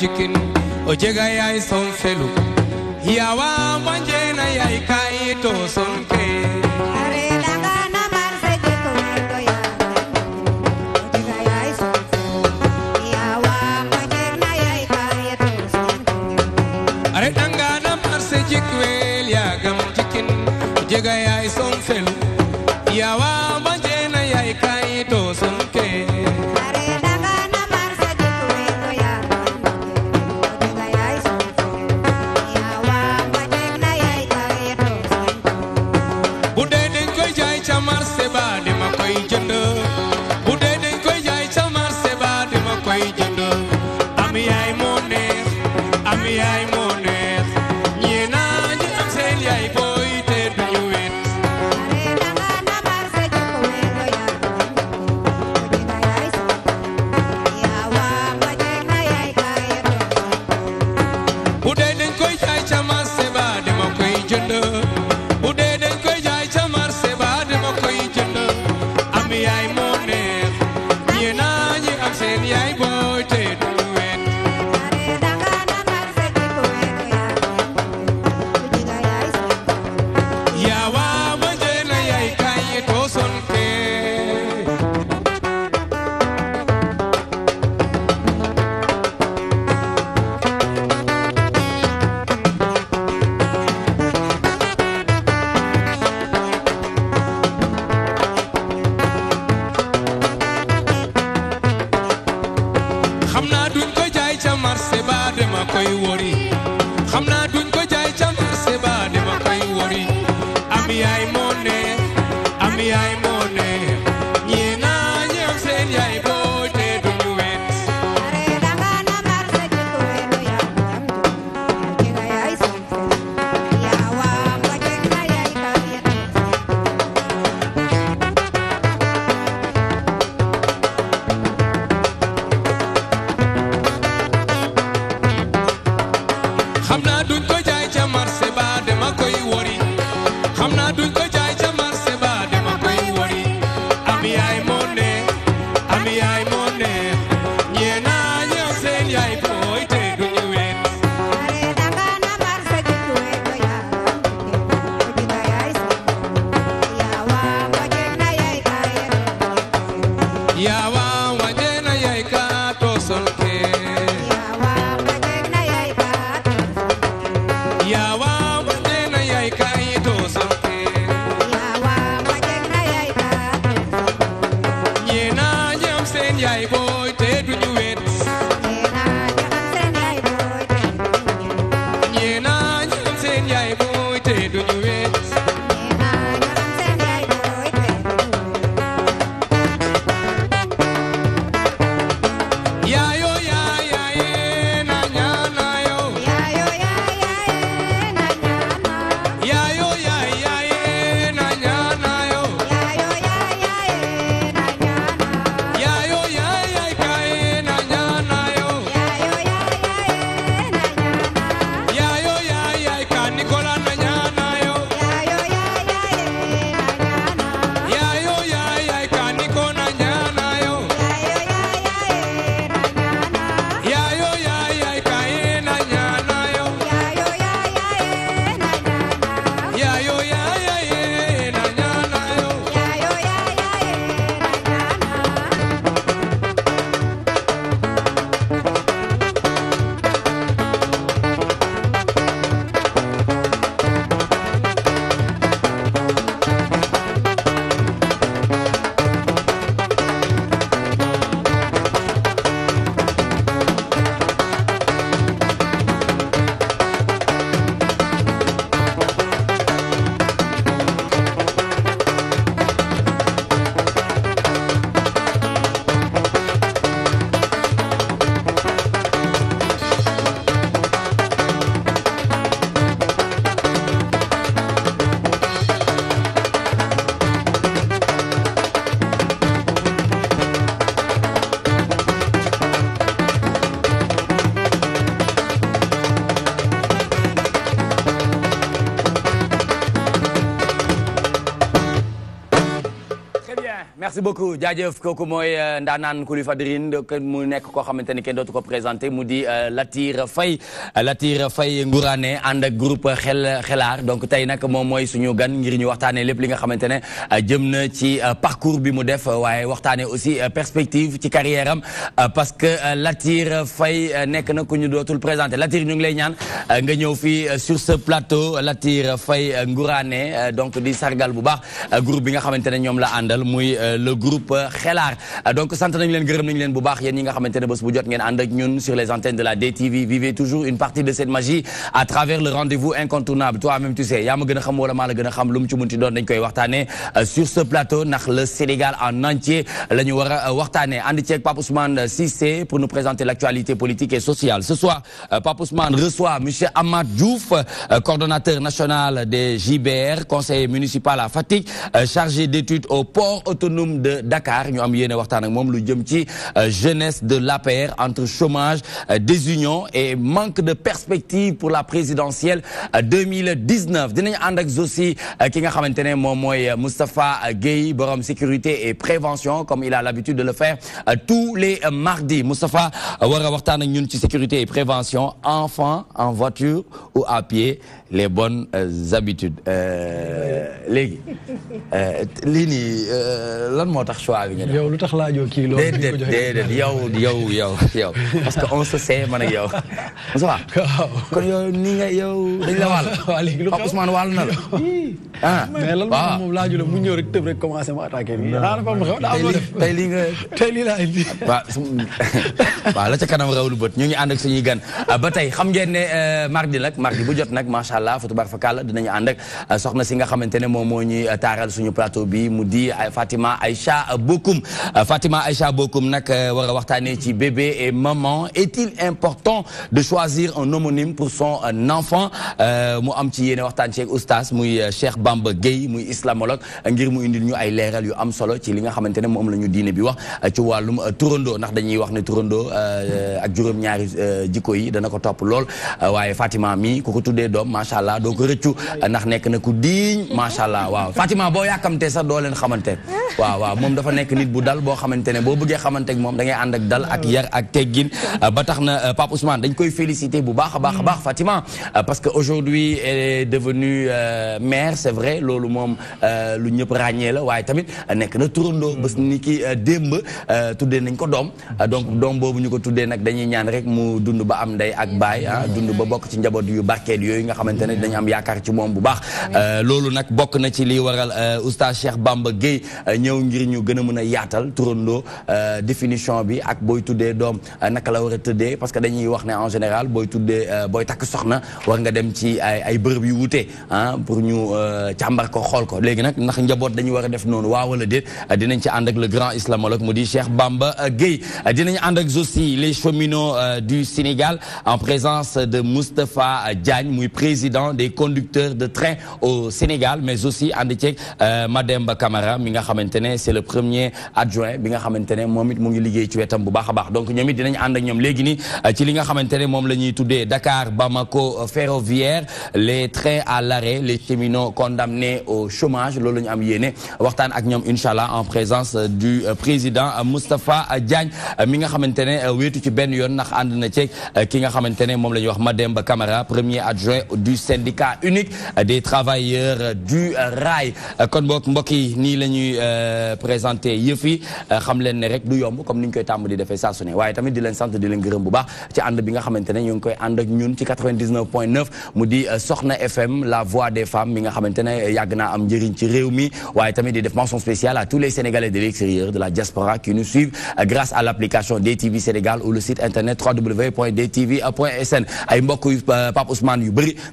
jikin o jega yaay son felu yawa wanje na yaay kay to son merci beaucoup jaajëf kooku mooy euh, ndaanaan kuli fadirin mu nekk koo xamante ni kenn ko présenté mu di euh, Latir Fay, Latir Fay, Ngourane ànd groupe xel xelaar donc tey nag moom mooy suñu gan ngir ñu waxtaanee lépp li nga xamante ne euh, ci parcours bi mu def aussi perspective ci carrière am parce que Latir Fay, nekk na ku ñu dootul présenté Latir ñu ngi lay ñaan nga sur ce plateau Latir Fay, Ngourane donc di sargal bu baax groupe bi nga xamante ne ñoom la àndal muy le groupe khélar euh, donc sant leen gërëm bu baax yi nga xamantene bu jot ngeen ak ñun sur les antennes de la DTV vivez toujours une partie de cette magie à travers le rendez-vous incontournable toi même tu sais ma xam wala la xam lu mu ci munti doon dañ koy euh, sur ce plateau le Sénégal en entier la wara euh, waxtané est ci ak ceeg Ousmane Cissé pour nous présenter l'actualité politique et sociale ce soir Pape Ousmane reçoit monsieur Amad Diouf coordonnateur national des JBR conseiller municipal à Fatick chargé d'études au port autonome de Dakar nous am eu jeunesse de la l'APR entre chômage euh, désunion et manque de perspective pour la présidentielle 2019 dinañ avons aussi Moustapha Gueye borom sécurité et prévention comme il a l'habitude de le faire euh, tous les mardis Moustapha nous euh, avons sécurité et prévention enfant en voiture ou à pied les bonnes euh, habitudes euh, léegi euh, lii nii lan moo tax choix bi nga lu tax laajoo kii loolu. déedéet déedéet yow yow yow yow parce que on se sait man ak yow. Moussa kon yow ni dañ la wàll. waaw léegi lu xew Ousmane wàll ah. moo moom la mu ñëw rek tëb rek commencé ma attaqué. daa dafa am xew daa am lii nga tey la ca kanam lu bët ñu ngi ànd ak suñuy gan ah, ba tey xam ngeen ne mardi nag mardi bu jot nag allah fa tabarakallah dinañu ànd ak euh, soxna si nga xamantene ne moom moo ñuy euh, taaral suñu plateau bi mu di euh, Fatima Aïcha Bokoum Fatima Aïcha Bokoum nak wara waxtane ci bébé et maman est-il important de choisir un homonyme pour son enfant mu am ci yene waxtane ci oustaz muy Cheikh Bamba Guèye muy islamologue ngir mu indil ñu ay leeral yu am solo ci li nga xamantene mom moom la ñu bi wax ci walum turandoo nak dañuy wax ne turandoo ak juróom-ñaari jikko yi dana ko top lool waye Fatima mi ko ko tuddé doom macha allah doo ko rëccu ndax nekk na ku diiñ macha allah waaw Fatima boo yàkkamtee sax doo leen xamante waaw dal boo xamante ne boo bëggee xamante ak moom da ngay ànd dal ak yar ak teggin ba tax na euh, Pape Ousmane dañ koy féliciter bu baax a baax a baax Fatima euh, parce que aujourd'hui elle est devenue euh, mère c'est vrai loolu moom lu ñëpp ràññee la waaye tamit nekk na turandoo bés ni ki démb tuddee nañ ko doom donc doom boobu ñu ko tuddee nag dañuy ñaan rek mu dund ba am ndey ak baay ah, dund ba bokk ci njaboot yu barkeel yooyu nga xamante xamante ne dañu am yaakaar ci moom bu baax euh, loolu nag bokk na ci li waral euh, oustaz Cheikh Bamba Guèye euh, ñëw ngir ñu gën a mën a yaatal turandoo définition bi ak booy tuddee doom naka la war a tëddee parce que dañuy wax ne en général booy tuddee booy takk soxna war nga dem ci ay ay bërëb yu wute ah pour ñu càmbar ko xool ko léegi nag ndax njaboot dañu war a def noonu waa wala déet dinañ ci ànd ak le grand islamologue mu di Cheikh Bamba Guèye dinañ ànd ak aussi les cheminots du Sénégal en présence président des conducteurs de train au Sénégal mais aussi en ànd ceeg euh, Mademba Camara mi nga xamante ne c'est le premier adjoint bi nga xamante ne moom it mu ngi liggéey ci wetam bu baax a donc ñoom it dinañ ànd ak ñoom léegi nii euh, ci li nga xamante ne moom la Dakar Bamako euh, ferroviaire les trains à l'arrêt les cheminots condamnés au chômage loolu la ñu am yéene waxtaan ak ñoom incha en présence du président Moustapha Diagne mi nga xamante ne wéetu ci benn yoon ndax ànd na ceeg ki nga xamante ne moom wax Mademba Camara premier adjoint du syndicat unique des travailleurs du rail kon bok mbokki ni lañuy euh, présenter yefi présenté xam ne rek du yomb comme ni ñu koy tàmm di defee saa su ne tamit di leen sante di leen gërëm bu baax ci and bi nga xamantene ñu ngi koy and ak ñun ci 99.9 point neuf. mu di euh, Soxna FM la voix des femmes mi nga xamantene yagna yàgg am jëriñ ci réew mi waye tamit di def mention spéciale à tous les Sénégalais de l'extérieur de la diaspora qui nous suivent euh, grâce à l'application DTV Sénégal ou le site internet www.dtv.sn ay mbokk yu Pape Ousmane yu bari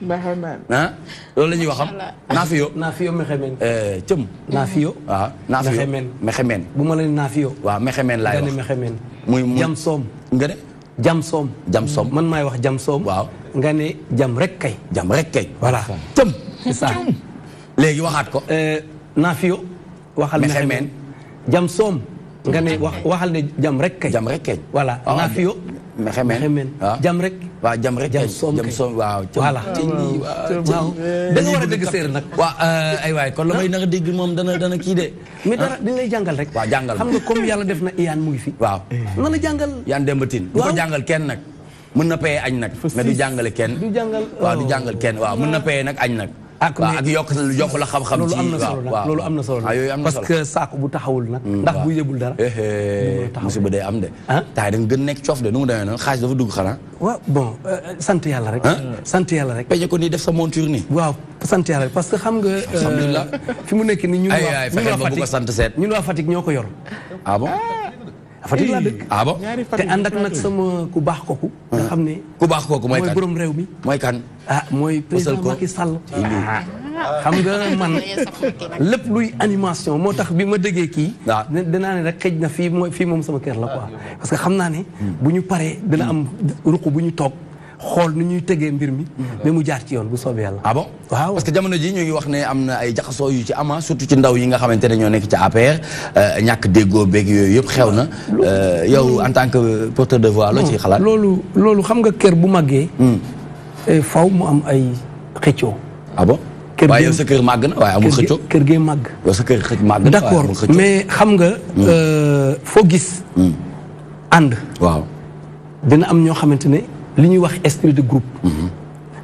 Mehemen ah loolu la ñuy waxam. Naafiyo Naafiyo Mehemen. Eh, cëm. Naafiyo. waaw ah, Naafiyo Mehemen. bu ma la nee Naafiyo. waaw Mehemen laay wax nga ne muy jam soom. nga ne. jam soom. jam soom man maay wax jam soom. waaw nga ne rek kay. jam rek kay. voilà waxaat ko. Eh, Naafiyo. waxal nga ne wax waxal ne jam rek jam rek kay. voilà Naafiyo. mexemen jam rek waaw jam rek jam soom waaw voilà waaw da nga war a dégg séeréer nag waaw eh, ay waay kon la dégg moom dana dana kii de mais dara ah. rek waaw jàngal xam nga comme yàlla def na iyaan mu ngi fi waaw na la jàngal yaan dembatin du ko jàngal kenn nag mën na paye añ nag mais du jàngale kenn du jàngal waaw du oh. jàngal kenn waaw mën na paye nag añ nag ak yokk yokk la xam-xam ci waaw loolu am na solo nag parce que saako bu taxawul na mm, ndax bu yëbul dara. Eh, eh, musiba day am de. ah taay da nga gën nekk coof de nu mu demee noonu xaaj dafa dugg xanaa. waaw bon euh, sant yàlla rek. Ah? sant yàlla rek. peñe ko nii def sa monture nii. waaw sant yàlla rek parce que xam nga. Euh, fi mu nekk nii ñun. waa ñun waa Fatick ñun waa Fatick ñoo ko yor. ah bon. Ah. Fatick laa dëkk ah bon te nag sama ku baax kooku. nga ne. ku baax kooku mooy kan mooy réew mi. mooy kan ah mooy président Macky Sall. Ah. xam nga man lépp luy animation moo tax bi ma déggee kii. waaw ah. dinaa ne rek xëj na fii mooy fii moom sama kër la ko ah. parce que xam naa ne. bu ñu paree dina am ruq bu ñu toog. xool nu ñuy tegee mbir mi mm-hmm. mais mu jaar ci yoon bu soobee la abo ah waaw parce que jamono ji ñu ngi wax ne am na ay jaxasoo yu ci ama ah, surtout ci ndaw yi nga xamante ne ñoo nekk ci APR euh, ñàkk déggoo beeg yooyu yëpp xew na euh, yow en tant que porteur de voix loo ci xalaat loolu loolu xam nga kër bu màggee hmm. eh, faw mu am ay xëccoo ah bon kër waaye yow sa kër màgg na waaye amul xëccoo kër gee màgg yow sa kër xëcc màgg na d'accord mais xam nga hmm. euh, foo gis hmm. ànd waaw dina am ñoo xamante ne li ñuy wax esprit de groupe. Mhm.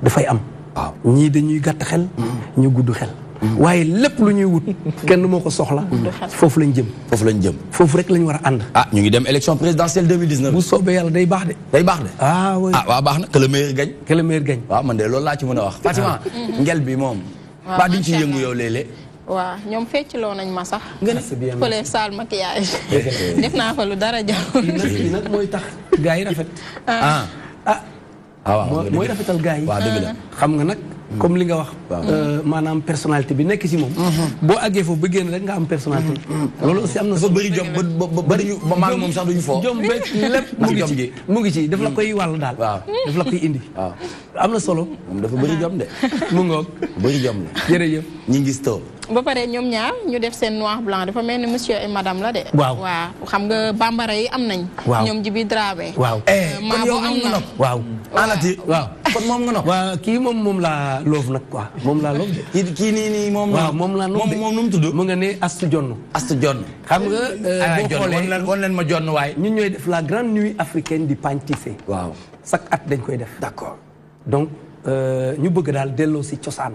dafay am. waaw ñii dañuy gàtt xel. Mhm. ñu gudd xel. Mhm. waaye lépp lu ñuy wut kenn moo ko soxla. foofu lañ jëm. foofu lañ jëm. foofu rek lañ war a ànd. ah ñu ngi dem élection présidentielle 2019. bu soobee yàlla day baax de. day baax de. ah oui ah waaw baax na que gañ meilleur gagne. waaw man de loolu laa ci mën a wax. Fatima ngel bi moom. waaw ba ci yëngu yow léeg-léeg. waaw ñoom feccloo nañ ma sax. nga ne fële ma maquillage. def naa fa lu dara jaww. nag mooy tax gars yi rafet. Ah. Ah. ah. ah mooy rafetal gars yi. Ah. xam nga nag. Mm-hmm. comme li nga wax. Euh, maanaam personnalité bi nekk ci moom. Mm-hmm. boo àggee foofu ba génn rek nga am personnalité. Mm-hmm. loolu si am na solo bëri jom ba ba ba ñu moom sax duñu foo. jom beeg lépp mu ngi ci mu mm. ngi koy wàll daal. waaw la indi. am na solo. dafa bëri jom de. mu ngoog bëri jom la. jërëjëf ñi ngi gis ba pare ñoom ñaar ñu def seen noir blanc dafa mel ni monsieur et madame la de. waaw waaw xam nga bambara yi am nañ. waaw ñoom Djibi Dramé. waaw eh, euh, maa yow moom nga nopp waaw. waaw moom nga nopp. waaw kii moom moom laa loof nag quoi moom laa loof de. kii kii nii nii moom. waaw moom laa loof moom moom mu tudd. mu nga ne Astu Jonn. Astu Jonn. xam nga euh, boo xoolee won leen ma jonn waaye. ñu ñooy def la grande nuit africaine di pagne tissé. waaw chaque at dañ koy def. d'accord donc euh, ñu bëgg daal delloo si cosaan.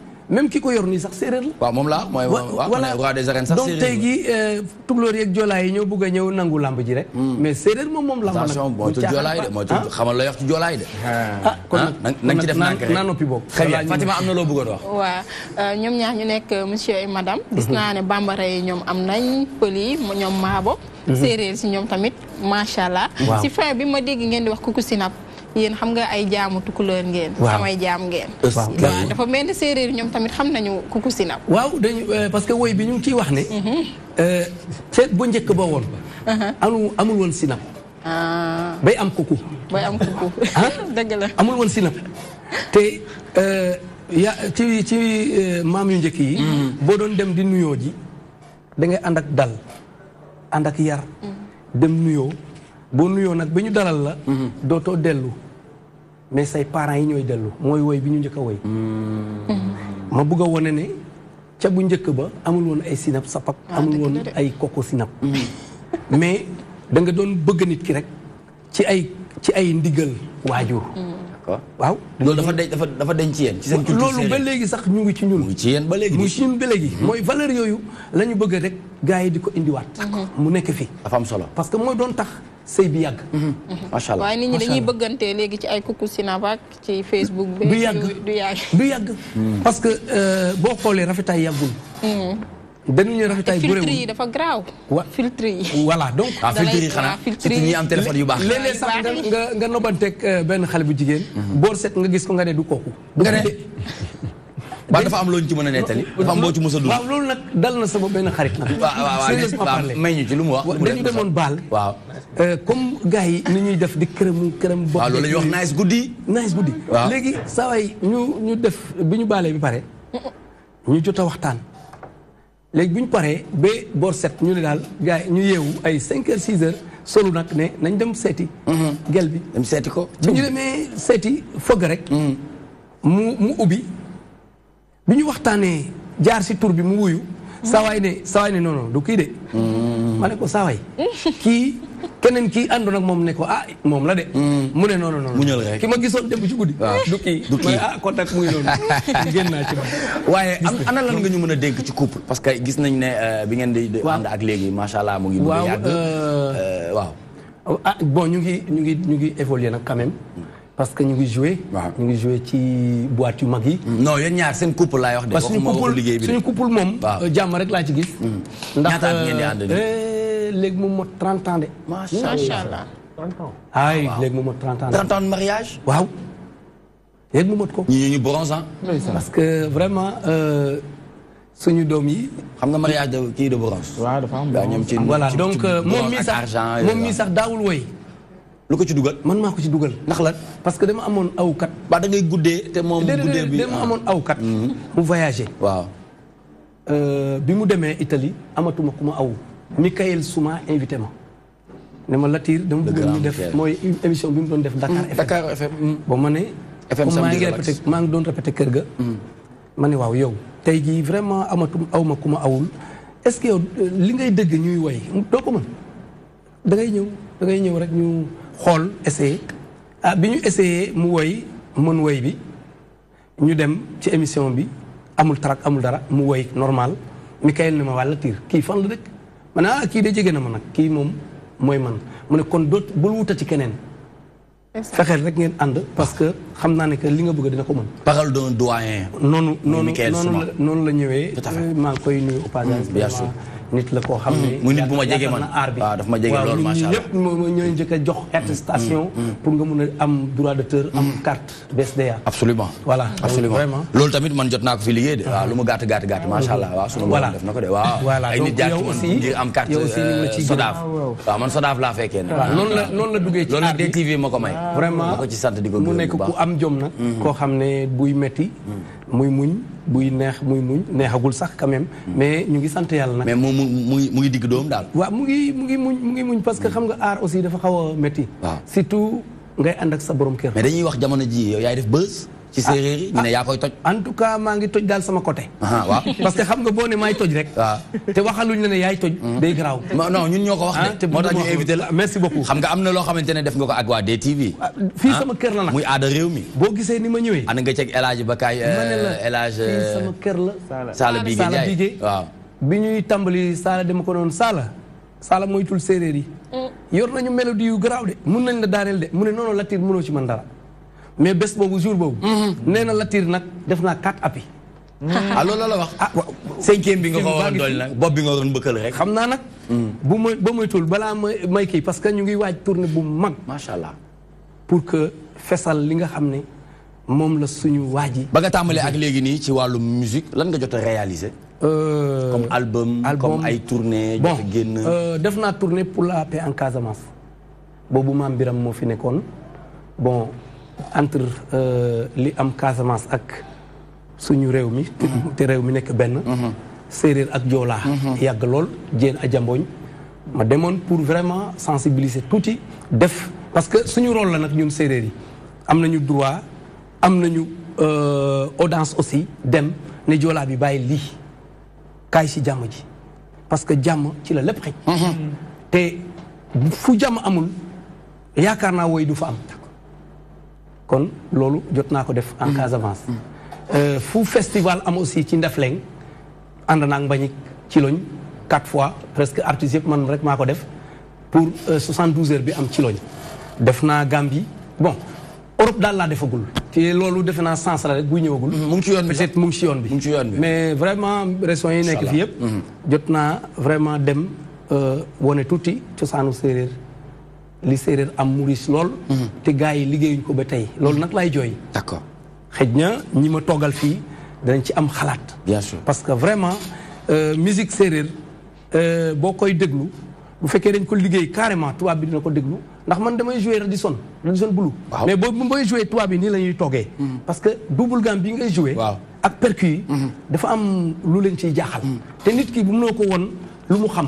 même ki ko yor sax séeréer la. waaw moom la mooy. voilà roi des arènes sax séeréer donc tey jii euh, yi ñoo bëgg a ñëw nangu lamb ji rek. Hmm. mais séeréer moom moom la nag. attention moytu joolaa yi de moytu ah. xamal la yor ci yi de. ah, ah, ah ci def nànk rek naa noppi boobu. xëy Fatima am na loo bëggoon wax. Euh, ñoom ñaar ñu nekk euh, monsieur et madame. gis mhm. naa ne bambara yi ñoom am nañ pël yi ñoom maabo. Mhm. séeréer si ñoom tamit macha allah. si fin bi ma dégg ngeen di wax kuku sinap yéen xam nga ay jaamu tukkuleer ngeen. waaw samay jaam ngeen. waaw dafa mel ni séeréer ñoom tamit xam nañu kuku sinap. waaw dañu euh, parce que woy bi ñu ngi ciy wax ne. Mhm. Euh, seet bu njëkk ba woon. amul uh-huh. amul woon sinap. Ah. bay am ah? te. Euh, ya ci ci maam yu njëkk yi. Mm. boo doon dem di nuyoo ji da ànd ak dal ànd yar. Mm. dem nuyoo. boo nuyoo nag bi ñu dalal la mhm. dootoo dellu mais say parents yi ñooy dellu mooy woy bi ñu njëkk a woy mhm. ma bugg a wone ne ca bu njëkk ba amul woon ay sinap sapap ah, amul woon ay koko sinap mhm. mais da doon bëgg nit ki rek ci ay ci ay ndigal waajur waaw loolu dafa denc dafa dafa denc ci yéen ci seen culture loolu ba léegi sax ñu ngi ci ñun mu ci yéen ba léegi mu ngi ñun ba léegi mooy valeur yooyu la ñu bëgg rek gars yi di ko indiwaat mu nekk fii dafa am solo parce que mooy doon tax sëy bi yàgg. Mhm. Mhm. macha allah waaye nit ñi dañuy bëggantee léegi ci ay coucou Sinavac ci Facebook. du yàgg du yàgg du mhm. yàgg. parce que euh, boo xoolee rafetaay yàggul. dañu ñu rafetaay bëriwul filtre yi dafa graaw. wa filtre yi. voilà donc ah filtre yi xanaa c'est ñi am téléphone yu baax. léeg-léeg nga nga nobanteeg euh, benn xale bu jigéen. boor set nga gis ko nga ne du kooku. nga ne. waaw dafa am loolu ñu ci mën a nettali. dafa am loolu ci mos a dugg waaw loolu nag dal na sama benn xarit nag. waaw waaw sérieusement parlé may ñu ci lu mu wax. dañu demoon baal. waaw euh, comme gars yi ni ñuy def di këram këram. bopp waaw loolu la ñuy wax nice guddi. nice guddi waaw léegi saa ñu ñu def bi ñu baalee bi pare. ñu jot waxtaan. léegi bi ñu paree ba boor set ñu ne daal gars yi ñu yeewu ay 5 heures 6 heures solu nag ne nañ dem seeti. Mhm. gel bi dem seeti ko. bi ñu demee seeti fogg rek. Mhm. mu mu ubbi. bi ñu waxtaanee jaar si tur bi mu wuyu. saawaay ne saawaay ne non du kii de. Hmm. ma ne ko saawaay. kii keneen kii àndoon ak moom ne ko ah moom la de. Hmm. mu ne non non non ki ma gisoon dem ci guddi. Ah. du kii du kii ah contact muy noonu naa ci waaye am ana lan nga ñu mën a dénk ci couple. parce que gis nañ ne euh, bi ngeen di. ànd ak léegi macha allah mu ngi. bëgg yàgg euh, euh, waaw waaw. Ah, bon ñu ngi ñu ngi ñu ngi évoluer nag quand parce que nous ngi joué. jouer ci boîte yu non yéen ñaar seen couple laay wax de. parce que suñu couple suñu couple moom. Euh, jàmm rek la ci gis. Mm. ndax ñaata at ngeen di euh, eh, mot 30 ans de. sha allah 30 ans. ay ah, léegi moom mot 30 ans 30 ans de mariage. waaw léegi mu mot ko. ñii ñu bronze hein? parce que vraiment euh, suñu dom yi. xam nga mariage de kii de bronze. waaw dafa am bronze voilà donc mon mi sax mom mi sax dawul way lu ko ci dugal man maa ko ci dugal ndax la parce que dama amoon aw kat. ba da ngay guddee te moom guddee bi dama amoon aw kat. Mhm. mu voyagé. waaw. Euh, bi mu demee Italie amatuma ku ma aw. Michael suma invité ma. ne ma Latir dama bëgg mu def mooy émission bi mu doon def. Dakar FM hmm, Dakar FM. Hmm. ba ma ne. FM sam maa ngi répété maa ngi doon répété kër ga. Hmm. ma ne waaw yow. tey jii vraiment amatum aw ma ku ma awul est-ce que yow euh, li ngay dëgg ñuy woy doo ko mën da ñëw da ñëw rek xool essayé ah bi ñu essayé mu woy mën woy bi ñu dem ci émission bi amul track amul dara mu woy normal Michael na ma wàlla tiir kii fan la dëkk ma ah kii de jege na ma nag kii moom mooy man mu ne kon doot bul wuta ci keneen fexeel rek ngeen ànd parce que xam naa ne que li nga bëgg dina ko mën parole d'un doyen noonu noonu noonu la noonu la ñëwee euh, maa ngi koy nuyu au passage mm, nit la koo xam ne. Mm. mu nit bu ma jege man aar bi waaw ma jege loolu macha allah ñëpp moo ñooy njëkk jox attestation mm, mm. pour nga mun a am droit d'auteur am carte BSDA absolument voilà absolument loolu tamit man jot naa ko fi liggéey de waaw ah. lu mu gàtt gàtt gàtt macha allah waaw sunu borom def na ko euh, Sodaaf laa fekee ne waaw noonu la duggee ci aar bi loolu ma ko may vraiment ma ko ci sant di ko mu nekk ku am jom nag xam ne buy metti muy muñ buy neex muy muñ neexagul sax quand même. Hmm. mais ñu ngi sant yàlla na mais mu mu mu ngi digg doom daal. waa mu ngi mu ngi muñ mu ngi muñ parce que hmm. xam nga aar aussi dafa xaw a métti. surtout ngay ànd ak sa borom kër. mais dañuy wax jamono ji yow yaay def bës. ci séeréer yi ñu ne yaa koy toj. en tout cas maa ngi toj daal sama côté. waaw parce que xam nga boo ne maay toj rek. waaw te waxaluñ la ne yaay toj. Hmm. day garaaw. ko wax de. Ah, te moo tax ñu invité la merci beaucoup. xam nga am na loo xamante ne def nga ko ak waa DTV. Ah, fii ah, muy aada réew mi. boo gisee ni ma ñëwee. ana nga ceeg El Hadj Bakay. ma ne la El Hadj fii sama kër la. Saala Bigué Ndiaye waaw. bi ñuy tàmbali Saala dama ko noonu Saala. Saala moytul séeréer yi. Mm. yor nañu mélodie yu garaaw de. mun nañ la daareel de mu ne noonu latir mënoo ci man dara mais bés boobu jour boobu. Mm-hmm. nee na Latir nag def naa quatre appuis. Mm-hmm. ah loolu la wax ah waaw. cinquième bi nga ko waroon doon nag bi nga doon bëkkale rek. xam naa nag. Mm. bu may ba moytuwul balaa may may kii parce que ñu ngi waaj tournée bu mag. macha allah pour que fesal li nga xam ne moom la suñu waaj yi. ba nga tàmbalee ak léegi nii ci wàllu musique lan nga jot a réaliser. Euh, comme album comme ay tournée. bon euh, def naa tournée pour en Casamance. boobu maam Biram moo fi nekkoon bon. entre euh, li am Casamance ak suñu réew ma pour vraiment sensibiliser touti def parce que suñu rôle la nak ñun les yi am droit am nañu euh, audience aussi dem né djola bi parce que nous ci la lepp mhm. te fu amul kon loolu jot naa ko def en mm. Casamance mm. euh, fu festival am aussi ci Ndefleng ànd naag Mbagnick ci loñ quatre fois presque artistes yëpp man rek maa ko def pour 72 euh, heures bi am ci def naa Gambie bon Europe daal laa defagul te loolu defe naa sens rek buy ñëwagul mm, mu ngi ci yoon bi peut-être mu yoon bi mu ngi yoon bi mais vraiment régions yi nekk fii yëpp mm-hmm. jot naa vraiment dem euh, wone tuuti cosaanu séeréer li séeréer am mu lool. Mhm. te gars yi liggéeyuñ ko ba tey loolu mhm. nag lay jooy. d'accord xëj na ñi ma toogal fii danañ ci am xalaat. bien parce que vraiment euh, musique séeréer euh, boo koy déglu bu fekkee dañ ko liggéey carrément tubaab bi dina ko déglu ndax man damay joué Radisson Radisson Blu. mais boo booy joué tubaab yi nii la ñuy toogee. Mhm. parce que double gamme bi ngay joué. ak percu yi. dafa am lu leen ciy jaaxal. te nit ki bu mënoo ko woon lu mu xam.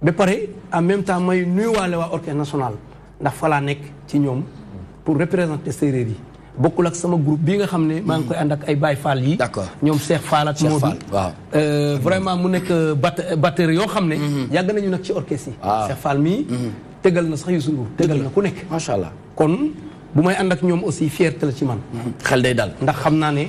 ba pare en même temps may nuyuwaale waa orchestre national ndax falaa nekk ci ñoom pour représenter séeréer yi bokkul ak sama groupe bi nga xam ne maa ngi koy ànd ak ay Baye Fall yi ñoom Cheikh Fall ak Modou waaw euh, vraiment mu nekk euh, euh, batteur yoo xam ne mm-hmm. yàgg nañu nag ci orchestre yi ah. Cheikh Fall mii mm-hmm. tegal na sax Youssou Ndour tegal na ku nekk macha allah kon bu may ànd ak ñoom aussi fierté la ci man mm-hmm. xel day daal ndax xam naa ne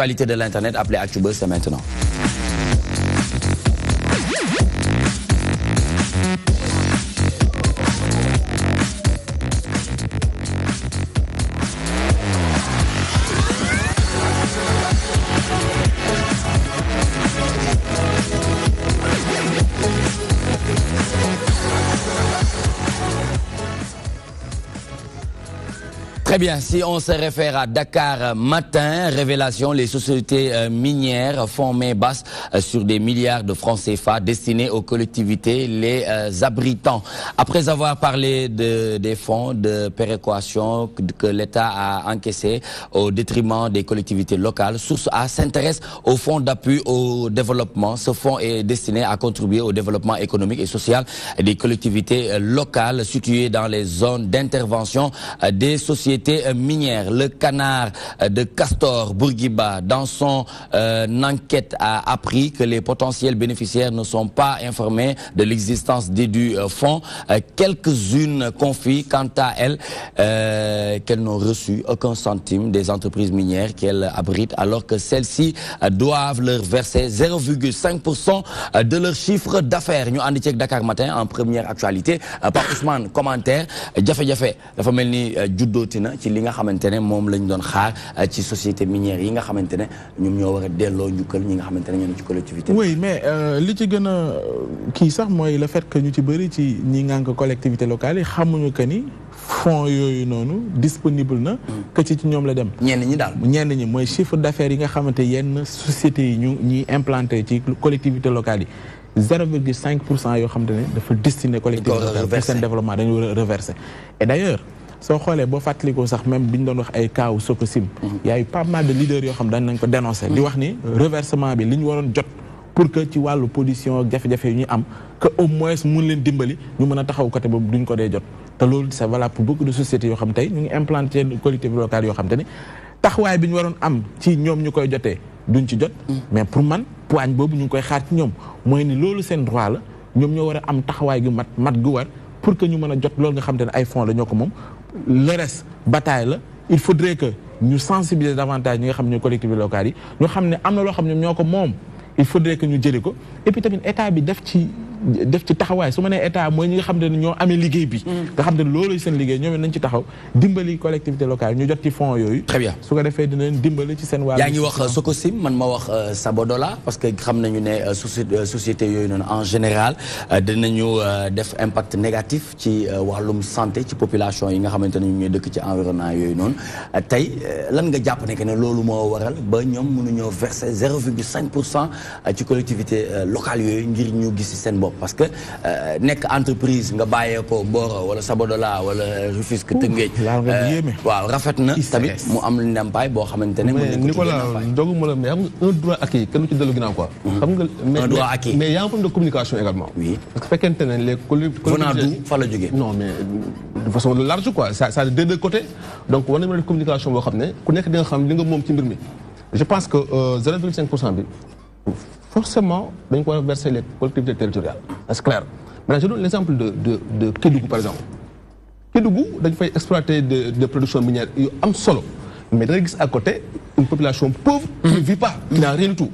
l'actualité de l'Internet appelée ActuBuzz, c'est maintenant. bien, si on se réfère à Dakar matin, révélation, les sociétés euh, minières font main basse euh, sur des milliards de francs CFA destinés aux collectivités les euh, abritants. Après avoir parlé de, des fonds de péréquation que, l'État a encaissé au détriment des collectivités locales, Source A s'intéresse au fonds d'appui au développement. Ce fonds est destiné à contribuer au développement économique et social des collectivités locales situées dans les zones d'intervention des sociétés minière. Le canard euh, de Castor Bourguiba, dans son euh, enquête, a appris que les potentiels bénéficiaires ne sont pas informés de l'existence des du euh, fonds. Quelques-unes confient, quant à elles, qu'elles n'ont reçu aucun centime des entreprises minières qu'elles abritent, alors que celles-ci doivent leur verser 0,5% de leur chiffre d'affaires. Nous en Dakar matin en première actualité. Par Ousmane, commentaire. Jafé Jafé, la famille Judo na ci li nga xamante ne moom lañ doon xaar euh, ci société minière yi nga xamante ne ñoom ñoo war a delloo njukkal ñi nga xamante ne ñoo ci collectivité oui mais euh, li ci gën a euh, kii sax mooy le fait ñu ci bëri ci ñi ngànk collectivité locale yi xamuñu que ni fonds yooyu noonu disponible na mm. que ci ñoom la dem ñenn ñi daal ñenn ñi mooy chiffre d'affaires yi nga xamante yenn sociétés yi ñu ñuy implanté ci collectivité local yi zéro virgule pour cent yoo xamante ne dafa destiné collectivité locale pour seen développement dañu war a reversé et d'ailleurs soo xoolee boo fàttalikoo sax même bi ñu doon wax ay kaaw Sococim mhm. y a eu pas de leaders yoo xam dañ nañ ko dénoncé di wax ni reversement bi li ñu waroon jot pour que ci wàllu pollution ak jafe-jafe yu ñuy am que au moins mun leen dimbali ñu mën a taxaw côté boobu duñ ko dee jot te loolu c'est valable pour beaucoup de sociétés tey ñu ngi implanté collectivité locale yoo xam te ni taxawaay bi ñu waroon am ci ñoom ñu koy jotee duñ ci jot mm. mais pour man poigne boobu ñu ngi koy xaar ci ñoom mooy ni loolu seen droit la ñoom ñoo war a am taxawaay gu mat mat gu pour que ñu mën a jot nga xam ne ay fonds la ñoo ko moom le reste bataille il faudrait que nous sensibiliser davantage nous nga xam collectif local locales yi ñu xam ne am na loo il faudrait que nous jëlee et puis tamit état bi def ci def ci taxawaay su ma nee état mooy ñi nga xam ne ñoo amee liggéey bi. nga xam ne loolu seen liggéey ñoom nañ ci taxaw dimbali collectivité locale ñu jot ci fonds yooyu. très bien su ko defee dinañ dimbali ci seen. wàllu yaa ngi wax Sococim man ma wax euh, Sabodola parce que xam nañu ne euh, euh, société yooyu noonu en général dinañu def impact négatif ci wàllum santé ci population yi nga xamante ne ñooy dëkk ci environnement yooyu noonu tey lan nga jàpp ne que ne loolu moo waral ba ñoom mënuñoo verser 0,5 pour cent ci collectivité locale yooyu ngir ñu gis seen bopp. parce que euh, nekk entreprise nga bàyyee ko Mboro wala Sabodola wala Rufisque Tëngéej. Euh, waaw rafet na tamit mu am ndàmpaay boo xamante ne. mais Nicolas doguma la mais am xam nga un mm-hmm. communication également. oui parce que fekkente ne les. collectivités fa la jógee. non communication boo xam ne ku nekk di nga xam li nga moom ci mbir mi je pense que 0,5 euh, pour cent bi. forcément on ko verser les collectivités territoriales c'est clair mais je donne l'exemple de de Kédougou par exemple Kédougou il faut exploiter de de production minière il am solo mais sol. à côté une population pauvre qui ne mhm. vit pas qui n'a rien du tout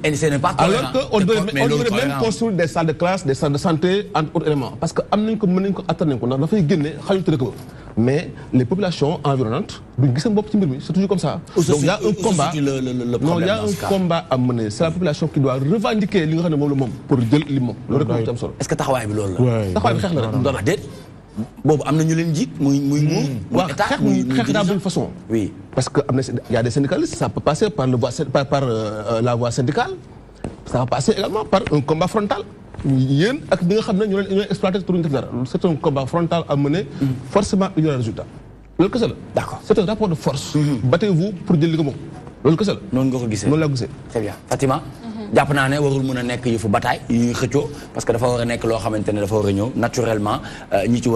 alors que on devrait même construire des salles de classe des salles de santé entre autres éléments parce que a fait ko mën ko attan ko ndax mais les populations environnantes c'est toujours comme ça. donc y a un combat le le y a un combat à mener c'est la population qui doit revendiquer li de xam monde. pour le li est-ce que tu bi loolu la. Oui. Tu as xeex la Oui, wax déet. boobu am oui, ñu leen jiit muy muy muy. Mm. muy muy façon. oui parce que y a des syndicalistes ça peut passer par le par euh, euh, la voie syndicale ça va passer également par un combat frontal yéen ak ñi nga xam ne ñu leen ñooy exploité pour ñu def dara c' est un combat frontal à mener. Mm-hmm. forcément il y aura résultat. loolu kese la. d' accord c' est un rapport de force. Mm-hmm. battez-vous pour jël li ko moom loolu kese la. noonu nga ko gisee noonu laa ko gisee. très bien Fatima. Mm-hmm jàpp naa ne warul a parce que dafa a naturellement euh, ñi ci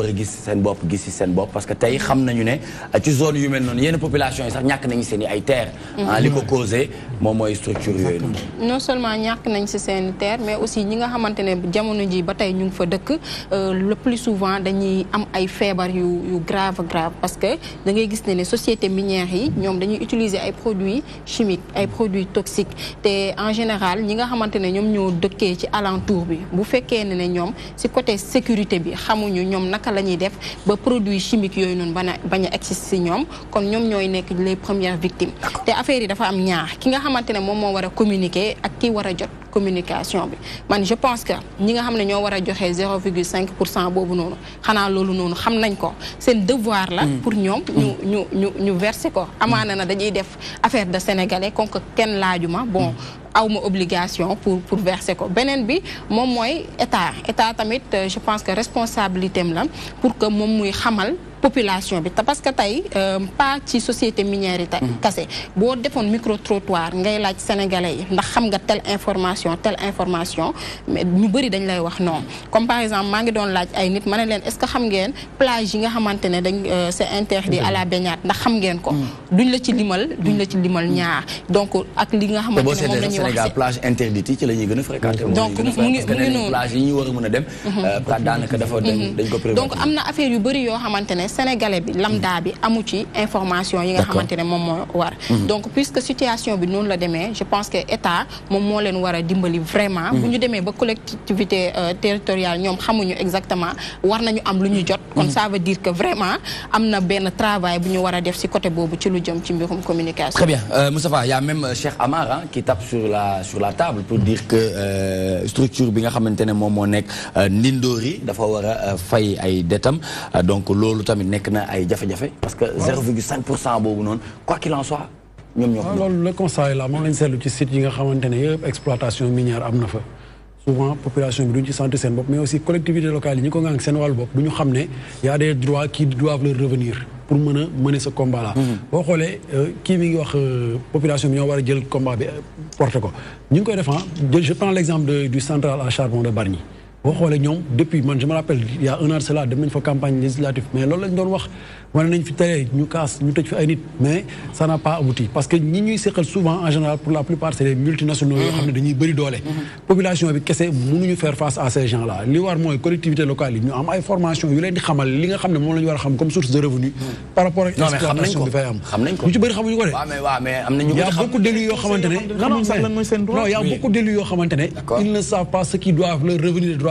parce que ne euh, ci zone yu mel population yi sax seen ay terre mm-hmm. ah, structure non seulement ñàkk nañ seen terre mais aussi ñi nga jamono euh, le plus souvent dañuy am ay yu grave grave parce que da ngay gis ne société minière yi produits chimiques produits toxiques en général ñi nga xamante ne ñoom ñoo dëkkee ci alentour bi bu fekkee ne ne ñoom si côté sécurité bi xamuñu ñoom naka la ñuy def ba produit chimiques yooyu noonu bañ a bañ a si ñoom kon ñoom ñooy nekk le premières victimes te affaire yi dafa am ñaar ki nga xamante ne moom moo war communiqué ak ki war jot communication bi man je pense que ñi nga xam ne ñoo war a 0,5% zéro virgule cinq pour cent xam nañ ko devoir là mm. pour nous, mm. ñu ñu ñu verser ko Amana na dañuy def affaire de sénégalais comme que kenn laajuma bon mm. a une obligation pour pour verser ko Benen bi moom mooy état état tamit euh, je pense que responsabilité am la pour que mon muy xamal population bi parce que tey euh, pas ci société minière yi tey mm-hmm. kase boo micro trottoir ngay laaj sénégalais yi ndax xam nga telle information telle information mais ñu bari dañ lay wax non comme par exemple maa ngi doon laaj ay nit mané ne leen est-ce que xam ngeen plage yi nga xamantene dañ euh, c'est interdit à la baignade ndax xam ngeen ko mm. duñ la ci limal duñ la ci limal mm. ñaar donc ak li nga xamantene ne moom wax Sénégal plage interdite ci lañuy ñuy fréquenter donc mu ngi mu ngi non plage yi ñu war a mën a dem mm-hmm. euh, dafa dañ mm-hmm. ko prévu donc amna affaire yu bari yo xamantene sénégalais bi lambda bi amu ci information yi nga xamantene mom mo war mhm. donc puisque situation bi non la démé je pense que état mom mo nous wara dimbali vraiment mhm. buñu démé ba collectivité euh, territoriale ñom xamuñu exactement war nañu am luñu nous jot kon mhm. ça veut dire que vraiment amna ben travail buñu wara def ci côté bobu ci lu jëm ci mbirum communication très bien euh, Moustapha y a même euh, Cheikh Amar hein, qui tape sur la sur la table pour dire que structure bi nga xamantene mom mo nek Ndindori dafa wara fay ay détam donc lolu parce que 0,5 pour non quoi qu'il en soit ñoom ñoo Alors, ah, le conseil, c'est la moom lañ seetlu ci site yi nga minière à fa souvent population est duñ ci sentir mais aussi collectivité locale yi ñi ko nga seen wàllu bopp il y a des droits qui doivent leur revenir pour mener ce combat là mm-hmm. boo xoolee euh, kii mi ngi wax euh, population minière, ñoo war a jël combat bi euh, porte ko ñu hein. je prends l'exemple du central à charbon de Bargny boo xoolee ñoom depuis man je me rappelle il y a un an cela dem nañ fa campagne législative mais loolu lañ doon wax wane nañ fi tere ñu kaas ñu tëj fi ay nit mais ça n'a pas abouti parce que ñi ñuy seqal souvent en général pour la plupart c'est les multinationaux yoo xam ne dañuy bëri doole mm-hmm. Mm-hmm. population bi kese mënuñu faire face à ces gens là li war mooy collectivité locale yi ñu am ay formation yu leen di xamal li nga xam ne moom la ñu war a xam comme source de revenu mm-hmm. par rapport ak exploitation bi fay am ñu ci bëri xamuñu ko de y a beaucoup d'élus yoo xamante ne non il y a beaucoup d'élus yoo xamante ne ils ne savent pas ce qui doivent leur revenu de droit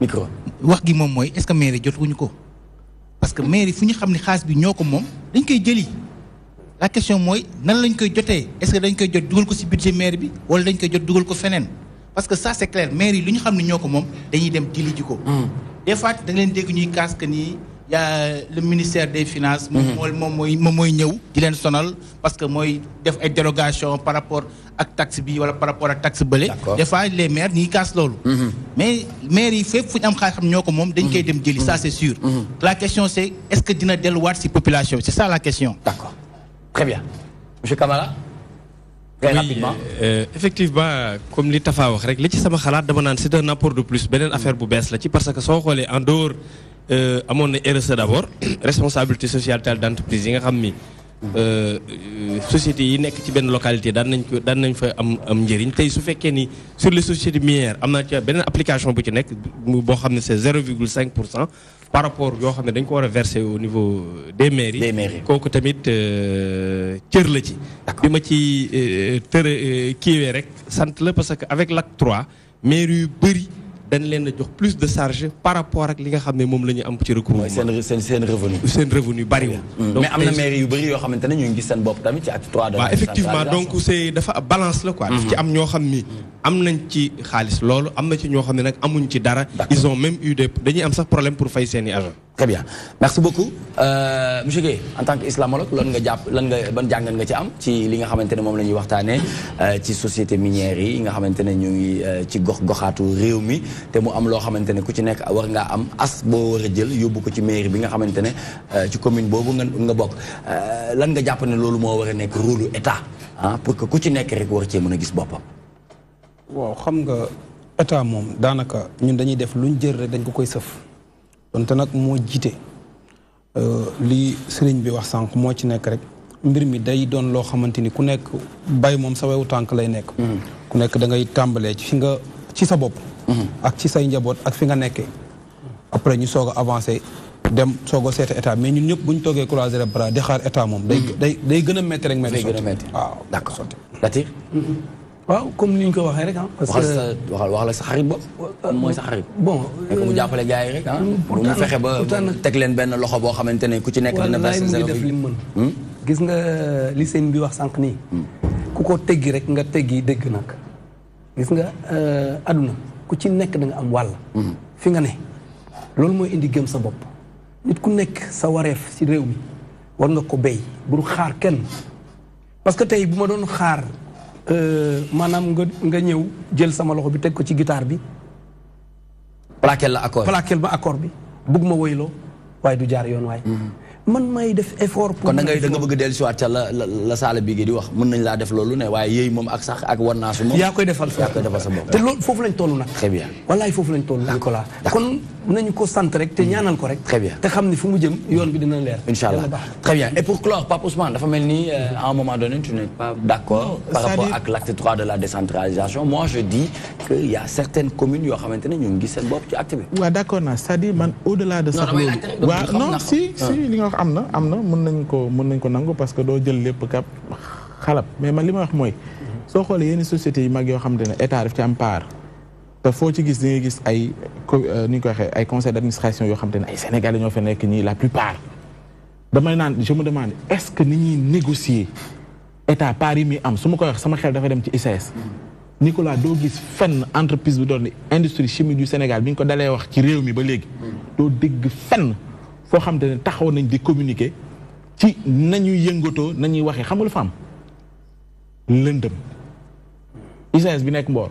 micro wax gi moom mooy est-ce que mairie jotuñu ko parce que mairie fu ñu xam ne xaalis bi ñoo ko moom dañ koy jëli la question mooy nan lañ koy jotee est-ce que dañ koy jot dugal ko ci budget mairie bi wala dañ koy jot dugal ko feneen parce que ça c'est clair mairie lu ñu xam ne ñoo ko moom dañuy dem jëli ji ko. Hmm. des fois da nga leen dégg ñuy casque que nii il y a le ministère des finances. qui est le di sonal parce que y a des dérogations par rapport à la taxe bi ou par rapport à la taxe B. des fois les maires ils cassent pas mais les maires ils font des ñu am xam mhm. ça mhm. c'est sûr. Mhm. la question c'est est ce que dina delluwaat si population c'est ça la question. d'accord très bien monsieur Kamala très rapidement euh, effectivement comme l'état fait c'est rek li ci sama xalaat un apport de plus beneen affaire bu parce que on xoolee en dehors. Euh, amoon na RSE d'abord responsabilité sociale d'entreprise yi nga xam ni euh, sociétés yi nek ci ben localité dan nañ ko daan nañ fa am am njëriñ tey su fekkee ni sur les sociétés minières am naa ci beneen application bu ci nekk boo xam ne c'est zéro virgule cinq pour cent par rapport yoo xam ne dañ ko war a verser au niveau des mairies. des mairies kooku tamit euh, cër la ci. bi ma ci tër kiiwee rek sant la parce que avec l'acte trois maires yu bëri dañ leen a plus de charge par rapport ak li nga xam ne moom la ñu am ci recouvrement. mooy seen seen revenu. seen revenu bariwul. Mm. donc mais am na mairie yu bëri yoo xamante ne ñu ngi gis seen bopp tamit ci acte trois. waaw effectivement donc c'est dafa balance le quoi. daf ci am ñoo xam ni am nañ ci xaalis loolu am ci ñoo xam ne amuñ ci dara. ils ont même eu des dañuy am sax problème pour fay seen i agent très bien merci beaucoup euh, monsieur Guèye en tant que islamologue lan nga jàpp lan nga ban jàngat nga ci am ci li nga xamante ne moom la euh, ci société minière yi nga xamante ne ñu ngi euh, ci gox goxaatu réew te mu am loo xamante ne ku ci nekk a war ngaa am as boo war a jël yóbbu ko ci mairie bi nga xamante ne euh, ci commune boobu nga nga bokk euh, lan nga jàpp ne loolu moo war a nekk rôle état ah pour que ku ci nekk rek war cee mën a gis boppam. xam nga état moom daanaka ñun dañuy def luñ jël dañ ko koy sëf donte nag moo jiite euh, li sëriñ bi wax sànq moo ci nekk rek. mbir mi day doon loo xamante ni ku nekk bay moom sa tànk lay nekk mm-hmm. ku nekk da ngay tàmbalee ci fi nga ci sa bopp ak ci say njaboot ak fi nga nekkee après ñu soog a avancé dem soog a seeta état mais ñun ñëpp bu ñu toogee croiser les di xaar état moom day mm-hmm. day day gën a métti rek métti waaw d'accord sotti Latir mm-hmm. waaw comme ni ñu ko waxee rek ah. parce que waxal waxal sa xarit ba. Euh, mooy sa xarit. bon mais mu euh, jàppale gars yi rek ah. pour mu fexe ba teg leen benn loxo boo xamante ne ku ci nekk dina. verser zéro def li mu mën. Hmm? gis nga euh, li sëñ bi wax sànq nii. Hmm. ku ko teggi rek nga teggi dégg nag. nga àdduna. ku ci nekk danga am wàll fi nga ne loolu mooy indi gëm sa bopp nit ku nekk sa wareef si réew mi war nga ko béy bul xaar kenn parce que tey bu ma doon xaar euh, maanaam nga nga ñëw jël sama loxo bi teg ko ci gitaar bi plaquel la accord plaquel ma bi bëgg ma woyloo waaye du jaar yoon waaye mm-hmm. man may def effort. pour kon da ngay da nga bëgg a dellusiwaat ca la saala bi di wax mën nañ laa def loolu ne waaye yéy moom ak sax ak war naa moom. yaa koy defal sa koy defal sa bopp. te loolu foofu lañ toll nag. très bien wallaay foofu lañ toll. d' nañu ko sant rek te ñaanal ko rek. très bien te xam ni fu mu jëm yoon bi dina leer. incha allah très bien et pour clore Pape Ousmane dafa mel ni euh, à un moment donné tu n'es pas d'accord par rapport ak l'acte 3 de la décentralisation moi je dis que y a certaines communes yoo xamante ne ñu ngi seen bopp ci acte bi. waaw d'accord naa c'est-à-dire man au-delà de. sax loolu waaw non si si ah. li nga wax am na am na mën nañ ko mën nañ ko nangu parce que doo jël lépp kap xalab mais man li ma wax mooy. soo xoolee yenn société yi mag yoo xamante ne état daf ci am part te foo ci gis di ay euh, ni ñu koy ay conseil d'administration yo xam te ay sénégalais ñoo fa nekk nii la plupart dama naan je me demande est ce que ni ñuy négocier état paris mi am su ko wax sama xel dafa dem ci ICS. Nicolas do gis fenn entreprise bi doon ni industrie chimique du Sénégal bi ñu ko dalee wax ci réew mi ba légui do dégg fenn fo xam tane taxaw nañ di communiquer ci nañu yëngatoo nañuy waxe xam nga lu fam lëndëm ICS bi nekk Mbour.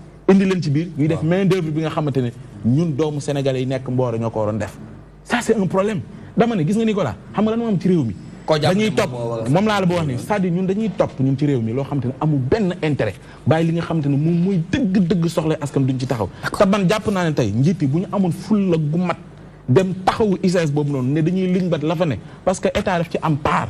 indi leen ci biir ñuy def main d'œuvre bi nga xamante ne ñun doomu sénégalais yi nekk mbooro ñoo ko waroon def ça c'est un problème dama ne gis nga Nicolas xam nga lan moo am ci réew mi dañuy topp moom laa la ba wax ni cest à ñun dañuy topp ñun ci réew mi loo xamante ne amul benn intérêt bàyyi li nga xamante ne moom mooy dëgg-dëgg soxla askan duñ ci taxaw te man jàpp naa ne tey njiit yi bu ñu amoon fulla gu mat dem taxawu ICS boobu noonu ne dañuy liñ bat la fa ne parce que état daf ci am part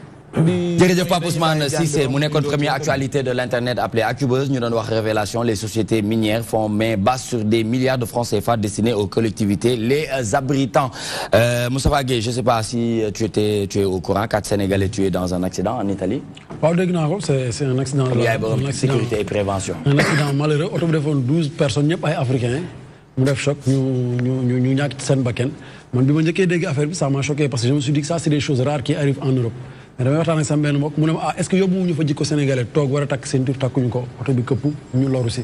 jërëjëf Pape Ousmane Cissé mu nekkoon première actualité de l'internet appelée appelé nous ñu doon wax révélation les sociétés minières font main basse sur des milliards de francs CFA destinés aux collectivités les euh, abritants euh, Moussa Gueye je ne sais pas si euh, tu étais tu es au courant quatre Sénégalais tués dans un accident en Italie. Pas de naa c'est un accident. de sécurité et prévention. un accident malheureux autour de 12 personnes il ay africains mu def choc ñu ñu ñu ñu man ça m'a choqué parce que je me suis dit que ça c'est des choses rares qui arrivent en Europe. mais damay waxtaan ak sama benn mbokk mu ne ma ah est que yóbbu ñu fa jikko sénégalais toog war takk seen tur takkuñu ko oto bi këpp ñu loru si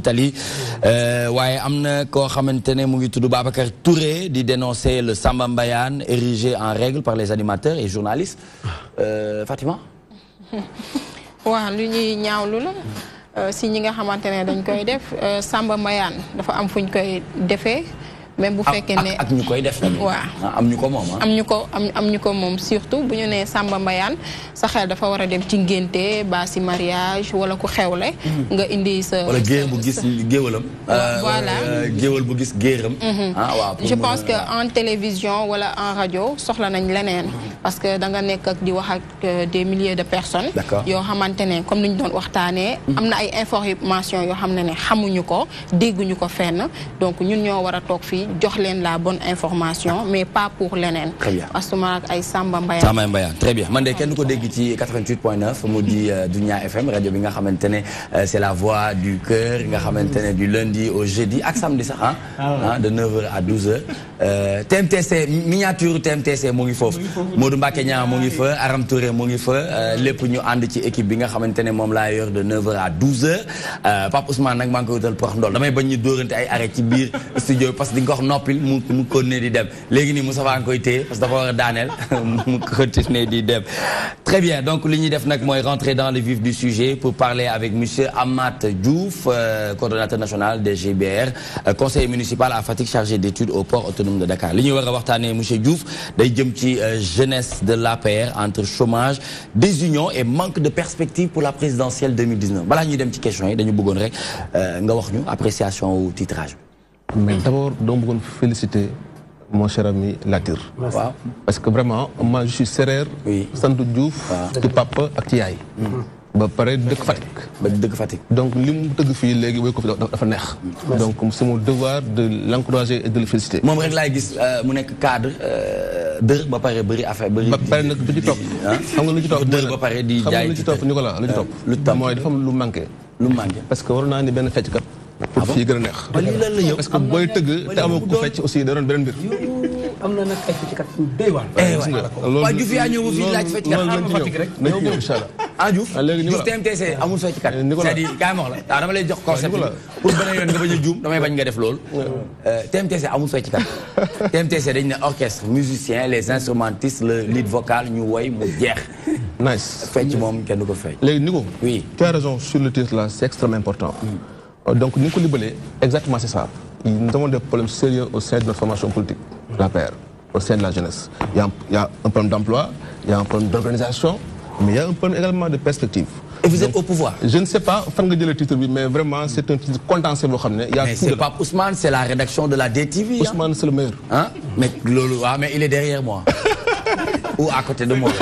Italie Euh, am amna ko xamantene ne mu ngi tuddu Babacar Touré di dénoncer le Samba Mbayaan érigé en règle par les animateurs et journalistes euh, Fatima. waaw lu ñuy ñaawlu la. Euh, si ñi nga xamantene dañ koy def euh, Samba Mbayaan dafa am fuñ koy défé même bu fekkee ne ak ñu koy def tamit ah, am ñu ko moom ah. am ñu ko am am ñu ko moom surtout bu ñu né Samba mbayan sa xel dafa wara dem ci ngenté ba ci mariage wala ku xewlé mhm. nga indi sa wala géer bu gis géwalam euh, voilà euh, géwal bu gis géeram mhm. ah, wa je pense que en télévision wala en radio soxla nañ leneen mhm. parce que da nga nekk ak di wax ak euh, des milliers de personnes yo xamantene comme ni ñu doon waxtaanee amna ay information yo xam ne xamuñu ko dégguñu ko fenn donc ñun ñoo wara tok toog bi jox leen la bonne information mais pas pour leneen. très bien ak ay Samba Mbayang. Samba Mbayang très bien man de kenn ko dégg ci 88.9 mu di euh, Dunia FM Radio bi nga xamante ne euh, c' est la voix du cœur nga xamante ne du lundi au jeudi ak samedi sax hein. ah. Hein, de 9h à 12h. Euh, TMTC miniature TMTC mu ngi foofu. Modou Mbacke Niang mu ngi fa Aram Touré mu ngi fa lépp ñu ànd ci équipe bi nga xamante ne moom laa yor de 9h à 12h Pape Ousmane nag maa ngi koy wutal prox ndol damay bañ ñu dóorante ay arrêt ci biir studio parce que wax noppi mu mu continuer di dem léegi nii Moustapha a koy téye parce que dafa war a daaneel di dem. très bien donc li ñuy def nag mooy rentrer dans le vif du sujet pour parler avec monsieur Amat Diouf euh, coordonnateur national des GBR euh, conseiller municipal à Fatick chargé d'études au port autonome de Dakar li va war a waxtaanee monsieur Diouf day jëm ci euh, jeunesse de l'APR entre chômage désunion et manque de perspective pour la présidentielle 2019 balaa ñuy dem ci question yi dañu bëggoon rek nga wax ñu appréciation au titrage d'abord je veux féliciter mon cher ami Latir. parce que vraiment moi je suis serré, oui doute, papa ak de mm. ba pare donc donc c'est mon devoir de l'encourager et de le féliciter. Je rek gis euh, mu cadre Je euh, ba pare affaire ba pare hein? xam nga lu parce que je pour ah fii gën a neex. ba lii lan la yow parce que booy tëgg te amoo ko fecc aussi da doon beneen mbir. am na nag ci kat yu doy waar. Eh eh waa Diouf yaa ñëw ba fii laaj feccikat xaaral ma Fatick rek. ñëw ñëw incha allah ah Diouf. Ah, léegi Diouf TMTC eh, amul feccikat. c'est-à-dire kaay ma wax la dama lay jox concept bi pour beneen yoon nga bañ a juum damay bañ nga def loolu. Euh, TMTC amul kat. TMTC dañ ne orchestre musicien les instrumentistes le lead vocal ñu woy mu jeex. nice fecc moom kenn du ko fecc. léegi ko. oui tu as raison sur le titre là c'est extrêmement important. Mm. Euh, donc, Nico Libélé, exactement c'est ça. Nous avons des problèmes sérieux au sein de notre formation politique, la paire, au sein de la jeunesse. Il y a un, problème d'emploi, il y a un problème d'organisation, mais il y a un problème également de perspective. Et vous êtes au pouvoir Je ne sais pas, le titre, mais vraiment, c'est un titre contentieux. Il y mais c'est pas Ousmane, c'est la rédaction de la DTV. Hein? Ousmane, c'est le meilleur. Hein? Mais, ah, mais il est derrière moi. Ou à côté de moi.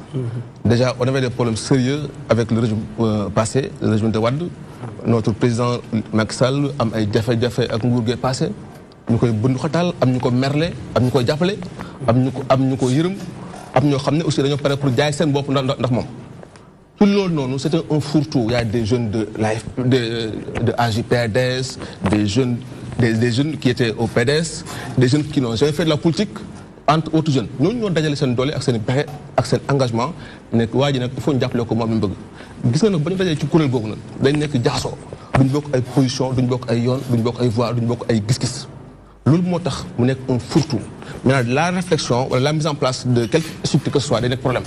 Déjà, on avait des problèmes sérieux avec le régime euh, passé, le régime de Wad. Notre président Macky Sall a eu des congrès avec le passé. Nous avons eu des faits, nous avons merlé, nous avons eu des faits, nous avons eu am ñoo aussi dañoo pare pour jaay seen bopp ndax ndax tout le monde, c'était un fourre-tout y' a des jeunes de l'AF de de des jeunes des des jeunes qui étaient au PDS des jeunes qui n'ont jamais fait de la politique entre autres jeunes ñooñu ñoo dajale seen doole ak sen pexe ak sen engagement nek waji nak nag il ko moom mi bëgg gis nga nak ba ñu ci kuréel googu nag dañ nek jaxasoo duñ bokk ay position duñ bokk ay yoon duñ bokk ay voix duñ bokk ay gis-gis loolu moo tax mu nekk un fourre-tout maintenant la réflexion wala la mise en place de quelque structure que ce soit day nekk problème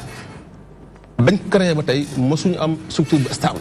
bañ créé ba tey mosuñu am structure bu stable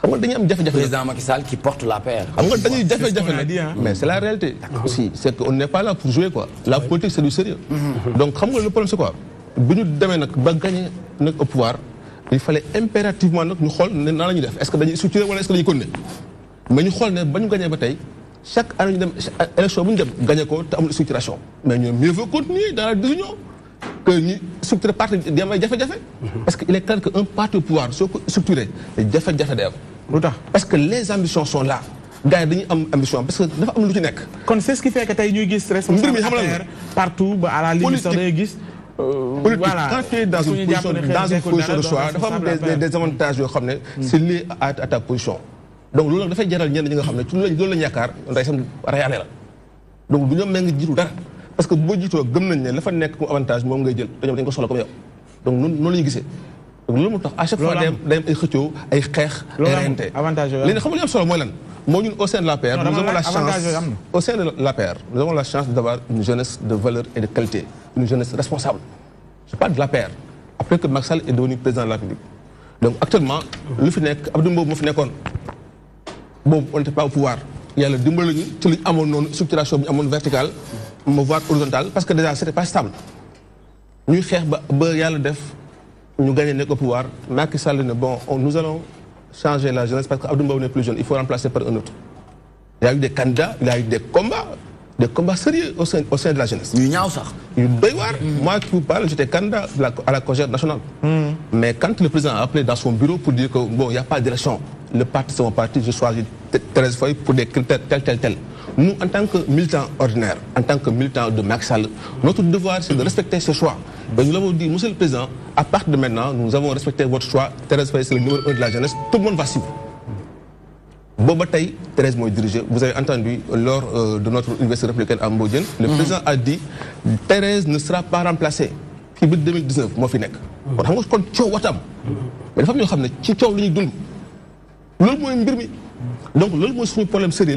xam nga dañuy am jafe-jafe. président Macky Sall qui porte la paire. xam nga dañuy jafe-jafe hein. mais c'est la réalité. aussi c'est est que on n'est pas là pour jouer quoi. la politique c'est du sérieux. Mhm. donc xam nga le problème c'est quoi bi ñu demee nag ba gagner nag au pouvoir il fallait impérativement nag ñu xool ne nan la ñuy def est ce que dañuy structuré wala est ce que dañuy continuer mais ñu xool ne ba ñu gagné ba tey chaque année ñu dem élection bu ñu dem gagné ko te amul structuration mais ñoom mieux vaut continuer dans la division structuré parce qu'il est clair qu'un parti pouvoir structuré parce que les ambitions sont là. gars ambition parce que dafa am lu ci c'est ce qui fait que tay ñuy gis. responsable partout à la limite euh, quand dans une position dans une de choix des avantages hmm. c'est lié à ta position. donc donc parce que boo jiitoo gëm nañ ne la fa nekk comme avantage moom ngay jël dañoo dañ ko soxla comme yow donc noonu la ñu gisee donc loolu moo tax à chaque fois day am ay xëccoo ay xeex ay rente léegi xam nga li am solo mooy lan moo ñun au sein de paire nous avons la chance au sein de la paire. nous avons la chance d'avoir une jeunesse de valeur et de qualité une jeunesse responsable je parle de la paire. après que Maxal est devenu président de la République donc actuellement lu fi nekk Abdou Mbow moo fi nekkoon boobu on n'était pas au pouvoir yàlla dimbali ñu ci li amoon noonu structuration bi ñu amoon verticale me voir horizontal, parce que déjà c'était pas stable Nous, faisons ba ba def pouvoir Macky Sall ne nous allons changer la jeunesse parce qu'Abdou n'est plus jeune il faut remplacer par un autre il y a eu des candidats il y a eu des combats des combats sérieux au sein, au sein de la jeunesse. moi qui vous parle j'étais candidat à la congé nationale. Hmm. mais quand le président a appelé dans son bureau pour dire que bon il y a pas de d'élection le parti c'est mon parti je choisis 13 fois pour des critères tel tel tel nous, en tant que militants ordinaires, en tant que militants de Maxal, notre devoir, c'est de respecter ce choix. Ben nous l'avons dit, Monsieur le Président, à partir de maintenant, nous avons respecté votre choix. Thérèse Faye, c'est le numéro 1 de la jeunesse. Tout le monde va suivre. Bon bataille, Thérèse Moïse dirigé, vous avez entendu lors euh, de notre université républicaine à Mbodjen, le mhm. président a dit Thérèse ne sera pas remplacée. Kibit 2019, moi, Finek. Mais les femmes, nous savons que c'est un tous de Donc, le problème sérieux.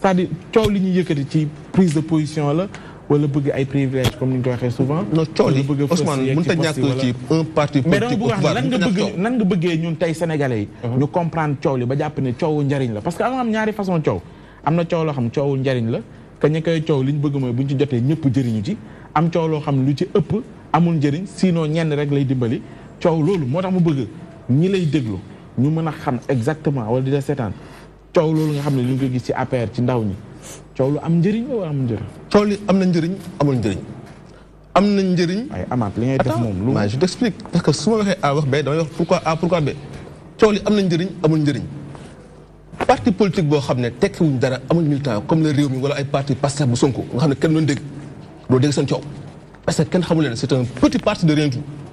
c'est-à-dire coow li ñuy yëkkati ci prise de position la wala bëgg ay privilèges comme ni ñu ko waxee souvent. non coow li Ousmane mënut a ñàkk ci nga bëgg nan nga bëggee ñun tey sénégalais yi. Uh-huh. ñu comprendre coow li ba jàpp ne coowu njariñ la parce que am am ñaari façon coow am na coow loo xam coowu njariñ la que ñi coow li ñu bëgg mooy bu ñu ci jotee ñëpp jëriñu ci am coow loo xam lu ci ëpp amul njëriñ sinon ñenn rek lay dimbali coow loolu moo tax mu bëgg ñi lay déglu ñu mën a xam exactement wala di la seetaan coow loolu nga xam ne ñu ngi koy gis ci APR ci ndaw ñi coow lu am njëriñ wala amul njëriñ. am na njëriñ amul njëriñ am na njëriñ. ay amaat li ngay def moom lu ma je que su ma waxee A wax B damay wax pourquoi A pourquoi B coow li am na njëriñ amul njëriñ parti politique boo xam ne tekkiwuñ dara amul militant comme le réew mi wala ay parti Pastef bu Sonko nga xam ne kenn doon dégg doo dégg seen coow parce que kenn xamu leen c'est un petit parti de rien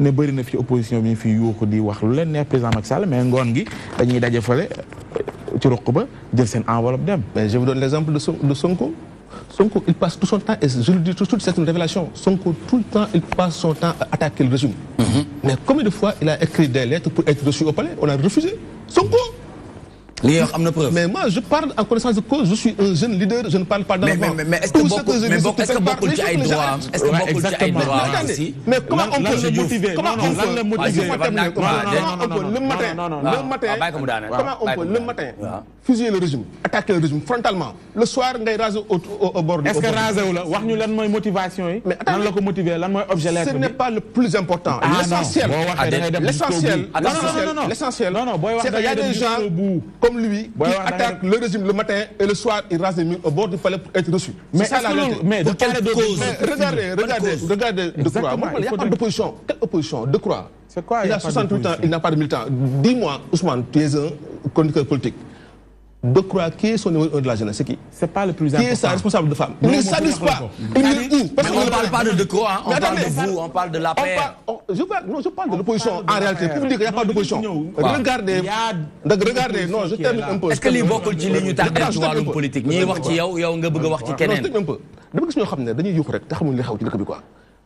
ne bëri na fi opposition bi fi yuuxu di wax lu leen neex président Macky Sall mais ngoon gi dañuy daje fale euh, ci ruq ba jël seen enveloppe dem. mais je vous donne l'exemple de Sonko. Sonko il passe tout son temps et je le dis tout de c'est une révélation Sonko tout le temps il passe son temps à attaquer le régime. Mm-hmm. mais combien de fois il a écrit des lettres pour être reçu au palais on a refusé Sonko. Mais moi, je parle en connaissance de cause. Je suis un jeune leader, je ne parle pas d'avant. Mais, mais, mais est-ce que beaucoup, je mais est-ce que beaucoup de gens droit droit Mais comment on peut le motiver ah, Comment on peut le motiver Le matin, le matin, comment on peut le matin fusiller le régime attaquer le régime frontalement le soir il rase au au bord. est-ce que rase ou la wax motivation mais objet ce n'est pas le plus important. Ah, l'essentiel l'essentiel l'essentiel c'est qu'il y a des gens comme lui qui attaquent le régime le matin et le soir ils rasent les au bord du palais pour être reçus. Mais ça la mais de quelle cause regardez regardez regardez de quoi il n'y a pas d'opposition quelle opposition de quoi. c'est quoi il a 68 ans il n'a pas de militant dis-moi Ousmane tu es un conducteur politique de croire qui est son niveau de la jeunesse. C'est qui C'est pas le plus important. Qui est sa responsable de femme ne pas. ne Parce qu'on ne parle pas de quoi, on parle de vous, on parle de la paix. non, je parle de l'opposition en réalité. Pour vous dire qu'il n'y a pas d'opposition. Regardez. Regardez, non, je termine un peu. Est-ce que les politique un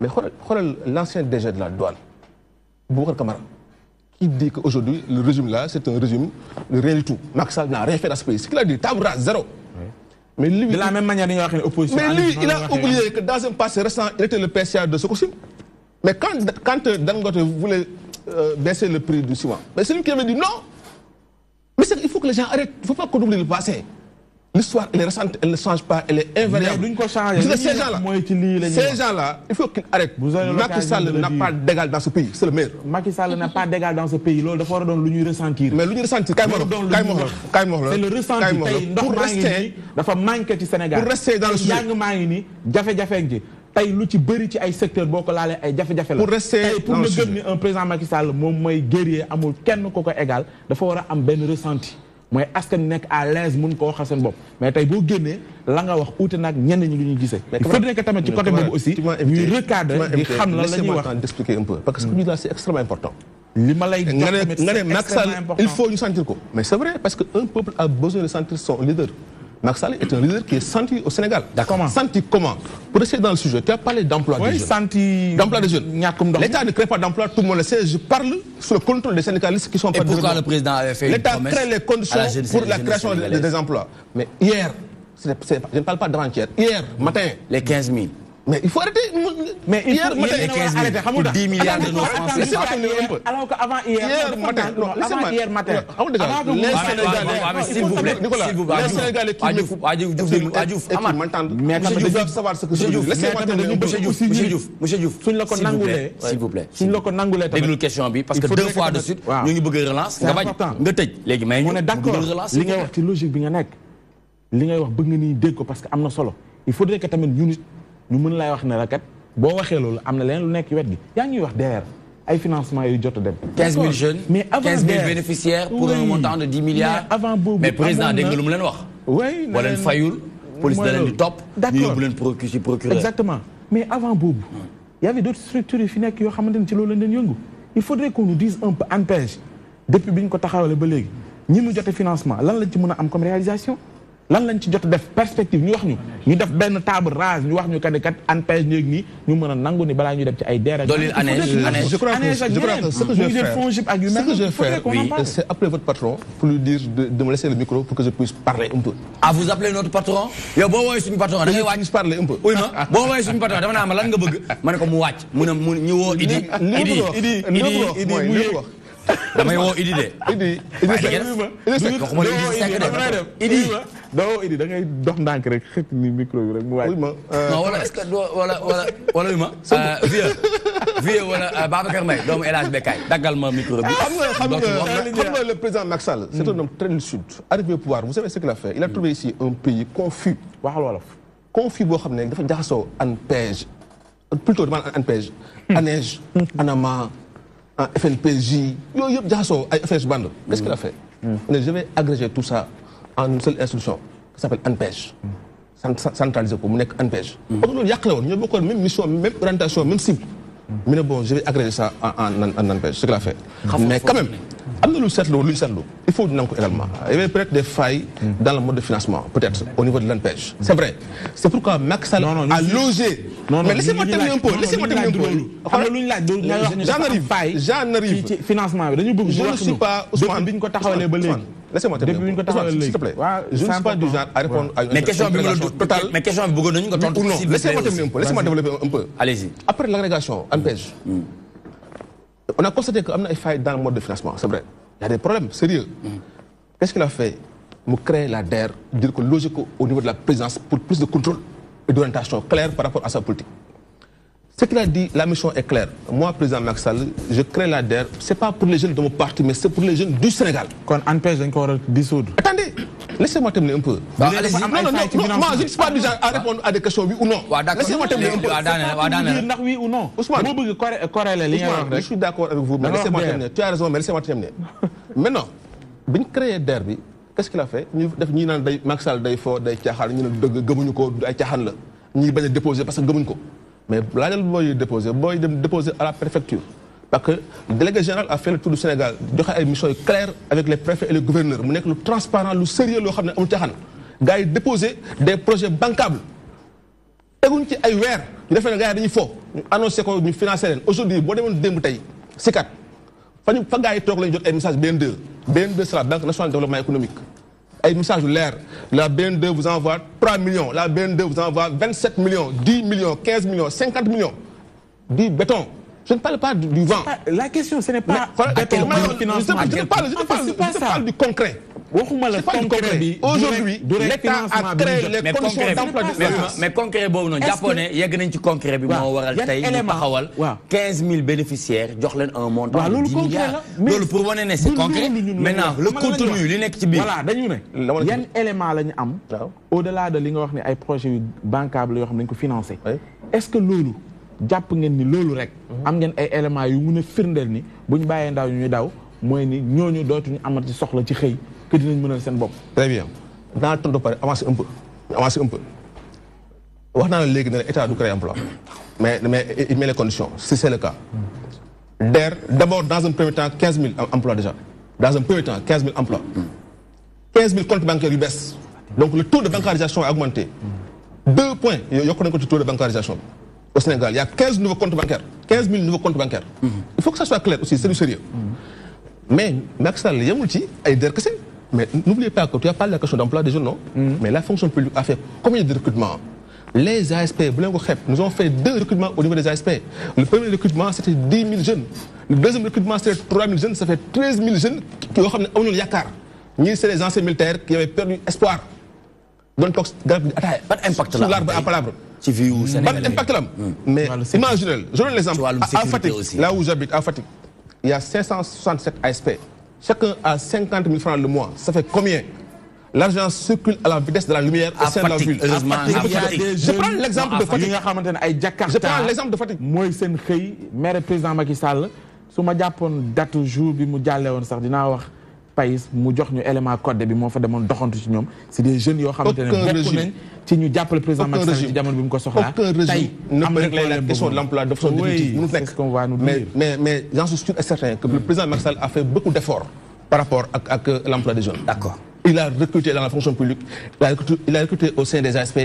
Mais l'ancien de la douane il dit qu'aujourd'hui, le régime-là, c'est un régime de rien du tout. Maxal n'a rien fait dans ce pays. Ce qu'il a dit, taboura, zéro. Mais lui, de la même manière, il a opposition. Mais lui, il a oublié que dans un passé récent, il était le PCA de ce cousin Mais quand, quand euh, Dangote voulait euh, baisser le prix du ciment, c'est lui qui avait dit non. Mais il faut que les gens arrêtent. Il ne faut pas qu'on oublie le passé l'histoire, elle, elle, ne change pas, elle est invariable. ces gens-là, ces gens-là, il faut qu'ils arrêtent. Macky Sall n'a pas d'égal dans ce pays, c'est le meilleur. Macky Sall n'a pas d'égal dans ce pays, il faut donc l'union ressentir. Mais l'union ressentir, c'est le ressenti. Pour rester, il Sénégal. Pour rester dans le sud sujet. tey lu ci bëri ci ay secteur boo ko laalee ay jafe-jafe la pour rester pour nga donner un président Macky Sall moom mooy guerrier amul kenn ko ko égal dafa war a am benn ressenti mooy askan nekk à l'aise mun koo mais tey boo génnee la nga wax mais il faut que tu ci côté aussi. un peu. parce que ce que tu dis c'est extrêmement important. li il faut ñu sentir mais c'est vrai parce qu'un peuple a besoin de sentir son leader. Macky Sall est un leader qui est senti au Sénégal. D'accord. Senti comment Pour rester dans le sujet, tu as parlé d'emploi des jeunes. Oui, senti... D'emploi des jeunes. L'État ne crée pas d'emploi, tout le monde le sait. Je parle sous le contrôle des syndicalistes qui sont... Et pourquoi le président avait fait L'État crée les conditions pour la création des, emplois. Mais hier, je ne parle pas de hier matin... Les 15 000 mais il faut arrêter. Mais il hier, matin, il y a 10 milliards de nos français. Alors qu'avant hier, hier matin, avant hier matin. Sénégalais, s'il vous plaît, Nicolas, les Sénégalais qui Adjouf, Adjouf, savoir ce que vous Laissez-moi Monsieur Diouf, Monsieur Diouf, s'il vous plaît, s'il vous plaît. S'il vous plaît. question parce que deux fois de suite, est d'accord. logique que faudrait que ñu mën lay wax ne rakat kat boo waxee loolu am na leneen lu nekk wet gi yaa ngi wax DER ay financement yu jot a dem. 15000 jeunes mais avant 15000 bénéficiaires pour un montant de 10 milliards. mais avant boobu mais président dégg nga lu mu leen wax. oui boo leen fayul. police da leen di topp. d' accord ñu yóbbu leen procureur. exactement mais avant boobu. y avait d' autres structures yu fi nekk yoo xamante ne ci loolu lañ leen yëngu. il faudrait qu'on nous dise un peu ANPEJ depuis biñ ko taxawalee ba léegi ñi mu jotee financement lan lañ ci mën a am comme réalisation lan ci jot perspective ñu wax ñu ñu def table rase ñu wax ñu ni ñu dem je je crois que je vais faire votre patron pour lui dire de me laisser le micro pour que je puisse parler un peu. ah vous appeler notre patron. suñu patron da ngay parler un peu. oui patron damay woo Idi de. Idi Idi Idi doo Idi da ngay dox ndànk rek xëcc ni micro bi rek mu waay. Euh, non wala est-ce que wala wala wala ma. Euh, vieux vieux wala euh, Babacar May doomu El Hadj Bekkaay daggal ma micro bi. Ah, xam nga xam nga xam nga le président Macky Sall. c'est un homme très lucide. arrivé au pouvoir vous savez ce qu'il a fait il a trouvé ici un pays confus. waxal wolof confus boo xam ne dafa jaxasoo ANPEJ plutôt damaa ANPEJ. ANEJ ANAMA en FNPJ, mm. qu'est-ce qu'il a fait mm. Je vais agréger tout ça en une seule institution qui s'appelle ANPEJ. Mm. Centralisé pour mon ANPEJ. Il y a beaucoup même mission, même orientation, même cible. Mais bon, je vais agréger ça en, ANPEJ. C'est ce qu'il a fait. Mais quand même am lu lu il faut ñu également il y avait peut-être des failles dans le mode de financement peut-être au niveau de l'Anpege. c'est vrai c'est pourquoi Macky Sall a logé mais laissez-moi terminer un peu laissez-moi terminer un peu j'en arrive j'en arrive financement je ne suis pas Ousmane bi ko taxawalee ba léegi laissez-moi terminer s'il te plaît je ne suis pas du genre à répondre à une mais question bi totale mais question bi nga non laissez-moi terminer un peu laissez-moi développer un peu allez-y après l'agrégation Anpege. Mm. On a constaté qu'il y a des dans le mode de financement, c'est vrai. Il y a des problèmes sérieux. Mm. Qu'est-ce qu'il a fait a créé la DER, dire que logique au niveau de la présence pour plus de contrôle et d'orientation claire par rapport à sa politique. Ce qu'il a dit, la mission est claire. Moi, président Sall, je crée la DER. Ce n'est pas pour les jeunes de mon parti, mais c'est pour les jeunes du Sénégal. Quand empêche encore dissoudre. Attendez Laissez-moi terminer un peu. non, non, non, non, moi, je ne pas besoin de répondre à des questions, oui ou non. Laissez-moi terminer un peu. C'est oui ou non. Ousmane, je suis d'accord avec vous, mais laissez-moi terminer. Tu as raison, mais laissez-moi terminer. Maintenant, bien créé Derby, qu'est-ce qu'il a fait Nous avons dit que Maxal est fort, est tchahal, nous avons dit que tchahal, nous avons déposé parce que nous avons Mais là, nous déposer déposé, nous avons déposé à la préfecture parce que le délégué général a fait le tour du Sénégal a fait une émission claire avec les préfets et les gouverneurs Il que le transparent le sérieux il a déposé des projets bancables Il ci ay weer ñu Il a yi fo annoncé ko ñu financé aujourd'hui il a démb tey sikat fa quatre. fa gars yi toog lañu jot ay message BN2 BN2 c'est la banque nationale de développement économique ay message de l'air. la BN2 vous envoie 3 millions la BN2 vous envoie 27 millions 10 millions 15 millions 50 millions 10 béton je ne parle pas du vent. Ah, la question, ce n'est pas... Je le financement... Je ne parle, ah, pas du concret. Aujourd'hui, l'État a créé les conditions d'emploi Mais concret, bon, japonais, il y a un concret, bon, on va le a 15 000 bénéficiaires, j'en un montant de pour moi, c'est concret. Maintenant, le contenu, l'inactivité. Voilà, il y a un élément au-delà de ce que vous avez dit, les projets bancables, qui Est-ce que l'eau jàpp ngeen ni loolu rek. Mhm. am ngeen ay élément yu mun a firndeel ni bu ñu bàyyee ndaw ñu daw mooy ni ñooñu dootuñu amati soxla ci xëy que dinañ mënal seen bopp. très bien dinaa tontu pare avancer un peu avancer un peu wax naa ne léegi ne état du créer emploi mais mais il met les conditions si c'est le cas. Mm. DER d'abord dans un premier temps quinze mille emplois déjà dans un premier temps quinze mille emplois. Mm. quinze mille comptes bancaires yu bees. donc le taux de bancarisation a augmenté. Mm. deux points yokk nañ ko ci taux de bancarisation bi. Il y a 15 nouveaux comptes bancaires. 000 nouveaux comptes bancaires. Mhm. Il faut que ça soit clair aussi, c'est du sérieux. Mm -hmm. Mais que c'est. Mais n'oubliez pas que tu as parlé de la question d'emploi des jeunes, non mhm. Mais la fonction publique a fait combien de recrutements Les ASP, nous avons fait deux recrutements au niveau des ASP. Le premier recrutement, c'était 10 000 jeunes. Le deuxième recrutement, c'était 3 000 jeunes. Ça fait 13 000 jeunes qui ont eu Yakar. Ni c'est les anciens militaires qui avaient perdu espoir doon toog garab gi ataaya. ban impact la l'arbre à palabre. ci vie wu hmm. ban impact la hmm. mais imaginez je donne l'exemple. à Fatick là où j'habite à Fatick. il y a 567 ASP. Chacun a 50 000 francs le mois. Ça fait combien L'argent circule à la vitesse de la lumière au sein de la ville. Je prends l'exemple de Fatigue. Je prends l'exemple de Fatigue. Moi, c'est un maire président Macky Sall. Si je date jour, je me dis pays mu jox ñu élément code bi mo fa demoon doxantu ci ñom c'est des jeunes yo xamante ne bokk nañ ci ñu jappel président Macky Sall ci jamono bi mu ko soxlaa tay am rek la question de l'emploi de son définitive mënu nekk mais mais mais j'en suis sûr et certain que le président Macky Sall a fait beaucoup d'efforts par rapport ak ak l'emploi des jeunes d'accord il a recruté dans la fonction publique il a recruté, il a recruté au sein des ASP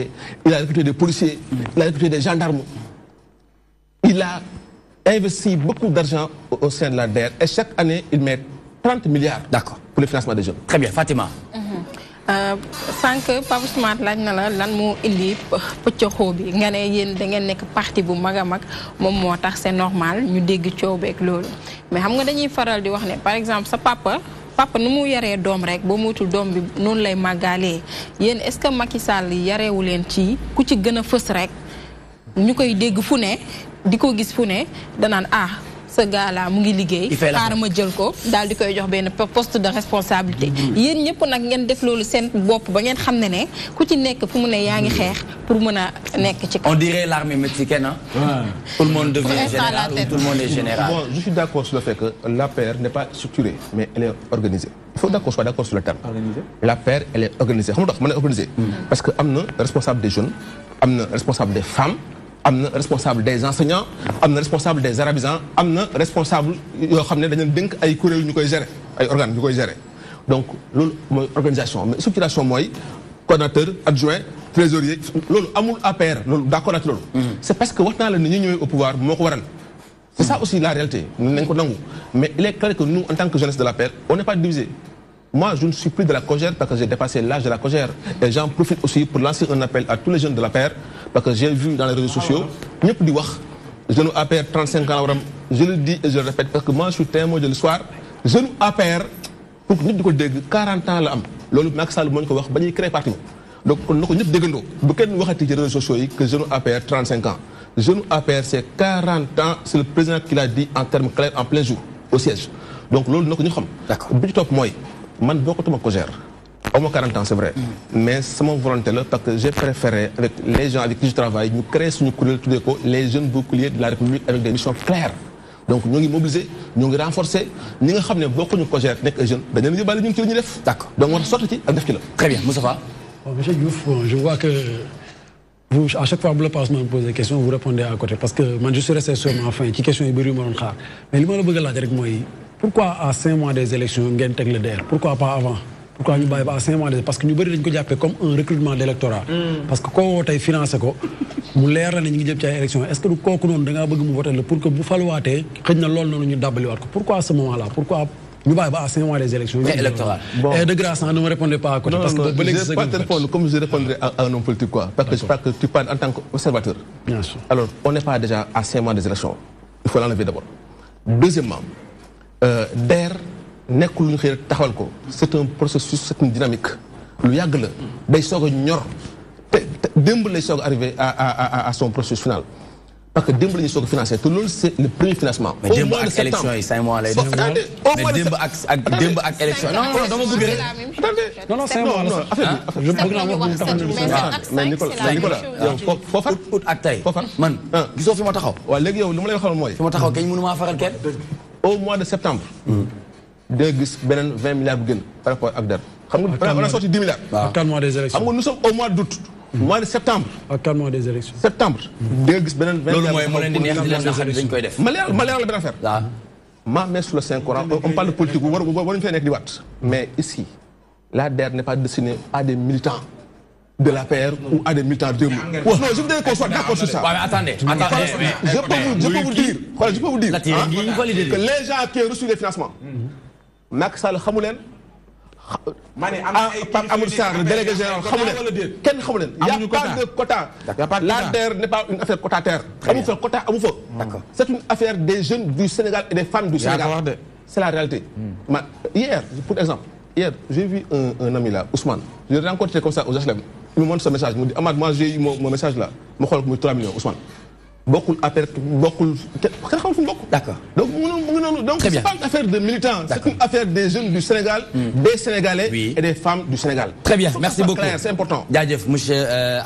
il a recruté des policiers il a recruté des gendarmes il a investi beaucoup d'argent au, au sein de la DER et chaque année il met 30 milliards d'accord pour le financement de jeunes. Très bien, Fatima. Mm-hmm. Euh, sànq Pape Ousmane laaj na la lan moo indi pëccëxoo bi nga ne yéen da ngeen nekk parti bu mag a mag moom moo tax c'est normal ñu dégg coow beeg loolu mais xam nga dañuy faral di wax ne par exemple sa papa papa nu mu yaree doom rek ba muytul doom bi noonu lay màggaalee yéen est-ce que Macky Sall yareewu leen ci ku ci gën a fës rek ñu koy dégg fu ne di gis fu ne danaan ah ce gars là mu ngi liggéey xaar ma jël ko Il di koy jox de poste de responsabilité Il mm-hmm. ñëpp a ngeen def loolu pour bopp ba ngeen xam ne faire ku ci nekk fu ne mm-hmm. pour on dirait l'armée mexicaine hein tout le monde devient général ou tout le monde est général bon je suis d'accord sur le fait que la paire n'est pas structurée mais elle est organisée il faut qu'on soit d'accord sur le terme paire, elle est organisée xam mm-hmm. parce que am responsable des jeunes am responsable des femmes il responsable des enseignants des responsable des arabisans des responsable yo organes donc l'organisation, moy organisation mais structuration moy coordinateur adjoint trésorier trésoriers. amul APR d'accord avec lolu mm-hmm. c'est parce que maintenant, les la au pouvoir c'est ça aussi la réalité ko mais il est clair que nous en tant que jeunesse de la paix, on n'est pas divisé. Moi, je ne suis plus de la cogère parce que j'ai dépassé l'âge de la cogère. Et j'en profite aussi pour lancer un appel à tous les jeunes de la paire parce que j'ai vu dans les réseaux sociaux ñëpp di je nous appelle 35 ans je le dis et je le répète parce que moi je suis témoin de l'histoire nous appelle pour que nous di ko 40 ans la am que Macky Sall moo ko wax ba parti donc kon na ko ñëpp bu kenn waxati les réseaux sociaux que je nous appelle 35 ans Je nous appelle, c'est 40 ans c'est le président qui l'a dit en termes clairs en plein jour au siège donc nous nous ko ñu xam. d'accord bi top topp man man bokkatuma ko au moins 40 ans, c'est vrai. Mais c'est mon volonté là, parce que j'ai préféré, avec les gens avec qui je travaille, nous créer ce nos tout les jeunes boucliers de la République avec des missions claires. Donc nous sommes mobilisés, nous sommes renforcés. Nous savons que beaucoup de projets les jeunes. Nous sommes jeunes, nous sommes jeunes. D'accord. Donc on sort de là. Très bien, Moussafa. Monsieur Diouf, euh, je vois que vous, à chaque fois que vous me posez des questions, vous répondez à côté. Parce que moi, je suis resté sur ma fin. Qui question est brûlée, Mais ce Mais je veux dire, pourquoi à 5 mois des élections, vous avez le d'air, Pourquoi pas avant pourquoi nous bàyyi à cinq mois parce que nous bëri dañ ko jàppee comme un recrutement d'électorat mm. parce que quand woo tey financé ko mu leer la ne ngi jëm ci élections est ce que du kooku noonu da ngaa bëgg mu voter pour que bu faluwaatee xëj na loolu ñu dabali wat ko pourquoi à ce moment là pourquoi. Nous allons à 5 les des élections. Mais électorales. Bon. Et de grâce, hein, ne me répondez pas à côté. Non, parce non, que non, je ne pas répondre comme je répondrai à, à un homme politique. Quoi, parce que je pas que tu parles en tant qu'observateur. Bien sûr. Alors, on n'est pas déjà à 5 des élections. Il faut l'enlever d'abord. Deuxièmement, euh, d'air c'est un processus c'est une dynamique lu yàgg a ñor lay à à à son processus final parce que démb c'est le premier financement. mais mois ak ak non dama rek. non non au mois de septembre. Hmm de gis 20 milliards de gën par rapport à Agder xam nga on a sorti 10 milliards. À quatre mois des élections xam nga nous sommes au mois d'août, août. mois de septembre. à quatre mois des élections septembre. De gis 20 milliards de ma ma la affaire. ma main sur le Saint Coran on parle de politique on waruñu fee nekk di mais ici la DER n'est pas destinée à des militants. de la PR ou à des militants de Non, je voudrais qu'on soit d'accord sur ça. mais attendez, attendez. Je peux vous, dire, je peux vous dire hein. que les gens qui ont reçu des financements, mhm. Maxal Sall xamu leen. am ah, délégué général xamu Il n'y a pas de quota. la terre n'est pas une affaire quota terre c'est une affaire des jeunes du Sénégal et des femmes du Sénégal. c'est la réalité. Hmm. hier pour exemple hier j'ai vu un un ami là Ousmane je l'ai rencontré comme ça aux HLM. il me montre son message me dit, Ahmad, moi j'ai eu mon message là je je me suis 3 millions Ousmane beaucoup d'appels, beaucoup D'accord. Donc, c'est pas une affaire de militants, c'est une affaire des jeunes du Sénégal, hmm. des Sénégalais et des femmes du Sénégal. Très bien, merci beaucoup. C'est important. Djadjef, M. Euh,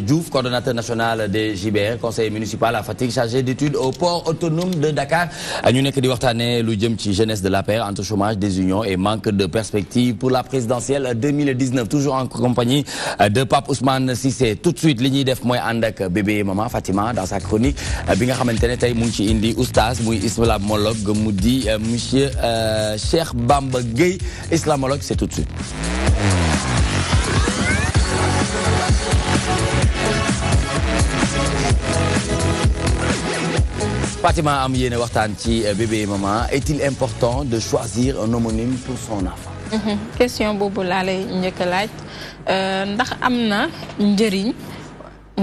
Diouf, coordonnateur national des JBR, conseiller municipal à Fatigue, chargé d'études au port autonome de Dakar. Nous sommes di waxtané lu jeunesse de la paix entre chômage des unions et manque de perspective pour la présidentielle 2019 toujours en compagnie euh, de Pape Ousmane Sissé. Tout de suite li def moy bébé et maman Fatima dans sa chronique radiophonique euh, bi nga xamante ne tey mu ngi ci indi oustaz muy islamologue mu di euh, monsieur euh, Cheikh Bamba Gueye islamologue c'est tout de suite. Fatima am yéene waxtaan ci bébé maman est-il important de choisir un homonyme pour son enfant. Mhm. question boobu laa lay njëkk a laaj ndax am na njëriñ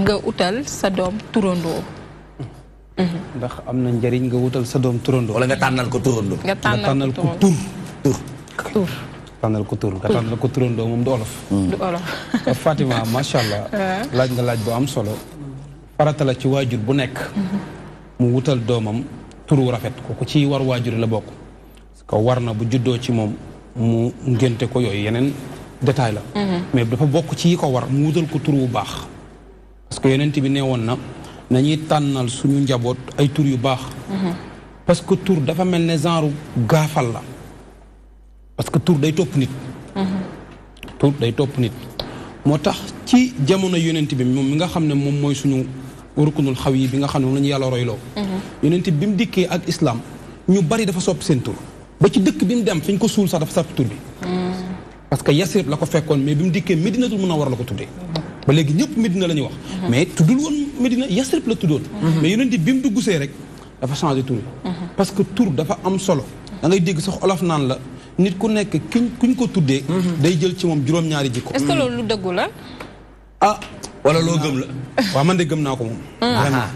nga utal sa doom turandoo. Mm-hmm. ndax am na njariñ nga wutal sa doom turandoo. wala nga tànnal ko turandoo. nga tànnal ko tur tur tur. ko tur nga tànnal ko turandoo moom du olof. Mm. du olof. Fatima macha allah. laaj nga laaj bu am solo. farata la ci waajur bu nekk. Mm-hmm. mu wutal doomam turu rafet ko kooku ci war waajur la bokk. ko war na bu juddoo ci moom mu ngénte ko yooyu yeneen détail la. Mm-hmm. mais dafa bokk ci yi ko war mu wutal ko tur bu baax. parce que yonent nee woon na. nañuy tànnal suñu njaboot ay tur yu baax parce que tur dafa mel ne genre gaafal la parce que tur day topp nit tur day topp nit moo tax ci jamono yonent bi moom mi nga xam ne moom mooy suñu rukunul xaw yi bi nga xam ne moom la yàlla royloo yonent bi mu dikkee ak islaam ñu bari dafa sopp seen tur ba ci dëkk bi mu dem fi ñu ko suul sax dafa soppi tur bi parce que Yasrib la ko fekkoon mais bi mu dikkee Medinatul Munawwara la ko tuddee ba léegi ñëpp Medina la ñuy wax. Mhm. mais tuddul woon Medina Yasrib la tuddoon. Mhm. mais yonent bi mu duggsee rek dafa changé tur mhm. parce que tur dafa am solo. da ngay dégg sax olof naan la nit ku nekk kiñ kuñ ko tuddee. day jël ci moom juróom-ñaari jikko. est lu dëggu la. ah. wala loo gëm la. waaw man de gëm naa ko moom. Ah.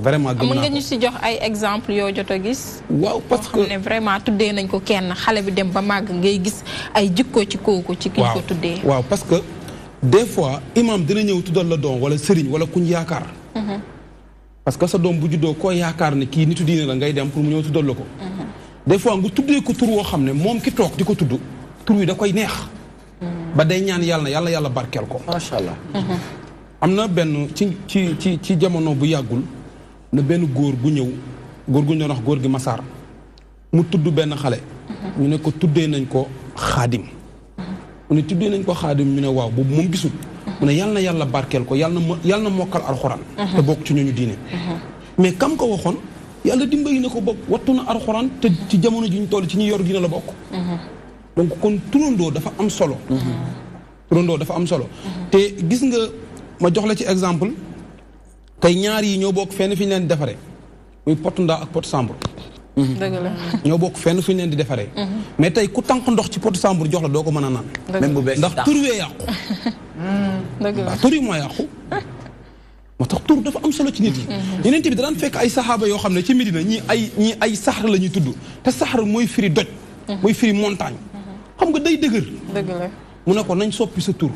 vraiment ah nga ñu si jox ay exemple yoo jot a gis. waaw parce vraiment tuddee nañ ko kenn xale bi dem ba màgg ngay gis ay jikko ci kooku. ci kiñ ko tuddee waaw des fois imam dina ñëw tuddal la doom wala sëriñ wala kuñ yaakaar. parce que sa doom bu juddoo koo yaakaar ne kii nitu diine la ngay dem pour mu ñëw tuddal la ko. des fois nga tuddee ko tur woo xam ne moom ki toog di ko tudd tur wi da koy neex. ba day ñaan yàlla yàlla yàlla barkeel ko. macha allah. am na benn ci ci ci ci jamono bu yàggul na benn góor gu ñëw góor gu ñu góor gi Masaar mu tudd benn xale. ñu ne ko tuddee nañ ko xaadim. mu ne tuddee nañ ko xaadim mu ne waaw boobu moom gisul mu ne yàlla yàlla barkeel ko yàlla na yàlla na mokkal alxuraan mhm. te bokk ci ñooñu diine mhm. mais kam ko waxoon yàlla dimbali na ko bokk wattu na alxuraan te ci jamono ji ñu toll ci ñi yor dina la bokk mhm. donc kon turandoo dafa am solo turandoo dafa am solo te gis nga ma jox la ci exemple tey ñaar yi ñoo bokk fenn fi ñu leen defaree muy pot ndaa ak pot sambre Mhm. dëgg la ñoo bokk fenn fu ñu leen di defaree. Mhm. mais tey ku tànk ndox ci potu sàmbur jox la doo ko mën a naan. même bu bees ndax tur wee yàqu. Mm, dëgg la tur yi moo yàqu. moo tax tur dafa am solo ci nit yi. Mhm. yeneen bi daan ay saxaaba yoo xam ne ci Medina ñii ay ñii ay saxar la ñuy tudd te saxar mooy firi doj. mooy firi montagne. xam nga day dëgër. dëgg mu ne ko nañ soppi sa tur.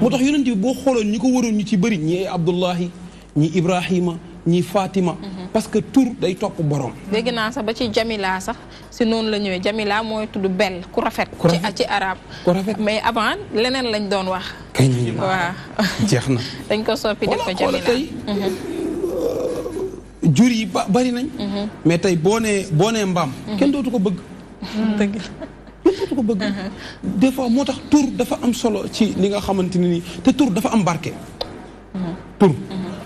moo tax yeneen bi boo xooloon ñi ko waroon ñu ci bëri ñii Abdullahi ñii Ibrahima. ñi Fatima. Mhm. parce que tur day topp borom. dégg naa sax ba ci Jamila sax si noonu la ñëwee Jamila mooy tudd belle ku rafet. ci ci arab ku rafet mais avant leneen lañ doon wax. kañ waaw jeex na. dañ ko soppi def ko Jamila mhm. euh, jur yi ba bari nañ. Mhm. mais tey boo nee boo nee mbaam. kenn dootu ko bëgg. kenn dootu ko bëgg. des moo tax tur dafa am solo ci li nga xamante ne nii te tur dafa am barke. tur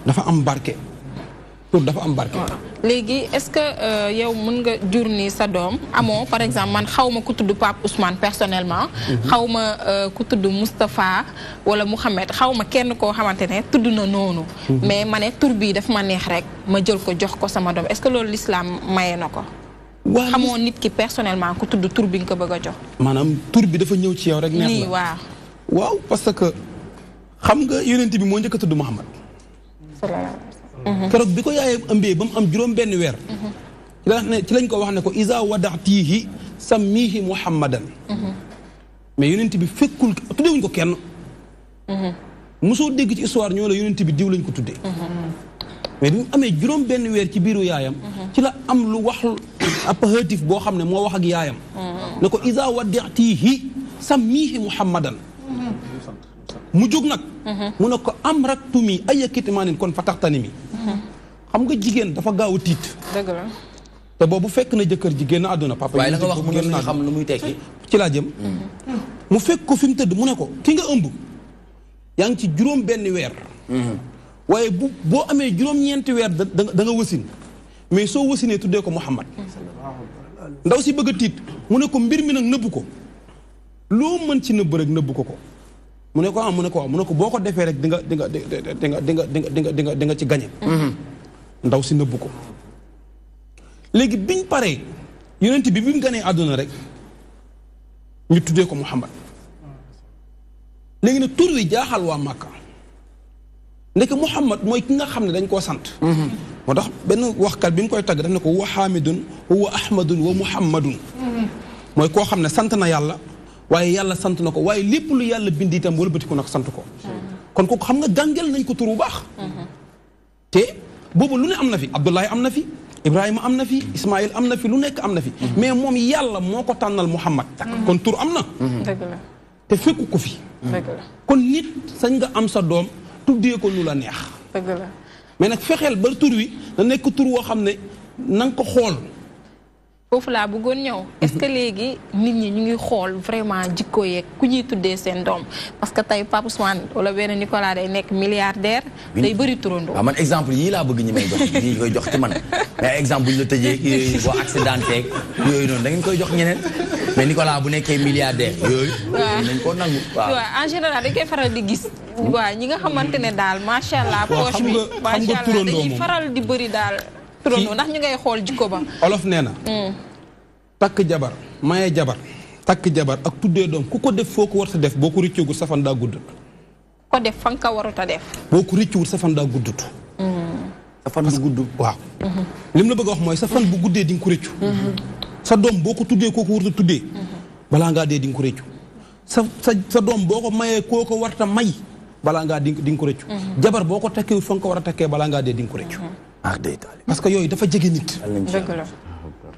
dafa am barke. pour dafa am barke. léegi est-ce que euh, yow mën nga jur ni sa doom amoo par exemple man xawma ku tudd Pape Ousmane personnellement. Mhm. xawma euh, ku tudd Moustapha wala Mouhamed xawma kenn koo xamante ne tudd na noonu. Mhm. mais ma ne tur bii daf ma neex rek ma jël ko jox ko sama doom est-ce que loolu l'islam maye na ko. xamoo nit ki personnellement ku tudd tur bi nga ko bëgg a jox. maanaam tur bi dafa ñëw ci yow rek. neex la waaw. waaw parce que xam nga yonent bi moo njëkk a tudd Mouhamed. Mhm. keroog bi ko yaayam ëmbee ba mu am juróom benn weer mhm. ci la ne ci lañ ko wax ne ko isa wadaatihi sammihi muhammadan mhm. mais yonent bi fekkul tuddewuñ ko kenn mosoo dégg ci histoire ñoo la yonent bi diw lañ ko tuddee mais bi mu amee juróom benn weer ci biiru yaayam ci la am lu wax appehatif boo xam ne moo wax ak yaayam ne ko isa wadaatihi sammihi muhammadan mu jóg nag mu ne ko am rak tumi ay yakkitimaanin kon fa taxtani mi xam nga jigéen dafa gaaw a tiit dëgg la te boobu fekk na jëkkër ji génn àdduna papa waaye la nga wax mu ngeen xam lu muy tekki ci laa jëm mu fekk ko fi mu tëdd mu ne ko ki nga ëmb yaa ngi ci juróom benn weer waaye bu boo amee juróom-ñeenti weer da nga wasin mais soo wasinee tuddee ko Muhammad ndaw si bëgg a tiit mu ne ko mbir mi nag nëbbu ko loo mën ci nëbb rek ko ko mu ne ko ah mu ne ko waaw ne ko boo ko defee rek di nga di nga di nga di nga di nga di ci gañe mhm. ndaw si nëbbu ko léegi biñ paree yonent bi bi mu ganee àdduna rek ñu tuddee ko Muhammad léegi nag tur wi jaaxal waa Màkka ndeke Muhammad mooy ki nga xam ne dañ koo sant mhm. moo tax benn waxkat bi mu koy tagg daf ne ko wa xaamidun wa ahmadun wa muhammadun mhm. mooy koo xam ne sant na yàlla waaye yàlla sant na ko waaye lépp lu yàlla bind itam wëlbati ko nag sant ko kon kooku xam nga gàngel nañ ko tur bu baax te boobu lu ne am na fi Abdoulaye am na fi Ibrahima am na fi Ismaïl am na fi lu nekk am na fi mais moom yàlla moo ko tànnal Muhammad kon tur am na te fekku ko fi kon nit sañ nga am sa doom tuddee ko lu la neex mais nag fexeel ba tur wi na nekk tur woo xam ne na ko xool foofu laa bëggoon ñëw est-ce que léegi nit ñi ñu ngi xool vraiment jikko yeeg ku ñuy tuddee seen doom parce que tey papa Ousmane wala benn Nicolas day nekk milliardaire day bëri turandoo waaw ah, man exemple yii laa bëgg ñi may jox ñi koy jox ci man mais exemple buñ la tëjee yooyu boo accidenté yooyu noonu da ngeen koy jox ñeneen mais Nicolas bu nekkee milliardaire yooyu nañ ko nangu waaw en général dañ koy faral di gis waaw hmm? ñi nga xamante ne daal macha allah poche bi macha allah dañuy faral di bëri daal turandoo ndax ñu ngay xool jikko ba olof nee na mm. takk jabar maye jabar takk jabar ak tuddee doom ku ko def foo ko war warta def boo ko rëccoogul sa fan daa guddut ko def fa nga ko warut a def boo ko rëccuwul sa fan daa guddut gudd waaw mm-hmm. lim la bëgg a wax mooy sa fan bu guddee di nga ko rëccu mm-hmm. sa doom boo ko tuddee koo ko warta tuddee mm-hmm. balaa ngaa dee di ko rëccu sa sa sa doom boo ko mayee koo ko warta may balaa ngaa di di ko rëccu jabar boo ko takkewul fa nga ko war a takkee balaa ngaa dee di ko rëccu parce que yooyu dafa jege nit.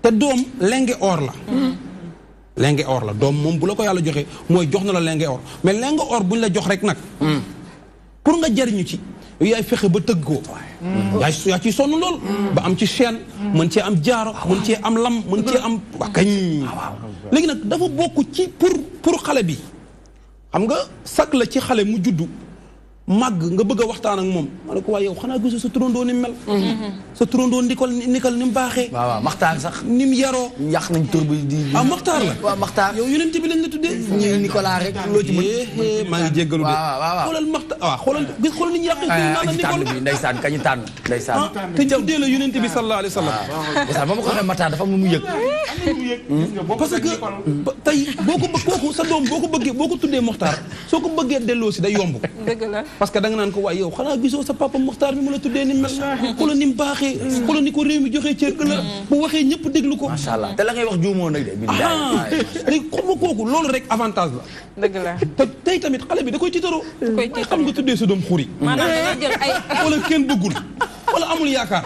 te doom lenge or la. Mm-hmm. lenge or la doom moom bu la ko yàlla joxe mooy jox na la lenge or mais lenge or buñ la jox rek nag. Mm. pour nga jariñu ci. yaay fexe ba tëgg ko. Mm. yaa yaa ciy sonn lool. Mm. ba am ci chaîne. mën cee am jaaro ah, mën cee am lam mën cee am. Ah, waa léegi nag dafa bokk ci pour xale bi. xam nga sakk la ci xale mu juddu. màgg nga bëgg a waxtaan ak moom ma ne ko waaye yow xanaa gisu sa turandoo ni mu mel. Mhm. sa turandoo ndikal nikal ni mu baaxee. waaw waaw maxtaar sax. ni mu yaroo. nañ tur bi di. ah maxtaar la waaw maxtaar. yow yonent bi lañ la tuddee. ñii Nicolas rek loo ci mën. Eh, eh, maa ngi jéggalu de. waaw waaw waaw xoolal maxtaar waaw xoolal gis xool ñu yàqee. ah ci tànn bi ndeysaan kañu tànn. ndeysaan ah, te tuddee la yu bi sallallahu alayhi wa sallam. waaw ah, waaw ba ma ko waxee maxtaar hmm? parce que tey boo ko kooku sa doom boo ko bëggee boo ko tuddee maxtaar soo ko bëggee delloo si day yomb dëgg parce que da nga nan ko way yow xanaa gisoo sa papa muxtar mi mu la tuddee ni mel. xolo ni mu baaxee. xolo ni ko réew mi joxee cër la. bu waxee ñëpp déglu ko. macha allah te la ngay wax juumoo nag de. léegi ko nga kooku loolu rek avantage la. dëgg la te tey tamit xale bi da koy tiitaroo. da koy tiitaroo xam nga tuddee sa doom xuri. maanaam da nga jël ay. wala kenn bëggul wala amul yaakaar.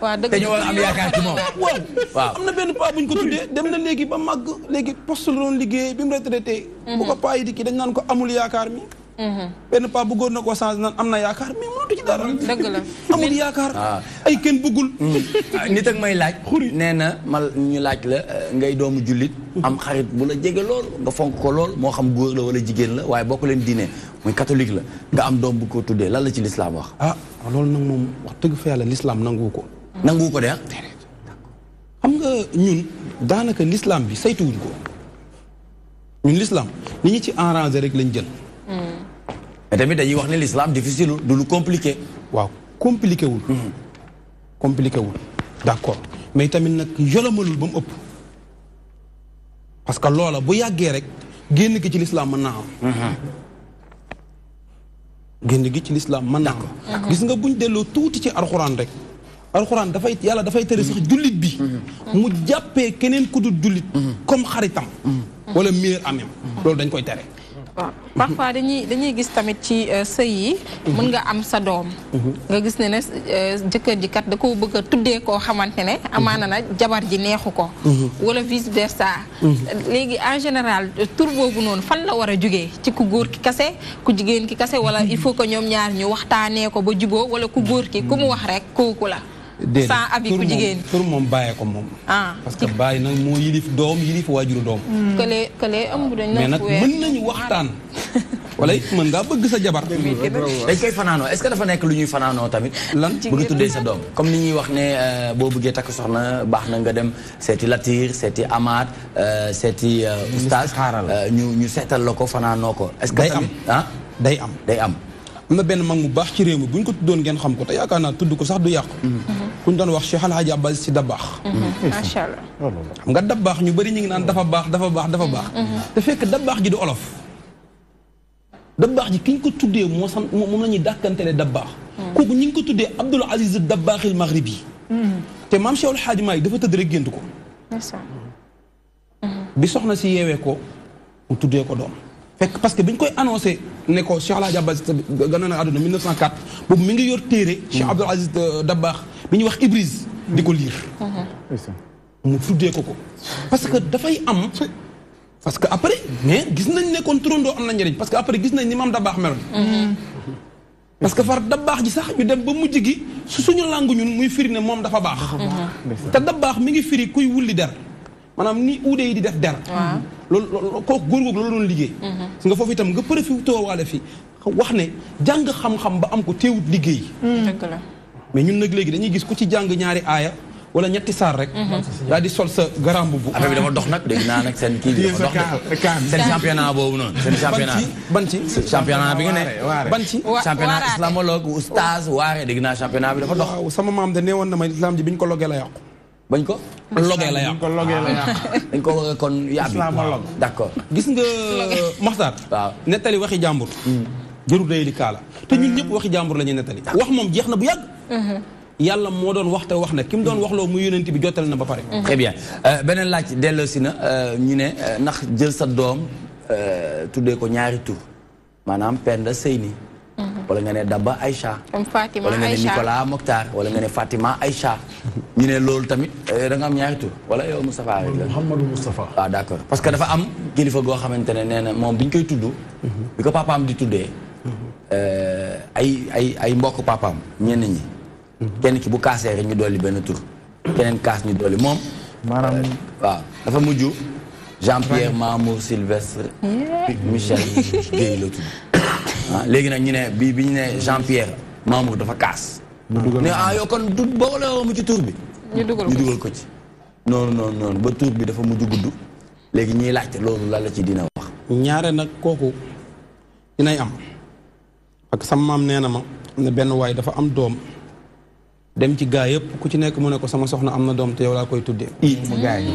waaw dëgg la te ñu war a am yaakaar ci moom. waaw waaw am na benn paa bu ko tuddee dem na léegi ba màgg léegi poste la doon liggéey bi mu retraité. Mhm. bu ko paa yi di dañ naan ko amul yaakaar mi Mhm. benn paa bëggoon na koo change naan am na yaakaar mais mënatu ci dara. dëgg la amul yaakaar. Ah. ay kenn bëggul. Hmm. Ah, nit ak may laaj. xuri nee na ma ñu laaj la eh, ngay doomu jullit. am xarit bu la jege lool nga fonk ko lool moo xam góor la wala jigéen la waaye boo leen diine muy katolik la nga am doom bu ko tuddee lan la ci lislaam wax. ah, ah loolu nag moom wax dëgg fa yàlla lislaam nanguwu ko. nanguwu ko de xam nga ñun daanaka lislaam bi saytuwuñ ko ñun lislaam ni ñu ci arrangé rek lañ jël. mais tamit dañuy wax ne l'islam difficile du lu compliqué. waaw compliqué wul. Mm-hmm. compliqué wul accord mais tamit nag yolomalul ba mu ëpp. parce que loola bu yàggee rek génn gi ci lislaam man naa am. génn ci lislaam mën naa am. Mm-hmm. gis nga buñ delloo tuuti ci alxuraan rek. alxuraan dafay yàlla dafay tere sax jullit bi. Mm-hmm. mu jàppee keneen ku jullit. comme xaritam. wala meilleur amem. loolu dañ koy tere. waaw parfois dañuy dañuy gis tamit ci euh, sëy yi. mën nga am sa doom. nga gis ne ne euh, jëkkër ji kat da ko bëgg a tuddee koo xamante ne amaana na jabar ji neexu ko. wala vice versa. léegi en général tur boobu noonu fan la war a jugee ci ku góor ki kase ku jigéen ki kase wala il faut que ñoom ñaar ñu waxtaanee ko ba juboo wala ku góor ki ku mu wax rek kooku la. déedéet sans abi ku jigéen moom bàyyee ko moom. Ah. parce que bàyyi nag moo yilif doom yilif waajuru doom. Hmm. kële kële ëmb dañ mais nag mën nañu waxtaan. wala mën ngaa bëgg sa jabar. dañ koy fanaanoo est-ce que dafa nekk lu ñuy fanaanoo tamit. lan bëgg tuddee sa doom. comme ni ñuy wax ne euh, boo buggee takk soxna baax na nga dem seeti Latir seeti Amaat euh, seeti. Euh, Oustaz ñu ñu seetal la ko fanaanoo ko. est-ce ah day am day am. am na benn mag mu baax ci réew mi bu ñu ko tuddoon ngeen xam ko te yaakaar naa tudd ko sax du yàqu mm-hmm. ku ñu doon wax Cheikh Alhaji Abbas si dabbaax mm-hmm. macha allah xam nga dabbaax ñu bari ñu ngi naan dafa baax dafa baax dafa baax mm-hmm. te fekk dabbaax ji du olof dabbaax ji ki ñu ko tuddee moo sam moom la ñuy dàkkantele dabbaax kooku ñu ngi ko tuddee Abdul Aziz dabbaaxil maghribi te maam xaaj Alhaji yi dafa tëdd rek gént ko bi soxna si yeewee ko mu tuddee ko doom fekk parce que biñ koy annoncé ne ko Cheikh El Hadj Abbas gën na àdduna 1904 boobu mi ngi yor téere Cheikh Abdoul Aziz euh, Dabakh bi ñuy wax Ibris. di ko liir. Mm-hmm. mu tuddee ko ko. parce que dafay am. parce que après mais gis nañ ne kon turandoo am na njëriñ parce que après gis nañ ni maam Dabakh meloon. Mm-hmm. parce que far Dabakh ji sax ñu dem ba mujj gi su suñu langu ñun muy firi ne moom dafa baax. Mm-hmm. te Dabakh mi ngi firi kuy wulli der. maanaam ni uude yi di def der loolu kooku góor googu loolu doon liggéey mhm. nga foofu itam nga profité waale fi wax ne jàng xam-xam ba am ko teewut liggéey mhm. mais ñun nag léegi dañuy gis ko ci jàng ñaari aaya wala ñetti saar rek mhm. daal di sol sa garam bu affaire bi dox nag dégg naa nag seen kii bi dafa dox ban ci championnat bi nga ne ban ci championnat islamologue oustaz waare dégg naa championnat bi dafa dox sama maam de neewoon na ma islam ji bi ko logee la yàqu bañ ko. logee la yàq dañ ko kon yàbbi. d' accord gis nga Maxtaar. waaw nettali waxi jàmbur. Hmm. jëru day li kaala. te ñun ñëpp waxi jàmbur la ñuy nettali. wax moom jeex na bu yàgg. Uh-huh. yàlla moo doon wax te wax na kim doon wax loo mu yónent bi jottali na ba pare. Uh-huh. très bien euh, beneen laaj delloosi na euh, ñu ne euh, ndax jël sa doom tuddee ko ñaari tur maanaam Penda Seyni. Mm-hmm. wala nga ne Daba Aïcha. comme Fatima wala nga ne Nicolas Mokhtar wala nga ne Fatima Aïcha. ñu ne loolu tamit eh, danga am ñaari tur wala yow Moustapha rek la. Mouhamadou Moustapha. waaw ah, d' accord parce que dafa am kilifa goo xamante ne nee na moom bi ñu koy tudd. Mm-hmm. bi ko papaam di tuddee. Mm-hmm. Eh, ay ay ay mbokk papam ñenn ñi. kenn ki bu kaasee rek ñu dolli benn tur. keneen kaas ñu dolli moom. maanaam eh, waaw dafa mujj. Jean Pierre Mamour Sylvestre. Michel Guèye la tudd. ah léegi nag ñu ne bi bi ñu ne Jean Pierre Mamour dafa kaas. ne ah yow kon du boole woo mu ci tur bi. ñu dugal ko ci ko ci. noonu noonu noonu ba tur bi dafa mujj gudd. léegi ñuy laajte loolu lan la ci dina wax. ñaare nag kooku dinay am parce que sama maam nee na ma ne benn waay dafa am doom dem ci gaa yëpp ku ci nekk mu ne ko sama soxna am na doom te yow laa koy tuddee. i mu mm. gaa yi.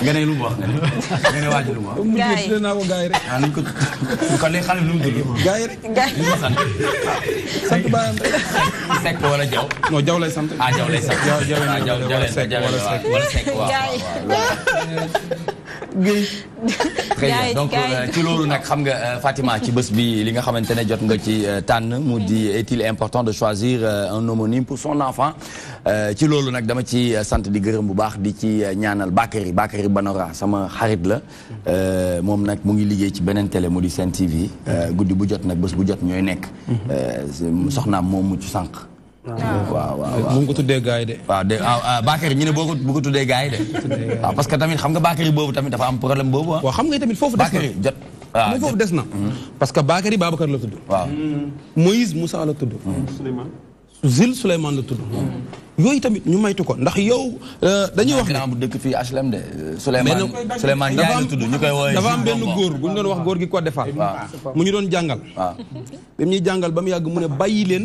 nga ne lu mu wax nga ne nga ne waaj lu mu wax. gaa yi naa ko gaa yi rek. ah nañu ko kon léegi xale bi nu mu tudd. gaa yi rek gaa yi rek sant. sant baayam rek. Seck wala Jaw. non Jaw lay sant. ah Jaw lay sant. Jaw Jaw lay sant ah, wala Seck wala Seck waaw waaw. Guèye. très donc euh, ci loolu nag xam nga euh, Fatima ci bës bi li nga xamante ne jot nga ci euh, tànn mu di est-il important de choisir un homonyme pour son enfant ci loolu nag dama ci sant di gërëm bu baax di ci ñaanal Bakary Bakary Banora sama xarit la moom nag mu ngi liggéey ci beneen tele mu di Sen TV guddi bu jot nag bës bu jot ñooy nekk mhm. soxnaam moom mu ci sànq waaw waaw mu ngi ko tuddee gars yi de. waaw de waaw ñu ne boo ko bu ko tuddee gars de. waaw parce que tamit xam nga Bakary boobu tamit dafa am problème boobu ah. waaw xam nga tamit foofu des na jot. des na. Mm-hmm. parce que Bakary Babacar la tudd. waaw mm-hmm. Moïse Moussa a tudd. Mm-hmm. Souleymane. Zil Souleymane la tudd. yooyu tamit ñu maytu ko ndax yow. Euh, dañuy wax ne bu dëkk fii HLM de. Euh, Souleymane Souleymane Ndiaye la tudd ñu koy woowee dafa góor bu doon wax góor gi ko defal. mu ñu doon jàngal. waaw ba mu ñuy jàngal ba mu yàgg mu ne bàyyi leen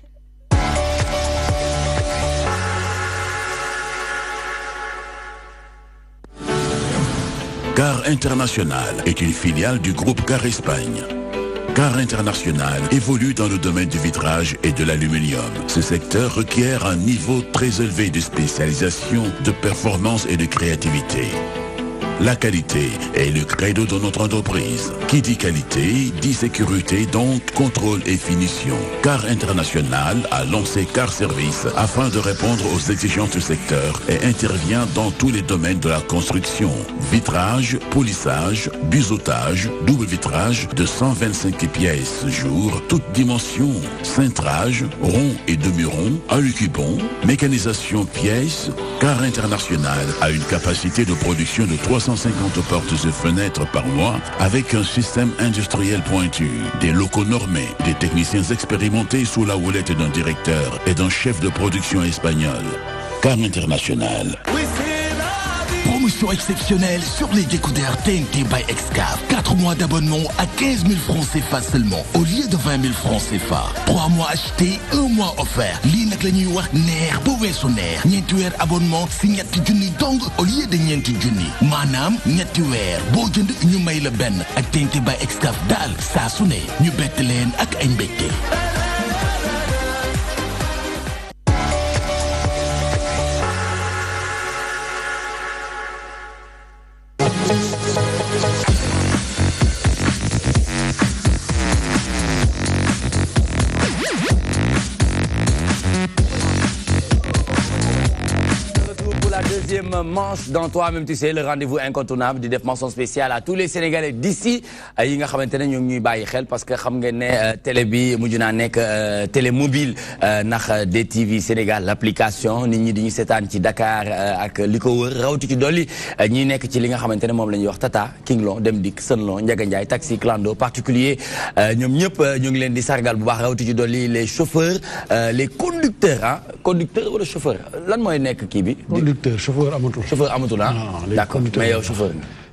Car International est une filiale du groupe Car Espagne. Car International évolue dans le domaine du vitrage et de l'aluminium. Ce secteur requiert un niveau très élevé de spécialisation, de performance et de créativité. La qualité est le credo de notre entreprise. Qui dit qualité, dit sécurité, donc contrôle et finition. Car International a lancé Car Service afin de répondre aux exigences du secteur et intervient dans tous les domaines de la construction. Vitrage, polissage, biseautage, double vitrage de 125 pièces jour, toutes dimensions, cintrage, rond et demi-rond, alucubon, mécanisation pièces. Car International a une capacité de production de 300 250 portes et fenêtres par mois avec un système industriel pointu, des locaux normés, des techniciens expérimentés sous la houlette d'un directeur et d'un chef de production espagnol. Car international exceptionnelle sur les découders TNT by Excav 4 mois d'abonnement à 15 000 francs CFA seulement, au lieu de 20 000 francs CFA. 3 mois achetés, 1 mois offert. lii nag la ñuy wax neex ba weesu abonnement si ñetti junni au lieu de ñeenti junni. manam n'y a tuer jënd ñu may la ak TNT by Excav dal ça su ne ñu bett manche dans toi même tu sais le rendez-vous incontournable du def mention spécial à tous les Sénégalais d'ici euh, yi nga xamantene ñu ñoom ñuy bàyyi xel parce que xam ngeen ne euh, télé bi mujj naa euh, télé mobile des DTV Sénégal l'application nit ñi diñu sétane ci Dakar ak liko wër rawti ci doli ñi nek ci li nga xamantene mom lañuy wax Tata Kinglon Dem dik Senlon Ndiaga Ndiaye taxi clando particulier ñom ñep ñu ngi leen di sargal bu baax rawti ci doli les chauffeurs les conducteurs ah conducteur wala chauffeur lan moy nek ki bi conducteur chauffeur amatul amatul chauffeur amatul ah. d'accord mais yow chauffeur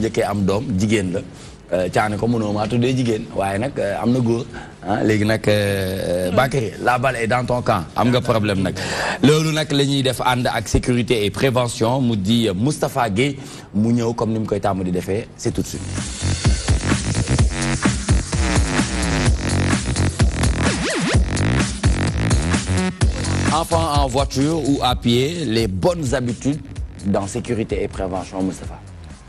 njëkkee am doom jigéen la euh, caani ko mënoo maa tuddee jigéen waaye nag euh, am na góor ah léegi nag euh, Bakary la balle est dans ton camp am nga problème nag loolu nag la ñuy def ànd ak sécurité et prévention mu di Moustapha Gueye, mu ñëw comme ni mu koy tàmm di defee c'est tout de suite Enfants en voiture ou à pied les bonnes habitudes dans sécurité et prévention Moustapha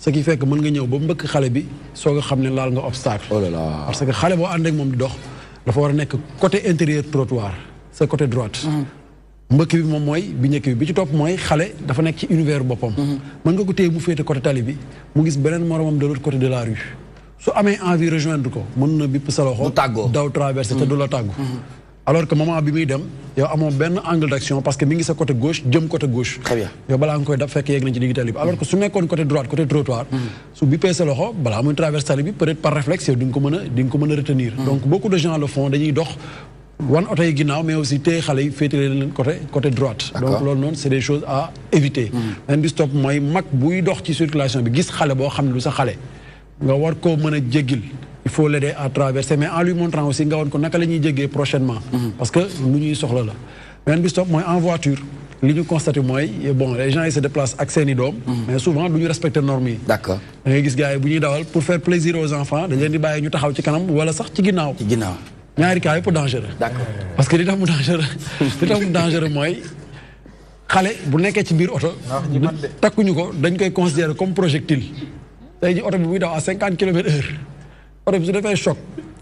ce qui fekk mën nga ñëw ba mbëkk xale bi soo a xam ne laal nga obstacle. oh là là parce que xale boo ànd ak moom di dox dafa war a nekk côté intérieur trottoir sa côté droite. Mm-hmm. mbëkk bi moom mooy bi njëkk bi bi ci topp mooy xale dafa nekk ci univers boppam. Mm-hmm. mën nga ko téye mu féete coté tali bi mu gis beneen moromam de l'autre côté de la rue su amee envie rejoindre ko mën na bipp sa loxo. du tàggoo daw traversé te du la tàggu. Mm-hmm. alors que moment bi muy dem yow amoo ben angle d'action parce que mi ngi sa côté gauche jëm côté gauche. très bien yow bala ngoy koy fek fekk yegg ci digg bi alors que su nekkoon côté droite côté trottoir. Hmm. su bi sa loxo bala muy traverse tali bi peut-être par réflexe ding ko meuna ding ko meuna retenir. Hmm. donc beaucoup de gens le font dañuy dox. wan auto yi ginnaw mais aussi téye xalé yi féetale côté côté droite. donc lool non, c'est des choses à éviter. Hmm. beneen bi stop moy mak buy dox ci circulation bi gis xalé bo xam lu sa xalé nga war ko meuna a il faut l'aider à traverser mais en lui montrant aussi nga woon ko naka la ñuy prochainement mhm. parce que lu ñuy soxla la beneen bi stop mooy en voiture li ñu constaté mooy bon les gens ils se déplacent ak seeni mhm. mais souvent du ñu respecter normes d'accord da ngay gis gars yi bu dawal pour faire plaisir aux enfants dañ leen di bàyyi ñu taxaw ci kanam wala sax ci ginnaaw ci ginnaaw ñaari cas yëpp dangereux d'accord parce que li tax mu dangereux li tax mu dangereux mooy xale bu nekkee ci biir oto ah, takkuñu ko dañ koy considérer comme projectile tey ji oto bi buy daw à 50 km/h. Europe su un choc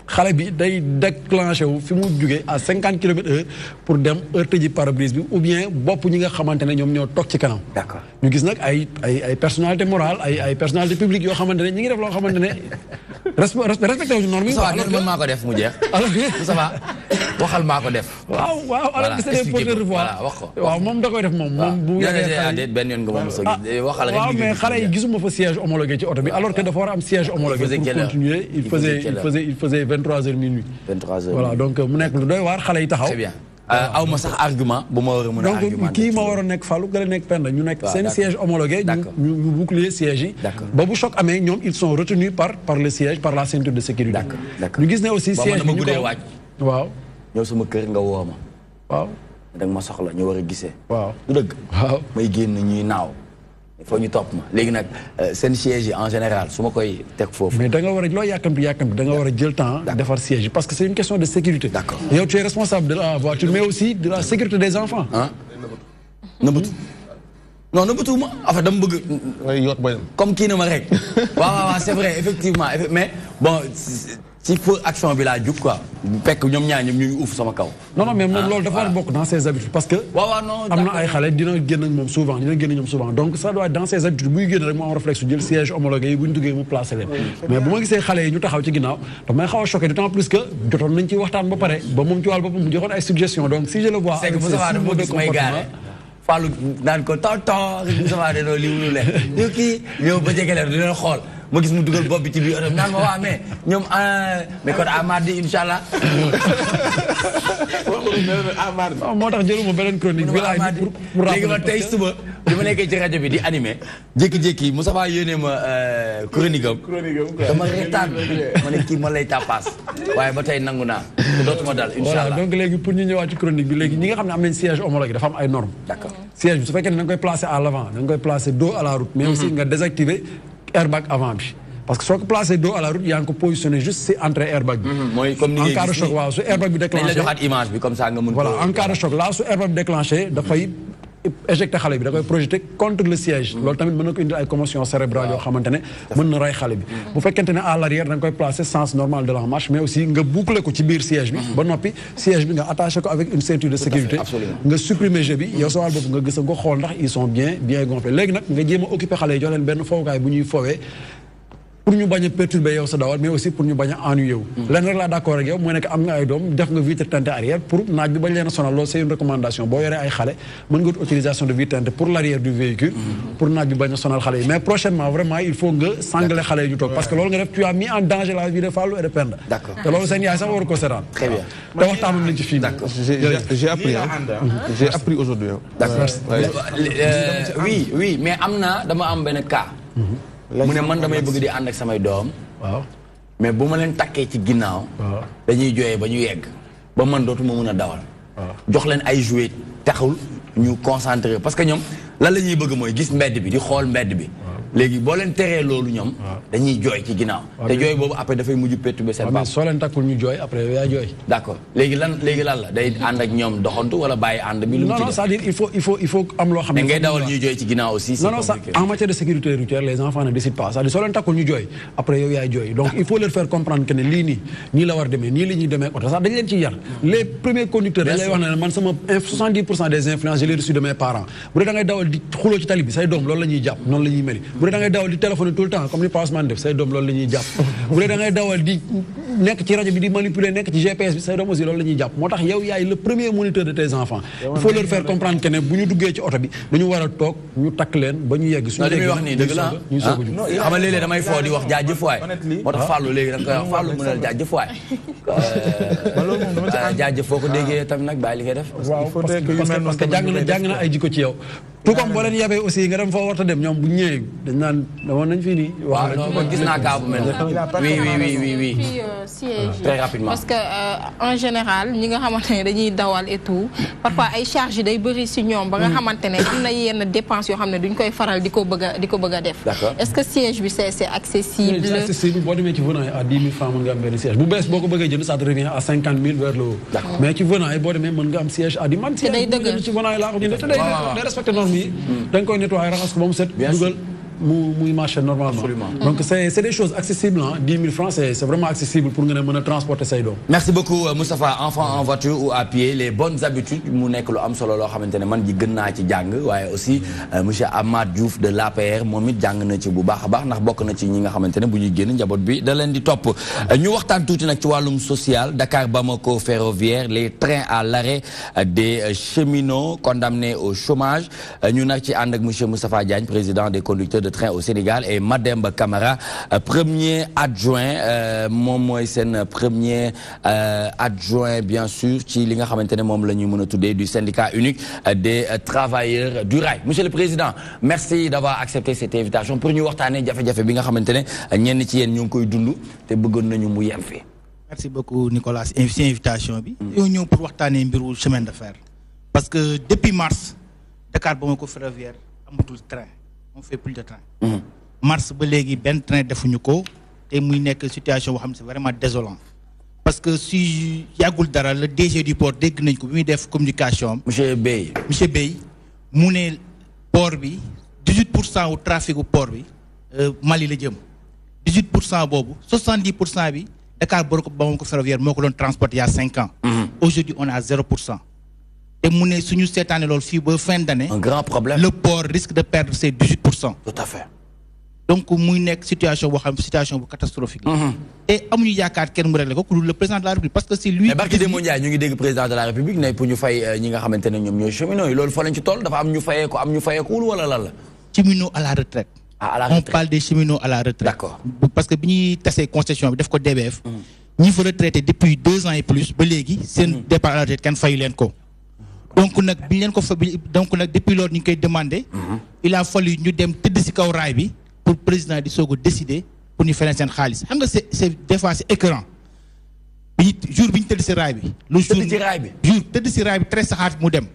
xale bi day déclenché wu fi mu jugee à cinquante kilomètres heure pour dem heurte ji pare-brise bi ou bien bopp ñi nga xamante ne ñoom ñoo toog ci kanam. d'accord ñu gis nag ay ay ay personnalité morale ay ay personnalité publique yoo xamante ne ñi ngi def loo xamante ne respecté respecté wu ñu normes yi. alors que maa ko def mu jeex. alors que ça va. waxal maa ko def. waaw waaw alors que c'est pour le revoir waaw moom da koy def moom. moom bu yàggee benn yoon nga moom sa ah, waxal nga waaw mais xale yi gisuma fa siège homologué ci oto bi alors que dafa war am siège homologué. pour continuer il faisait il faisait il faisait vingt trois heures minuit. vingt trois heures voilà donc mu nekk lu doy waar xale yi taxaw. Euh, aw ma sax argument bu ma war a a argument donc kii ma war a nekk Fallou gën a nekk Penda ñu nekk seen siège homologué ñu ñu bouclier siège yi ba bu choc amee ñoom ils sont retenus par par le siège par la ceinture de sécurité ñu gis ne aussi siège bi ñu ko waaw ñëw sama kër nga woo ma. waaw danga ma soxla ñu war a gisee. waaw du dëgg. waaw may génn ñuy naaw. il faut ñu top ma léegi nag euh, seen siège en général su ma koy teg foofu. mais da nga war a loo yàkkamti yàkkamti da nga war a jël temps. defar siège parce que c'est une question de sécurité. d'accord yow tu es responsable de la voiture mais aussi de la sécurité des enfants. ah nëbbatu. non nëbbatu ma en fait dama bëgg. comme kii na ma rek. waaw waaw c'est vrai effectivement mais bon ci feu action bi la djuk quoi bu ñom ñoom ñaar ñuy ñu uuf sama kaw. non non mais moom ah, loolu dafa war a dans ses habitudes. parce que wa wa non amna ay xalé dina génn ak mom souvent dina génn ñom souvent donc ça doit dans ses habitudes muy génn rek mo am réflexe jël siège homologué yi bu ñu duggee mu placé leen. mais bu ma gisee xale yi ñu taxaw ci ginnaw daf may xaw a choqué d'autant plus que jotone nañ ci waxtaan ba paré ba mom ci wal boppam mu joxoon ay suggestion donc si je le vois. c'est que vous signes de comportement Fallou naan ko tonton Moussa Wade loolu lii wulu leen. ñu kii ñëw ba jege leen di leen ma gis mu dugal bopp bi ci li biir oto bi naan ma waa mais ñoom mais kon Amady incha allah. mo tax jëru jëluma benen chronique bi laay pour rap léegi ma tay suba bi nekk ci radio bi di animé jékki-jékki Moussa Ba yónnee ma chronique am. chronique am dama retaan mo ne ki ma lay tapas waye ba tay nanguna naa te dootuma daal incha donc léegi pour ñu ñëwaat ci chronique bi léegi ñi nga xamne am nañ siège homologue dafa am ay normes. d'accord siège bi su fekkee ne koy placer à l'avant da koy placer dos à la route. mais aussi nga désactiver. airbag avant bi parce que soit que placer dos à la route il y a ko positionné juste c'est entre airbag bi. Mhm, comme ni en cas de choc wa ce airbag bi déclenché. dañ la joxaat image bi comme ça nga mën voilà en cas de choc là ce airbag déclenché déclenché dafay éjecté xale bi da koy projeter contre le siège mm. loolu tamit mën na ko indil ay commotion cérébrale yo xamante ne mën na ray xale bi mm. bu fekkente ne à l'arrière da koy placer sens normal de la marche mais aussi nga boucler ko ci biir siège bi mm. ba nopi siège bi nga attacher ko avec une ceinture de sécurité nga supprimer jeu bi yow sa wàll bopp nga gis nga xool ndax ils sont bien bien gonflés légui nak nga jéem occuper occupé xale yi jox leen bu ñuy fowé pour ñu bañ perturber yow sa dawal mais aussi pour ñu bañ a ennuyer wu. Mm. lenn rek laa d' ak yow mooy nek am nga ay doom def nga vitre teintée arrière pour naaj bi bañ leen sonal lo c'est une recommandation bo yoré ay xalé mën nga utilisation de vitre teintée pour l'arrière du véhicule. Mm. pour naaj bi bañ sonal xalé mais prochainement vraiment il faut nga sangale xalé yi ñu toog. parce que lolu nga def tu as mis en danger la vie de Fallou et de Penda. d'accord te loolu seen yaay sax waru ko très bien te waxtaan nañ ci fii. d' accord appris hein. j'ai appris aujourd'hui. Hein. d'accord euh, euh, oui oui mais amna dama am benn cas. Mm-hmm. mu ne man damay bëgg di ànd ak samay doom. waaw mais bu ma leen takkee ci ginnaaw. dañuy jooyee ba ñu yegg. ba man dootuma mun a dawal. jox leen ay jouet taxul ñu concentré parce que ñoom lan la ñuy bëgg mooy gis mbedd bi di xool mbedd bi. léegi boo leen teree loolu ñoom. Ah. dañuy jooy ci ginnaaw. Ah, te jooy boobu après dafay mujj perturbé ah, bi. soo leen takkul ñu jooy après yow yaay jooy. donc il faut leur faire comprendre que lii nii ñii la war demee nii la ñuy demee oto dañ leen ci yar. les premiers conducteurs dañ lay wax ne man sama des influences je les reçu de bu dee dawal xuloo ci tali say doom loolu la jàpp noonu la ñuy bu dee da ngay dawal di téléphoner tout le temps comme ni bi di manipuler nekk ci GPS bi say doom aussi loolu la ñuy yaay le premier moniteur de tes enfants il faut leur faire comprendre que ne bu ñu duggee ci oto bi dañu war a toog ñu takk leen ba ñu yegg suñu li ah, a jug xam nga léeg-léeg damay foo di wax jaajëf waay moo tax Fallou léegi da koy mu ne la ah, jaajëf foo ko déggee ah. tamit nag bàyyi li ngay def parce que jàng na ay jikko ci yow Tukam boo leen yabee aussi nga dem fo warta dem ñom bu ñëwee dañ naan demoon nañ fii nii. waaw non non gis naa cas bu mel oui oui oui oui oui. Euh, très rapidement parce que euh, en général ñi nga xamante dañuy dawal et tout parfois ay charges day bëri ci ñom ba nga hmm. xamante ne am na yenn dépenses yo xam duñ koy faral diko bëgg diko bëgg def. est-ce que siège bi c'est c'est accessible. c'est accessible bo demee ci venant yi à dix francs mën nga am benn siège bu bees boko ko jënd ça te revient à 50000 vers le mais ci venant yi bo demee mën nga am siège à dix mille. te day dëgg man siège yi mm. dañ koy nettoyer raxas ko ba mu set mu muy normalement. Absolument. donc c'est c'est des choses accessibles hein 10 000 francs c'est c'est vraiment accessible pour nga ne transporter say merci beaucoup euh, Moustapha enfant en voiture ou à pied les bonnes habitudes mu école lu am solo loo man aussi euh, monsieur Ahmad Diouf de l'APR moom it jàng na ci bu baax a baax ndax bokk na ci ñi nga xamante ne bu ñuy génn njaboot bi da di euh, Dakar Bamako ferroviaire les trains à l'arrêt des cheminots condamnés au chômage Nous avons ci M. monsieur Moustapha Diagne président des conducteurs de train au Sénégal et Mademba Camara euh, premier adjoint mon euh, Moïsen, premier euh, adjoint bien sûr qui li nga xamante du syndicat unique des travailleurs du rail monsieur le président merci d'avoir accepté cette invitation pour nous waxtaanee jafe-jafe bi nga xamante ñenn ci yéen ñu koy dund merci beaucoup Nicolas si invitation bi. ñoo ñëw pour waxtaanee mbiru chemin de fer. parce que depuis mars Dakar ba ferroviaire a ferroviaire le train on fait plus de train. -hmm. mars ba a train de ko et muy nekk situation boo c'est vraiment désolant parce que si yagul dara le DG du port des nañ ko bi communication monsieur Bey monsieur Bey mu port 18 au trafic au port bi euh, Mali la 18 à Bobo. 70 à bi Dakar Bamako Ferroviaire moo ko transport transporté il y a 5 ans. Mm-hmm. aujourd'hui on est à 0 te mu ne suñu seetaane loolu fibre ba fin d'année. un grand problème le port risque de perdre ses 18%. tout à fait. donc muy nekk situation boo xam situation catastrophique mm-hmm. Et te amuñu yaakaar kenn mu réglé ko ku le président de la république parce que c'est lui. mais qui Demba Ndiaye ñu ngi dégg président de la république ne pour ñu fay euh, ñi nga xamante ne ñoom ñooy cheminots yi loolu fa lañ ci toll dafa am ñu fayee ko am ñu ko wala la. à la retraite. ah à la retraite on parle des cheminots à la retraite. d'accord parce que bi ñuy tasee concession bi def ko DBF. Mm. ñi fa retraité depuis deux ans et plus ba léegi. seen mm. départ à la retraite qui fayu leen ko donc nak biñ len ko fa donc nak depuis lors ñu koy demander mhm. il a fallu ñu dem tëdd ci kaw raay bi pour président di sogo décider pour ñu feneen sen xaliss xam nga c'est c'est des fois c'est écran bi jour biñ ñu ci si raay bi. lu jour ci si raay bi. jour tëdd si raay bi très sahar mu dem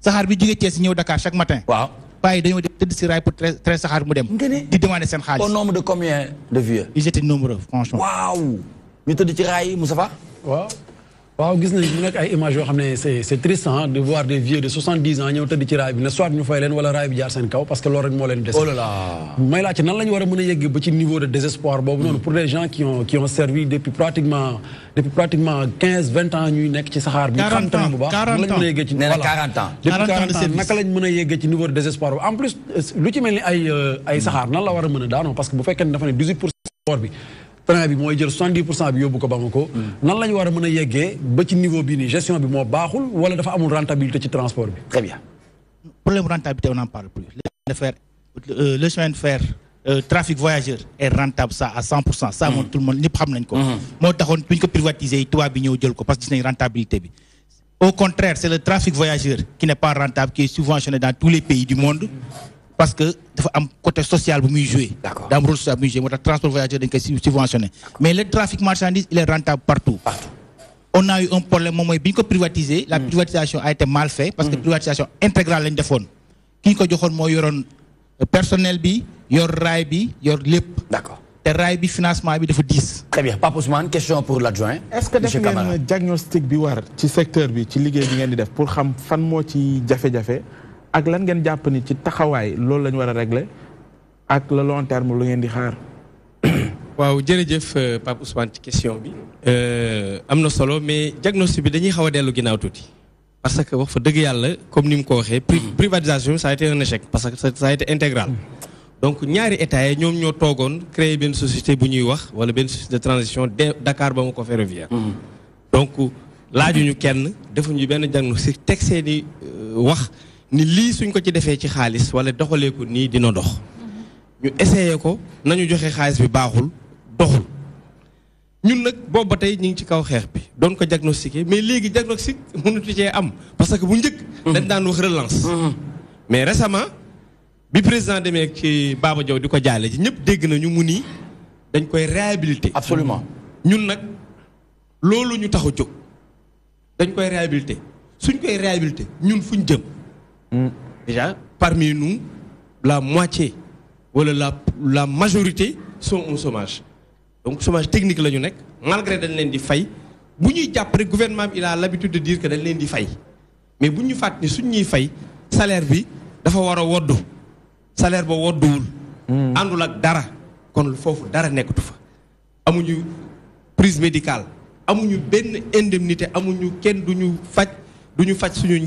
sahar bi jógee ci ñëw Dakar chaque matin. waaw bàyyi dañu dem tëdd ci raay pour très très sahar mu dem. di demander sen xaliss au nombre de combien de vieux. ils étaient nombreux franchement. waaw ñu tëdd ci raay yi Moustapha waaw waaw gis nañ bu nekk ay images yoo xam ne c'est c'est triste hein, de voir des vieux de 70 ans ñëw tëdd ci raay bi ne soit ñu fay leen wala raay bi jaar seen kaw parce que loolu rek moo leen des oh là là may laajte nan la ñu war a mën a yegg ba ci niveau de désespoir boobu noonu pour des gens qui ont qui ont servi depuis pratiquement depuis pratiquement 15 20 ans ñuy nekk ci saxaar bi xam tamit bu baax nan lañ mën a yeggee ci ans. depuis 40 ans naka lañ mën a yeggee ci niveau de désespoir boobu en plus euh, lu ci mel ni ay euh, ay saxaar nan la war a mën a daanoo parce que bu fekkee ne dafa ne 18 pour cent bi frein bi dire jël soixante-dix pour cent bi yóbbu ko Bamako. nan la ñu war a ba ci niveau bii nii gestion bi moo baaxul wala dafa amul rentabilité ci transport bi. très bien problème rentabilité on n'en parle plus. le chemin de fer euh, le chemin de fer euh, trafic voyageur est rentable ça à 100%. ça mm. tout le monde ñëpp xam nañ ko. Mm-hmm. moo taxoon bu ko privatiser tubaab bi ñëw jël ko parce que c'est une rentabilité bi. au contraire c'est le trafic voyageur qui n'est pas rentable qui est subventionné dans tous les pays du monde parce que dafa côté social bu muy joué. d'accord Dans le rôle social muy joué moo transport voyageurs dañ koy subventionné. mais le trafic marchandise il est rentable partout. partout on a eu un problème moom bi ko privatiser. la hmm. privatisation a été mal faite. parce que la hmm. privatisation intégrale lañ defoon. ki a ko joxoon moo yoroon personnel bi yor raay bi yor lépp. d'accord te de bi financement bi dafa 10. très bien Pape question pour l'adjoint. est-ce que def un diagnostic bi war. secteur bi ci liggéey bi ngeen pour xam fan ci ak lan ngeen jàpp ni ci taxawaay loolu la ñu war a régler ak le long terme lu ngeen di xaar. waaw jërëjëf euh, Pape Ousmane ci question bi. Euh, am na solo mais diagnostic bi dañuy xaw a dellu ginnaaw tuuti. parce que wax fa dëgg yàlla comme ni mu ko waxee. Mm-hmm. privatisation ça a été un échec parce que ça a été intégral. Mm-hmm. donc ñaari état yi ñoom ñoo toogoon créer benn société bu ñuy wax wala benn société de transition de Dakar ba mu ko ferroviaire. Mm-hmm. donc laajuñu kenn defuñu benn diagnostic teg seeni euh, wax ni li suñ ko ci défé ci xaalis wala doxalé ko ni dina dox ñu essayé ko nañu joxé xaalis bi baaxul doxul ñun nak boobu ba tey ci kaw xeex bi doon ko diagnostiquer mais légui diagnostic mënu cee am parce que bu njëkk. dañ daan wax relance. mais récemment bi président demee ci Baba Diaw diko ko jaale ñëpp dégg na ñu nii dañ koy réhabilité. absolument ñun nak lolu ñu taxu a dañ koy réhabilité suñ koy réhabilité ñun fuñ jëm déjà, parmi nous, la moitié, ou la, majorité sont au chômage. Donc, chômage technique, là, malgré que nous le gouvernement il a l'habitude de dire que nous failles Mais si nous avons salaire, bi, dafa a salaire ba hmm. dara kon dara nekutufa prise médicale amuñu ben indemnité amuñu ken duñu duñu suñu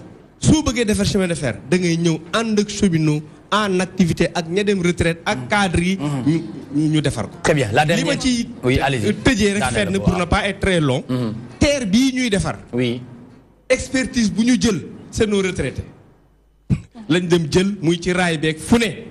soo bëggee defar chemin de fer da ngay ñëw ànd ak cheminots en activité ak ña dem retraite ak cadre yi. Mm-hmm. ñu ñu defar ko. la dernière ma ci euh, tëjee rek fenn pour ne pas être très long. Mm-hmm. terre bii ñuy defar. expertise bu ñu jël seen retraité lañ dem jël muy ci raay beeg fu ne.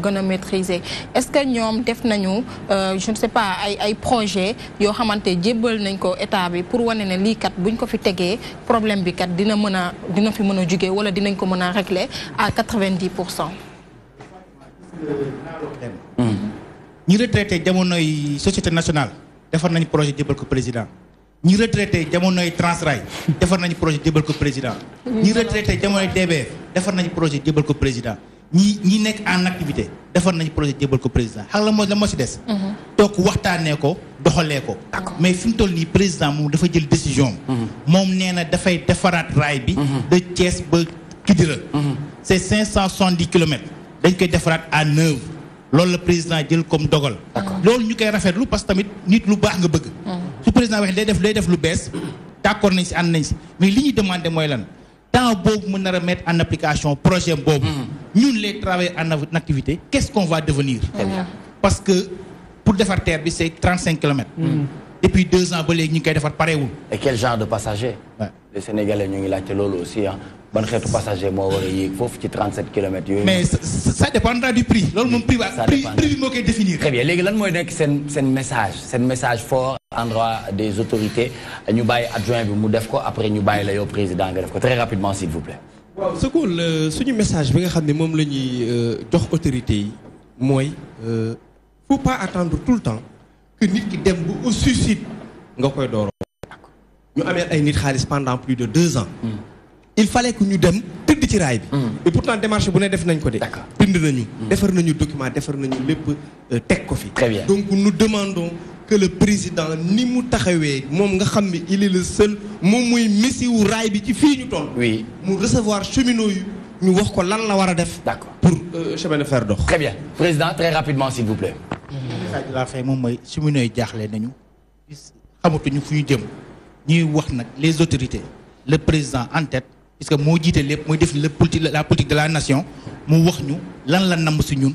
ko maîtriser est-ce que ñom def nañu euh, je ne sais pas ay ay projet yo xamanté djébal nañ ko état bi pour wane né li kat buñ ko fi tegee problème bi kat dina mëna dina fi mëna juggé wala dinañ ko mëna régler à 90% vingt dix pour cent. ñi retraité jamonoy société nationale defar nañ projet djébal ko président. ñi retraité jamonoy Transrail defar nañ projet djébal ko président. ñi retraité jamonoy DBF defar nañ projet djébal ko président ñi ñi nekk en activité defar nañ projet jébal ko président xam la moo la moo si des mhm. toog waxtaanee ko doxalee ko mais fi mu toll nii président moom dafa jël décision mhm. moom nee na dafay defaraat raay bi mhm. de Thiès ba Kidira c'est cinq cent soixante kilomètres dañ koy defaraat à neuf loolu la président jël comme dogal loolu ñu koy rafetlu parce que tamit nit lu baax nga bëgg su président waxee day def day def lu bees d'accord nañ si ànd nañ si mais li ñuy demandé mooy lan temps boobu mën na mettre en application projet boobu nous, les travailleurs en activité qu'est-ce qu'on va devenir parce que pour défaire terre c'est 35 km. Mm. depuis deux ans nous avons ñu pareil. et quel genre de passagers les Sénégalais nous, ont là aussi Il hein. ban un passager Moi, il faut 37 km. mais ça dépendra du prix Le prix prix bi définir très bien C'est lan message fort, en droit des autorités Nous avons adjoint le après ñu président très rapidement s'il vous plaît waaw Sokone euh, suñu message bi nga xamné mom lañuy euh, jox autorité yi mooy euh, faut pas attendre tout le temps que nit ki dem bu au suicide nga koy dooroo ñu amé ay nit xaliss pendant plus de deux ans hmm. il fallait que ñu dem tëdd ci raay bi hmm. et pourtant démarche bu né def nañ ko de bind nañu hmm. defar nañu document defar nañu lépp tek ko fi donc nous demandons que le président ni mu taxawé mom nga il est le seul moom muy messi wu bi ci fi ñu toll. oui mu recevoir cheminot yu ñu wax ko lan la waradef. def. d'accord pour euh, chemin de fer dox. très bien président très rapidement s'il vous plaît. message la fin mom mooy cheminot yi jaaxle nañu. ñu fu ñu dem ñuy wax nak les autorités le président en tête puisque moo jiite lépp mooy def la politique de la nation mu wax ñu lan la namb si ñun.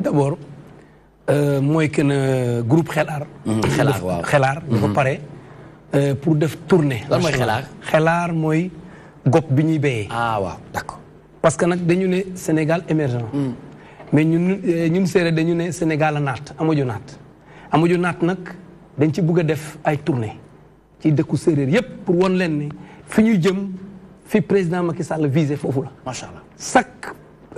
d'abord abord euh, mooy que ne groupe khelar khelar mhm. waaw Xelaar. paré mhm. pare euh, pour def tourner lan mooy khelar Xelaar mooy gopp bi ñuy béyee. ah waaw d'accord parce que nak dañu né Sénégal émergent. Mm. mais ñun euh, ñun séeréer dañu né Sénégal nat naat nat naat nat nak dañ ci bëgg def ay tournée ci dëkku séeréer yépp pour won leen ni fi ñu jëm fi président Macky Sall visé foofu la. macha allah chaque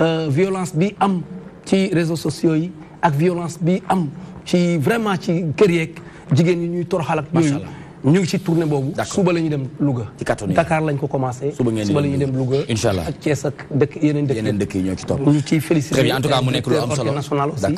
Euh, violence bi am ci réseaux sociaux yi ak violence bi am ci vraiment ci kër yeeg jigéen ñi ñuy toroxal ak yooyu ñu ngi ci tournée boobu. suba la dem Louga. ci kàttanu Dakar lañ ko commencer. Souba ngeen suba la dem Louga. incha ak Thiès ak dëkk yeneen dëkk. yeneen dëkk yi ñoo ci top. ñu ci féliciter. très bien en tout cas mu nekk lu am solo national aussi.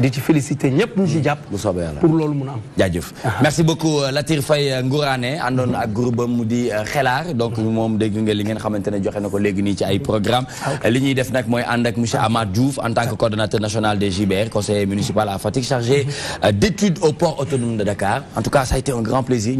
di ci féliciter ñëpp ñu ci hmm. japp. bu soobee yàlla pour loolu mu na am. jaajëf ah. merci beaucoup euh, Latir Faye euh, Ngourane àndoon ak groupe mu di euh, Xelaar donc hmm. moom dégg nga li ngeen xamante ne joxe na ko léegi nii ci ay programme ah, li ñuy def nag mooy ànd ak monsieur Amath Diouf en tant que ah. coordonnateur national des JBR conseiller municipal à Fatick chargé hmm. d'études au port autonome de Dakar en tout cas ça a été un grand plaisir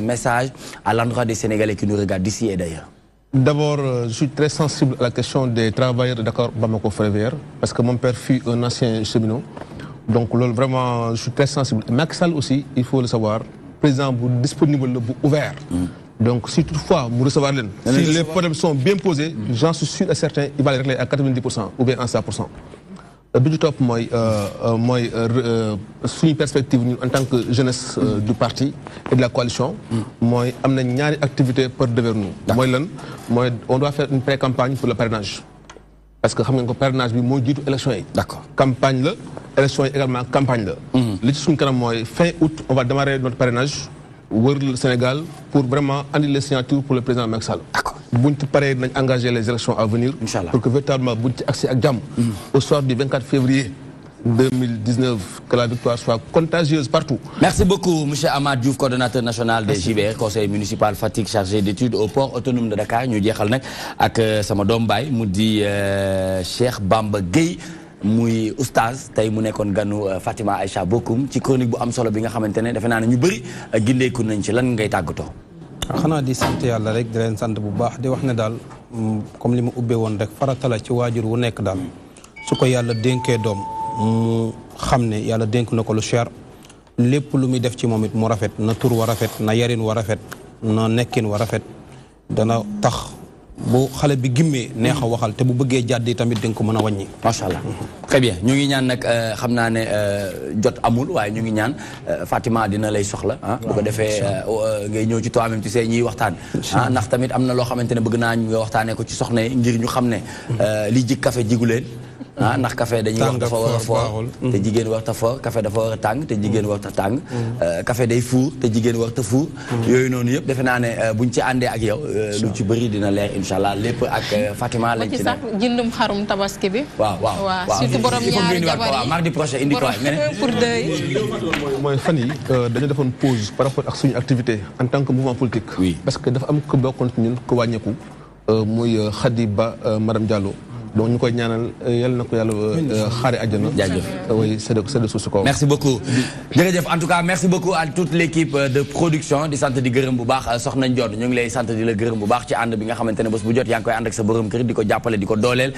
message à l'endroit des qui nous regardent et d'ailleurs. D'abord, euh, je suis très sensible à la question des travailleurs d'accord mon Bamako vert parce que mon père fut un ancien cheminot. Donc, vraiment, je suis très sensible. Maxal aussi, il faut le savoir, président disponible, ouvert. Hmm. Donc, si toutefois, vous recevez si les problèmes sont bien posés, j'en suis sûr et certain, il va les régler à 90% ou bien à 100% bi euh, euh moi euh, euh, perspective en tant que jeunesse du parti et de la coalition. moi, am une activité pour devant nous. moi on doit faire une pré-campagne pour le parrainage. parce que le parrainage bi moo du élection campagne là élection également campagne là mm-hmm. li ci suñu kanam fin août on va démarrer notre parrainage le Sénégal pour vraiment annuler les signatures pour le président Macky Sall. d'accord buñ ci les élections à venir. pour que véritablement buñ ci accès ak jàmm. Mm-hmm. au soir du 24 février. 2019, que la victoire soit contagieuse partout. Merci beaucoup, M. Ahmad Diouf, coordonnateur national des JVR, e, conseil municipal fatigue chargé d'études au port autonome de Dakar. Nous euh, disons que Samadombaye, Moudi euh, Cheikh Bamba Gueye. muy oustaz tey mu nekkoon ganu euh, Fatima Aïcha Bokoum ci chronique bu am solo bi nga xamante ne defe naa ne ñu bëri euh, gindeeku nañ ci lan ngay tàggatoo. Ah, xanaa di sant yàlla rek di leen sant bu baax di wax ne daal mm, comme li mu ubbee woon rek farata ci waajur wu nekk daal su ko yàlla dénkee doom mu xam ne yàlla dénk na ko lu cher lépp lu muy def ci moom it mu rafet na tur wa rafet na yarin wa rafet na nekkin wa rafet dana tax. bu xale bi gimmee neex a waxal te bu bëggee jàddi tamit di mën a wàññi. macha allah très bien ñu ngi ñaan nag euh, xam naa ne euh, jot amul waaye ñu ngi ñaan euh, Fatima dina lay soxla. ah bu ko defee ngay ñëw ci toi ci see ñiy waxtaan. Ah, ndax tamit am na loo xamante ne bëgg naa ñu waxtaanee ko ci soxna ngir ñu xam ne. li jig kafe jigu leen. ah ndax kafe dañu wax dafa war a foor te jigéen war ta foor kafe dafa war a tàng te jigéen war ta tàng mm. euh, café day fuur te jigéen war ta fuur mm. yooyu noonu yëpp defe naa ne euh, buñ ci àndee ak yow euh, lu ci bëri dina leer insha allah lépp ak mm. Fatima lañ ci sax jëndum xarum tabaski bi waaw waaw waaw surtout borom indi ko pour deux mooy fan dañu defoon pause par rapport ak suñu activité en tant que mouvement politique parce que dafa am ko bokkoon ci ñun ko wàññeeku muy Khady Ba madame Diallo donc ñu koy ñaanal euh, yal na ko yàlla euh, xaare àjjana. jaajëf euh, oui Sadou Sadou Soussouko. merci beaucoup jërëjëf en tout cas merci beaucoup à toute l'équipe de production du centre de gërëm bu baax soxna Ndione ñu ngi lay sant di la gërëm bu baax ci ànd bi nga xamante ne bés bu jot yaa ngi koy ànd ak sa borom kër di ko jàppale d'olel ko dooleel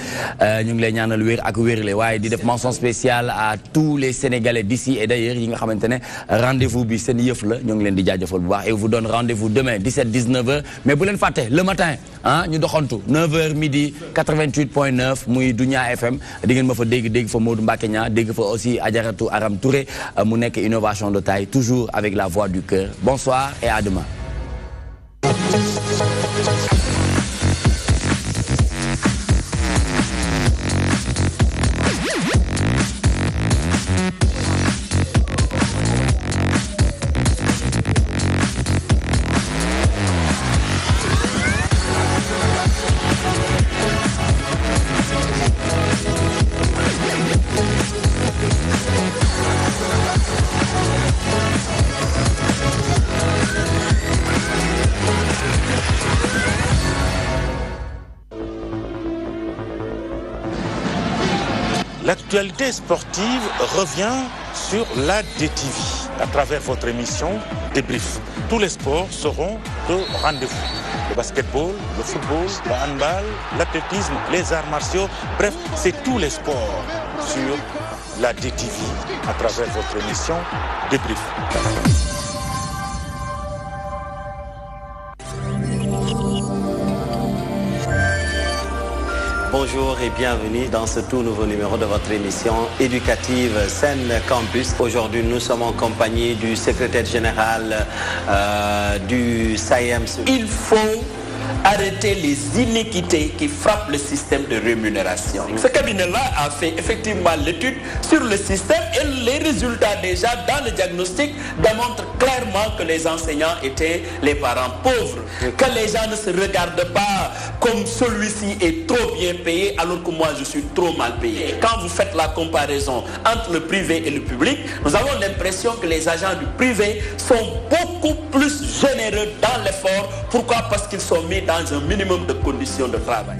ñu ngi lay ñaanal wér ak wérle waaye di def mention spéciale à tous les Sénégalais d'ici et d'ailleurs ailleurs yi nga xamante ne rendez vous bi seen yëf la ñu ngi leen di jaajëfal bu baax et vous donne rendez vous demain 17 19h mais bu l'en fàtte le matin ah ñu doxantu 9h midi 88 9 Dunia FM di ma fa fa aussi Aram Touré euh, mu innovation de taille toujours avec la voix du cœur bonsoir et à demain L'actualité sportive revient sur la DTV à travers votre émission Débrief. Tous les sports seront au rendez-vous. Le basketball, le football, le handball, l'athlétisme, les arts martiaux, bref, c'est tous les sports sur la DTV à travers votre émission Débrief. bonjour et bienvenue dans ce tout nouveau numéro de votre émission éducative Seine Campus. Aujourd'hui, nous sommes en compagnie du secrétaire général euh, du SAEMS. E Il faut arrêter les iniquités qui frappent le système de rémunération. Mm. Ce cabinet-là a fait effectivement l'étude sur le système et les résultats déjà dans le diagnostic démontrent clairement que les enseignants étaient les parents pauvres, mm. que les gens ne se regardent pas comme celui-ci est trop bien payé alors que moi je suis trop mal payé. Quand vous faites la comparaison entre le privé et le public, nous avons l'impression que les agents du privé sont beaucoup plus généreux dans l'effort. Pourquoi Parce qu'ils sont mis dans dans un minimum de conditions de travail.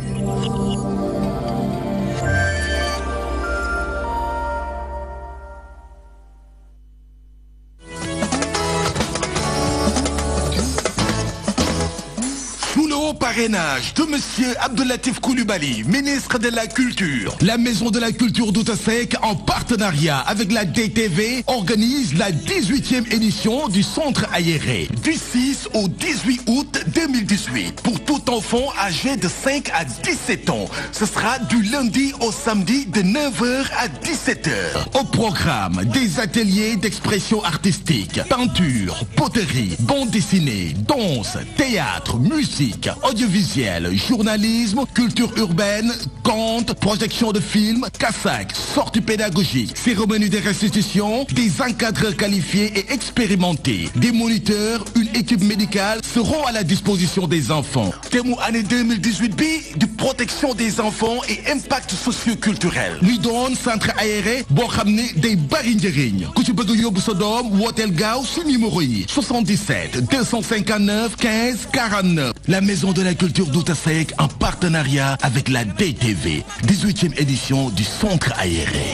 de Monsieur Abdelatif Koulibaly, ministre de la Culture. La Maison de la Culture d'Outasek, en partenariat avec la DTV, organise la 18e édition du Centre aéré du 6 au 18 août 2018 pour tout enfant âgé de 5 à 17 ans. Ce sera du lundi au samedi de 9h à 17h. Au programme, des ateliers d'expression artistique, peinture, poterie, bande dessinée, danse, théâtre, musique, audiovisuel Visuel, journalisme, culture urbaine, contes, projection de films, cassacs, sorties pédagogiques, cérémonie des restitutions, des encadreurs qualifiés et expérimentés, des moniteurs, une équipe médicale seront à la disposition des enfants. Thème année 2018 B, de protection des enfants et impact socio-culturel. centre aéré bon ramener des barines bari njëriñ ku 77 259 15 49 la maison de la culture en partenariat avec la DTV, 18e édition du Centre aéré.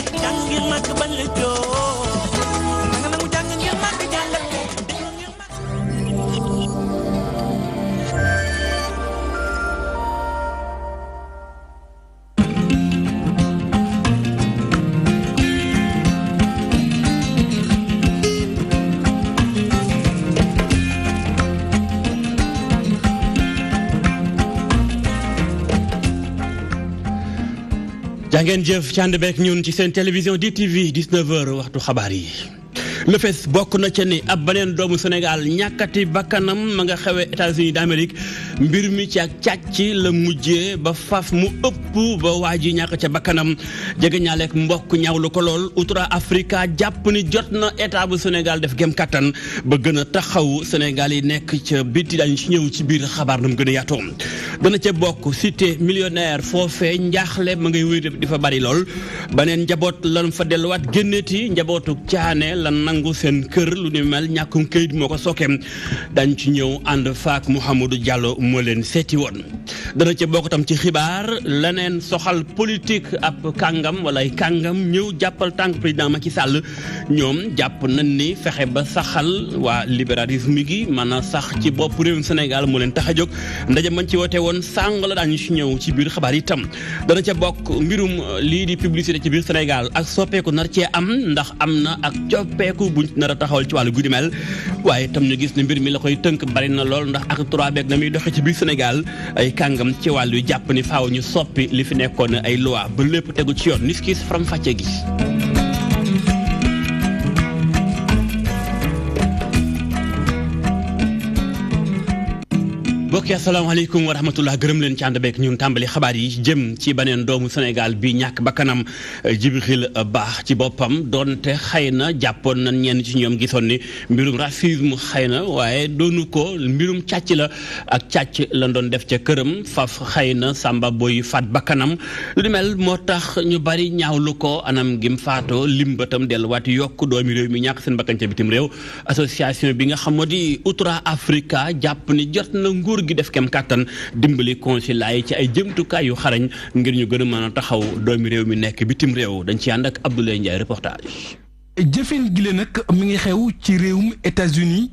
jàngeen jëf ci ànd beek ñun ci seen télévision DTV 19h waxtu xabaar yi. lefes bokk na ca ni ab beneen doomu Sénégal ñàkkati bakkanam ma nga xewee États-Unis d'Amérique mbir mi ci ak càcc la mujjee ba faaf mu ëpp ba waa ji ñàkk ca bakkanam jege ñaaleeg mbokk ñaawlu ko lool outre Africa jàpp ni jot na état bu Sénégal def gem kattan ba gën a taxaw Sénégal yi nekk ca biti dañu ci ñëw ci biir xabaar nam gën a yaatoo dana ca bokk cité millionnaire foofee njaaxle ma ngay wéy di fa bari lool beneen njaboot lan fa delluwaat génneeti nangu seen kër lu ni mel ñàkkum këyit moo ko sookeem dañ ci ñëw ànd faak Mouhamadou Diallo moo leen seeti woon dana ca bokk tam ci xibaar leneen soxal politique ab kàngam wala ay kàngam ñëw jàppal tànk président Macky Sall ñoom jàpp nañ ni fexe ba saxal waa libéralisme gi mana a sax ci bopp réewum Sénégal moo leen tax a jóg ndaje mañ ci woote woon sàng la daañu ci ñëw ci biir xabaar itam dana ca bokk mbirum lii di publicité ci biir Sénégal ak soppeeku nar cee am ndax amna na ak coppeeku takku buñ nar a taxawal ci wàllu guddi mel waaye itam ñu gis ne mbir mi la koy tënk bari na lool ndax ak trois beeg na muy doxe ci biir Sénégal ay kàngam ci wàllu jàpp ni faaw ñu soppi li fi nekkoon ay loi ba lépp tegu ci yoon ni faram fàcce gi mbokki asalaamaaleykum wa rahmatullah gërëm leen ci ànd beek ñun tàmbali xabaar yi jëm ci beneen doomu senegal bi ñàkk bakkanam Jibril Baax ci boppam doonte xëy na jàppoon na ñenn ci ñoom gisoon ni mbirum racisme xëy na waaye doonu ko mbirum càcc la ak càcc lan doon def ca këram faf xëy na Samba Boy faat bakkanam lu ni mel moo tax ñu bari ñaawlu ko anam gim faatoo lim batam delluwaat yokk doomi réew mi ñàkk seen bakkan ca bitim réew association bi nga na nguur nguur gi def kem dimbali consulat ci ay jëmtukaay yu xarañ ngir ñu gën a mën taxaw doomi réew mi nekk bitim réew dañ ci ànd ak Abdoulaye Ndiaye reportage. jëfin gi la nag mi ngi xew ci réewum États-Unis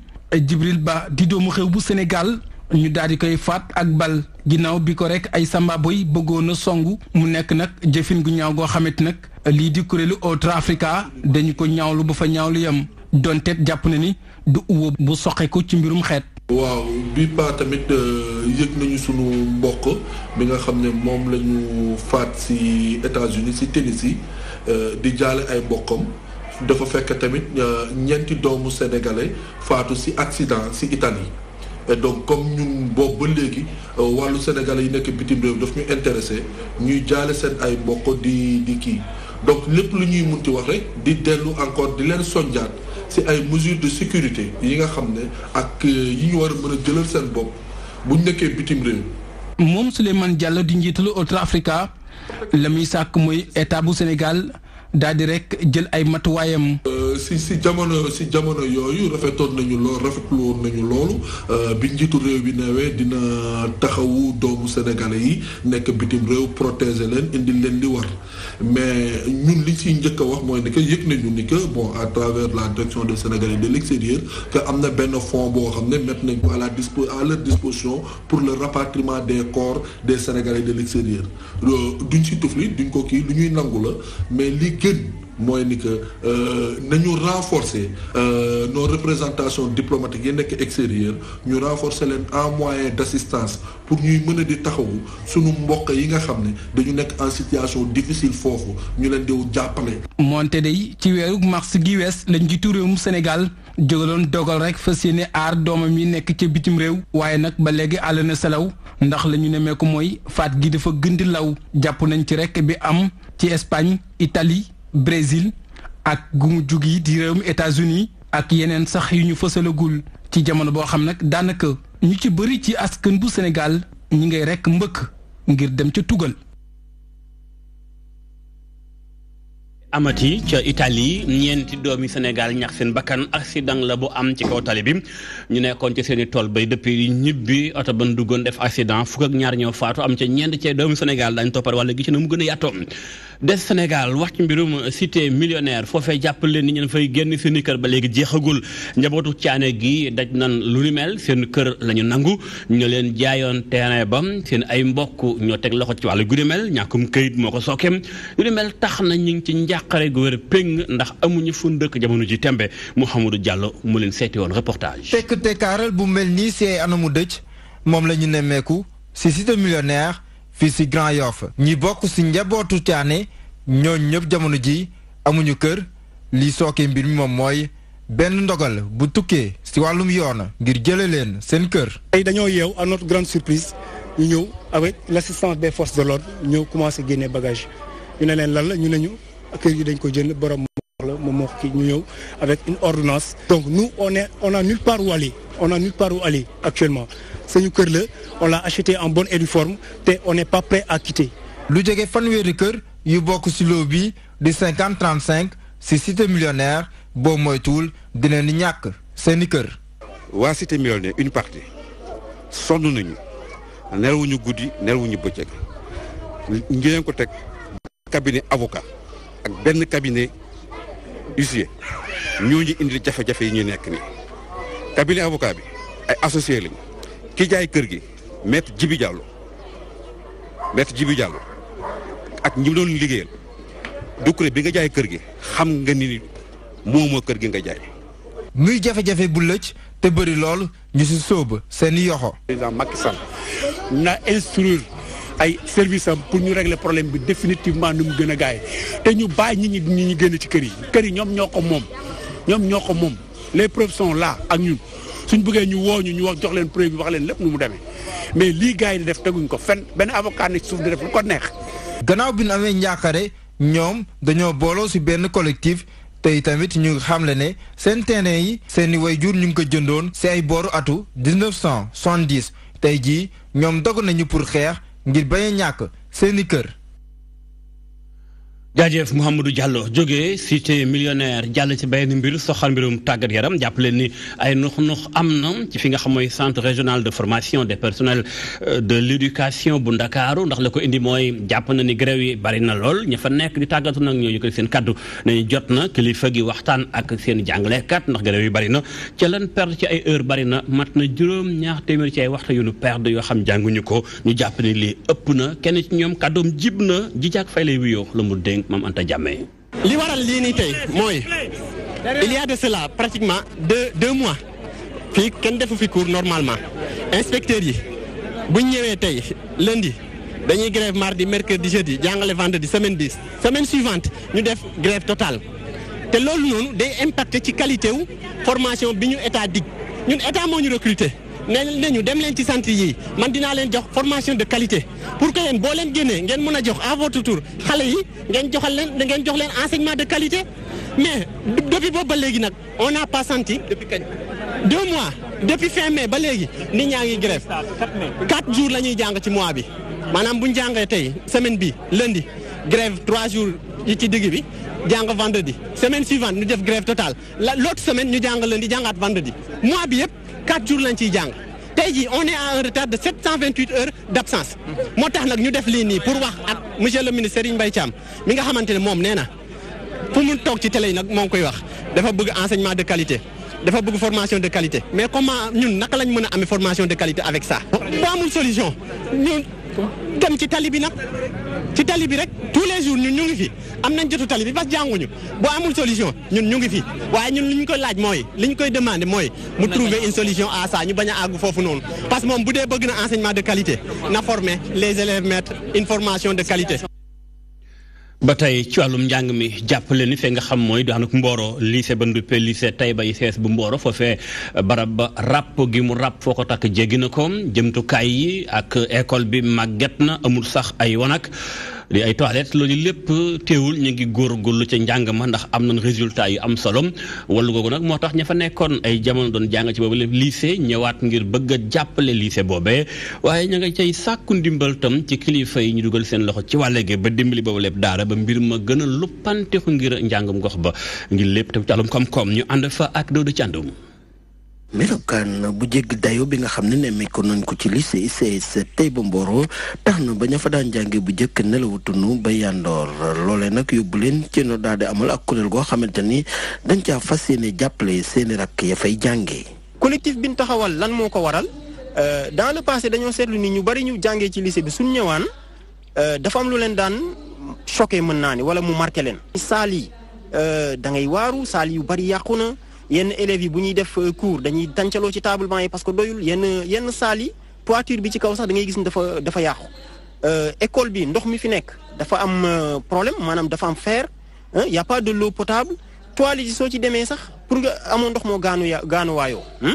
Jibril Ba di doomu xew bu senegal ñu daal di koy faat ak bal ginnaaw bi ko rek ay sambaboy bëggoon a songu mu nekk nag jëfin gu ñaaw goo xamit nag lii di kuréelu Otra Africa dañu ko ñaawlu ba fa ñaawlu yam donte jàpp na ni du uwo bu soqe ko ci mbirum xeet. waaw bi pa tamit euh, yëg nañu sunu mbokk bi nga xam ne moom la ñu faat si États-Unis si Tennessee euh, di jaale ay mbokkam dafa fekk tamit euh, ñeenti doomu sénégalais faatu si accident si Italie et donc comme ñu boobu ba léegi wàllu sénégalais yi nekk bitim réew daf ñu intéressé ñuy jaale seen ay mbokk di di kii donc lépp lu ñuy munti wax rek di dellu encore di leen sonjaat si ay mesures de sécurité yi nga xam ne ak euh, yi ñu war a mën a jëlal seen bopp bu ñu nekkee bitim réew. moom Souleymane Diallo di njiitalu Otra Africa la muy sàkk mooy état bu Sénégal daal di rek jël ay matuwaayam. Euh, si si jamono si jamono yooyu rafetoon nañu lool rafetlu woon nañu loolu euh, bi njiitu réew bi newee dina taxawu doomu sénégalais yi nekk bitim réew protéger leen indi leen li war. mais ñun li ci njëkk a wax mooy ne que yëg nañu ni que bon à travers la direction de Sénégalais de l'extérieur que am na benn fonds boo xam ne mettre nañ ko à la dispo à leur disposition pour le rapatriement de corps des Sénégalais de du euh, duñ si tufli duñ ko kii lu ñuy nangu la mais li gën. mooy ni que euh, nañu renforcer euh, nos représentation diplomatiques yi nekk extérieur ñu renforcer leen en moyen d' assistance pour ñuy mën a di taxawu suñu mbokk yi nga xam ne dañu nekk en situation difficile foofu ñu leen di jàppale. moonte day ci weeru mars gi wees la njiitu mu Sénégal jógaloon dogal rek fas yéene aar doomam yi nekk ca bitim réew waaye nag ba léegi àll na salaw ndax lañu ñu nemmeeku mooy faat gi dafa gën di law jàpp nañ ci rek bi am ci Espagne Italie. Brésil ak gu mu jug yi di réewum États-Unis ak yeneen sax yu ñu fësalagul ci jamono boo xam nag daanaka ñu ci bëri ci askan bu Sénégal ñi ngay rekk mbëkk ngir dem ca tugal. amati ca Italie ñeenti doomi Sénégal ñax seen bakkan accident la bu am ci kaw tali bi ñu nekkoon ci seen tool bay depuis ñibbi oto ban duggoon def accident fukk ak ñaar ñëw faatu am ca ñeent cee doomi Sénégal dañ toppar wala gi ci na mu gën a yàttoo des Sénégal wax ci mbirum cité millionnaire foofee jàppal leen ni ñeen fay génn seen kër ba léegi jeexagul njabootu caane gi daj nan lu ni mel seen kër la ñu nangu ñu leen jaayoon terrain ba seen ay mbokk ñoo teg loxo ci wàllu gu ni mel ñàkkum këyit moo ko sookeem lu ni tax na ñu ngi ci njàqare gu wér péng ndax amuñu fu ndëkk jamono ji tembe Mouhamadou Diallo mu leen seeti woon reportage. tekk tekkaaral bu mel nii see ay anamu dëj moom la ñu nemmeeku si cité Fils Grand ñi ci nous jamono ji amuñu kër li soké mbir mi ndogal bu grande surprise ñu avec l'assistance des forces de l'ordre avons commencé à bagage ñu lan la avec une ordonnance donc nous on est on a nulle part où aller on a nulle part où aller actuellement c'est une on l'a acheté en bonne et forme on n'est pas prêt à quitter. Le jege fanweeri yu De ci 35 un cité millionnaire c'est cité millionnaire une partie nous nous cabinet avocat ak un cabinet huissier Nous indi cabinet avocat est associé associé ki jaay kër gi maître djibi Diallo maître djibi Diallo ak ñi doon liggéeyal bi nga jaay kër gi xam nga ni moomoo kër gi nga jaay. muy jafe-jafe bu lool ñu yoxo. président na service pour nous régler problème définitivement nous nous gën a gaay te ñu bàyyi nit ñi ñu génn ci kër yi kër yi ñoom ñoo ko les preuves sont là à nous. suñ bëggee ñu wooñu ñu wax jox leen preuve bi wax leen lépp nu mu demee mais lii gars yi def teguñ ko fenn benn avocat ne suuf di def lu ko neex. gannaaw bi ñu amee njàqare ñoom dañoo booloo ci benn collectif tey tamit ñu xamle ne seen terrain yi seeni way jur ñu ngi ko jëndoon ci ay booru atu 1970 tey jii ñoom dog nañu pour xeex ngir bañ ñàkk seen i kër. jaajëf Mouhamadou Diallo jógee cité millionnaire Diallo ci benn mbir soxal mbirum tàggat yaram jàpp leen ni ay nux-nux am ci fi nga xam mooy centre régional de formation des personnels euh, de l' éducation bu ndakaaru ndax la ko indi mooy jàpp na ni grève yi bari na lool ña fa nekk di tàggatu nag ñoo yëkkati seen kaddu nañu jot na kilifa gi waxtaan ak seen jàngalekat ndax grève yi bari na ca lan perdre ci ay heure bari na mat na juróom ñaar téeméer ci ay waxtu yu nu perdre yoo xam jànguñu ko ñu jàpp ni lii ëpp na kenn ci ñoom kàddoom jib na fay lay la je Anta jamais. il y a de cela pratiquement deux deux mois Qui ken defu fi cours normalement Inspecteur, yi bu lundi, lundi dañuy grève mardi mercredi jeudi jangale vendredi semaine 10. semaine suivante ñu une grève totale te loolu noonu day impacter ci qualité wu formation bi ñu état dig ñun état moo ñu recruter ne nañu dem leen ci centre yi man dinaa leen jox formation de qualité pour que yéen boo leen génnee ngeen mën a jox à votre tour xale yi ngeen joxal leen ngeen jox leen enseignement de qualité mais depuis boobu ba léegi nag on n'a pas senti. depuis kañ deux mois depuis fin mai ba léegi nit ñaa ngi grève quatre jours la ñuy jàng ci mois bi maanaam bu jàngee tey semaine bi lundi grève trois jours yi ci digg bi. jàng vendredi semaine suivante ñu def grève totale la l'autre semaine ñu jàng lundi jàngaat vendredi mois bi yëpp 4 jours on est à retard de 728 heures d'absence. ñu def pour wax le ministre Mbaye Thiam mi nga enseignement de qualité. dafa bëgg formation de qualité mais comment nous naka lañ formation de qualité avec ça. pas de solution dem ci tali bi nag ci tali bi rek tous les jours ñun ñu ngi fi am nañ jotu tali bi parce que jànguñu boo amul solution ñun ñu ngi fi waaye ñun li ñu koy laaj mooy liñ koy demander mooy mu trouver une solution à ça ñu bañ a àgg foofu noonu parce que moom bu dee bëgg na enseignement de qualité na former les élèves maîtres une formation de qualité ba tey ci wàllum njàng mi jàppale ni fee nga xam mooy daanaka Mboro lycée ba nduppe tey bay ICS bu Mboro foofee barab ba ràpp gi mu ràpp foo ko takk jéggi na ko jëmtukaay yi ak école bi màgget na amul sax ay wanag li ay toilettes loolu lépp teewul ñu ngi góor góorgóorlu ca njàng ma ndax am nañ résultat yu am solo wàllu googu nag moo tax ña fa nekkoon ay jamono doon jàng ci boobu lépp lycée ñëwaat ngir bëgg a jàppale lycée boobee waaye ña nga cay sàkku ndimbal tam ci kilifa yi ñu dugal seen loxo ci wàlle gi ba dimbali boobu lépp daara ba mbir ma gën a luppanteku ngir njàngum gox ba ngir lépp tam ci àllum koom-koom ñu ànd fa ak ci Thiandoum melokan eh, bu jégg dayo bi nga xam ne ise nañ ko ci lycée ICS tey ba Mboro tax na ba ña fa daan jànge bu ba ci no amal ak kuréel goo xamante ni dañ caa fas yéene jàppale seeni rakk ya fay jànge collectif bi taxawal lan moo ko waral euh, dans le passé dañoo seetlu ni ñu bari ñu jàngee ci lycée bi suñ ñëwaan euh, dafa am lu leen daan choqué mën naa ni wala mu marqué leen saal yi euh, da ngay waaru yu bari yenn élèves yi bu ñuy def euh, cours dañuy tàncaloo ci tablement yi parce que doyul yenn yenn saal yi poiture bi ci kaw sax da ngay gis ni dafa dafa yàqu. Euh, école bi ndox mi fi nekk dafa am euh, problème maanaam dafa am fer hein, y' a pas de l'eau potable toilettes yi soo ci demee sax pour nga amoo ndox moo gaanu ya gaanu waayoo hein.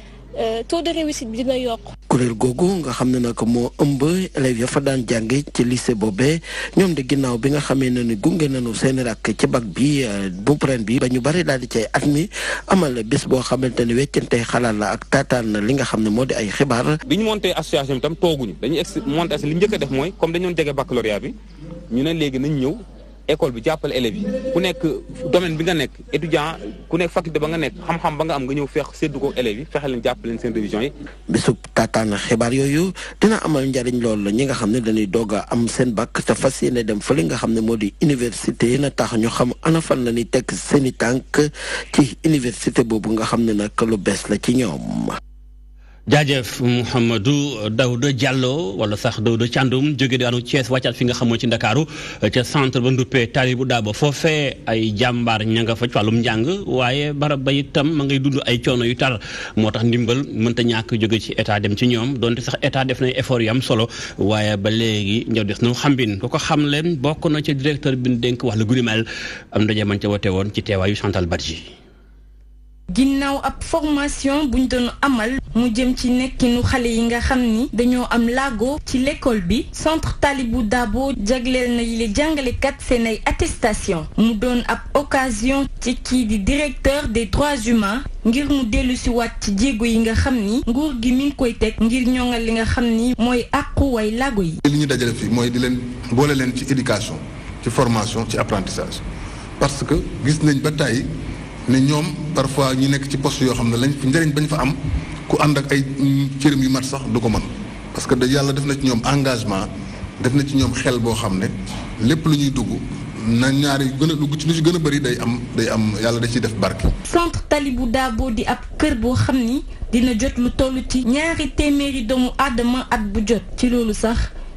Euh, taux de réussite bi dina yokk. kuréel googu nga xam ne nag moo ëmb élèves ya fa daan jànge ci lycée boobee ñoom de ginnaaw bi nga xamee ne ni gunge nañu seen rak ci bac bi euh, bu pren bi ba ñu bari daal di cay at mi amal bés boo xamante ne weccante xalaat la ak taataan li nga xam ne moo di ay xibaar. bi ñu monté association bi tam tooguñu dañuy monté li njëkk a def mooy comme dañu doon jege baccalauréat bi ñu ne léegi nañ ñëw école bi jàppale élèves yi ku nekk domaine bi nga nekk étudiant ku nekk faculté ba nga nekk xam-xam ba nga am nga ñëw feex séddu ko élèves yi fexe leen jàppale seen révision yi. bisub taataan xibaar yooyu dina amal njariñ lool ñi nga xam ne dañuy doog a am seen bac te fas yéene dem fële nga xam ne moo di université na tax ñu xam ana fan la ñuy teg seen i tànk ci université boobu nga xam ne nag lu bees la ci ñoom. jaajëf Mouhamadou Daouda Diallo wala sax Daouda Thiandoum jóge daanu Thiès wàccaat fi nga xamoo ci Ndakaaru ca centre ba nduppee Talibou Dabo foofee ay jàmbaar ña nga fa wàllum njàng waaye barab ba itam ma ngay dund ay coono yu tar moo tax ndimbal mënta ñàkk jóge ci état dem ci ñoom donte sax état def nay effort yu am solo waaye ba léegi ñëw des na xambin ko ko xam leen bokk na ci directeur bi denk dénk wax la guni mel am ndaje man ca wote woon ci teewaayu Chantal Badji ginnaaw ab formation bu ñu doon amal mu jëm ci nekkinu xale yi nga xam ni dañoo am laago ci lekkool bi centre Talibou daabo jagleel na yile jàngalekat seen ay attestation mu doon ab occasion ci kii di directeur des droits humains ngir mu dellu si ci jéego yi nga xam ni nguur gi mi ngi koy teg ngir ñoŋal li nga xam ni mooy àqu way laago yi. li ñu dajale mooy di leen boole leen ci éducation ci formation ci apprentissage parce que gis nañ ba tàyyi ne ñoom parfois ñu nekk ci poste yoo xam ne lañ njëriñ bañ fa am ku ànd ak ay cërëm yu mat sax du ko mën parce que da yàlla def na ci ñoom engagement def na ci ñoom xel boo xam ne lépp lu ñuy dugg na ñaari gën a dugg ci lu ci gën a bëri day am day am yàlla da ciy def barke. centre Talibou Dabo di ab kër boo xam ni dina jot lu toll ci ñaari téeméeri doomu aadama at bu jot ci loolu sax.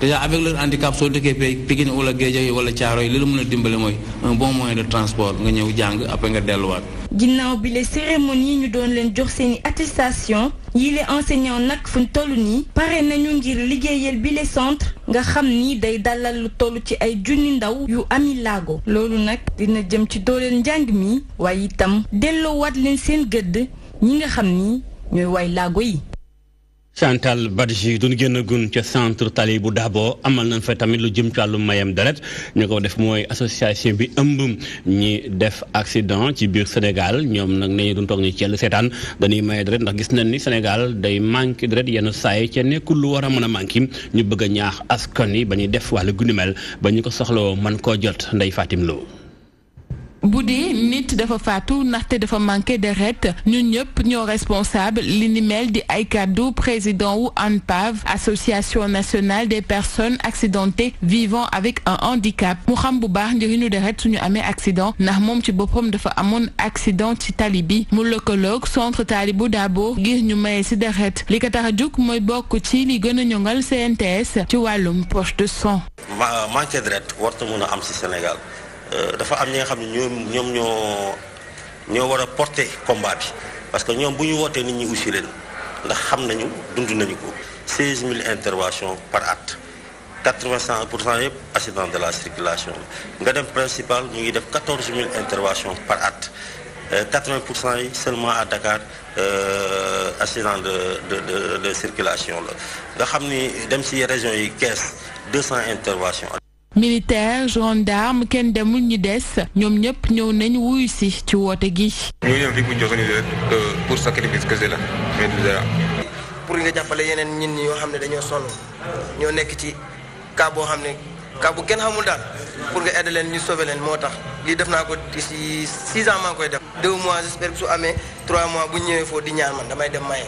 déjà avec leur handicap soo dëkkee Pikine wala Guédiawaye wala Thiaroye li la mën a dimbale mooy un bon moyen de transport nga ñëw jàng après nga delluwaat. ginnaaw bi les cérémonies ñu doon leen jox seeni attestation yi les enseignants nag fu ñu toll nii pare nañu ngir liggéeyal bi les centre nga xam ni day dalal lu toll ci ay junni ndaw yu ami laago loolu nag dina jëm ci dooleel njàng mi waaye itam waat leen seen gëdd ñi nga xam ni ñooy waay laago yi. Chantal Badji duñ génn gun ca centre tali bu Dabo amal nañ fa tamit lu jëm ci wàllu mayam deret ñu ko def mooy association bi ëmb ñi def accident ci biir Sénégal ñoom nag nee duñ toog ñu ci seetaan dañuy maye deret ndax gis nañ ni Sénégal day manqué deret yenn saa yi ca nekkul lu war a mën a manqué ñu bëgg a ñaax askan yi ba ñuy def wàllu gunimel ba ñu ko soxlawoo mën koo jot Ndeye Fatim Lo bu nit dafa faatu ndaxte dafa manqué deret ñun ñëpp ñoo responsable li ni mel di ay président wu ANPAV association nationale des personnes accidentées vivant avec un handicap mu xam bu baax njëriñu deret suñu amee accident ndax moom ci boppam dafa amoon accident ci tali bi mu lëkkaloog centre Talibou Dabo ngir ñu maye si deret li ko tax a jóg mooy bokk ci li gën a ñongal CNTS ci wàllum poche de sang. manqué deret warta mën a am ci Sénégal. Nous avons porté le combat parce que nous avons ñu wootee nit ñi aussi ndax interventions par acte. 80 pour accident de la circulation la nga dem principal ñu 14 def interventions par acte, euh, 80 seulement à Dakar euh, accident de de de circulation la avons xam région 200 interventions. militaire gendarme kenn demul ñi des ñoom ñëpp ñëw nañ wuyu si ci woote gi. ñu ñëw fii bu ñu joxoon pour sacrifice kese pour nga jàppale yeneen ñin ñi yoo xam ne dañoo sonn ñoo nekk ci cas boo xam ne cas bu kenn xamul daal pour nga aider leen ñu sauver leen moo tax lii def naa ko d'ici six ans maa ngi koy def. deux mois j'espère que su amee trois mois bu ñëwee foofu di ñaan man damay dem maye.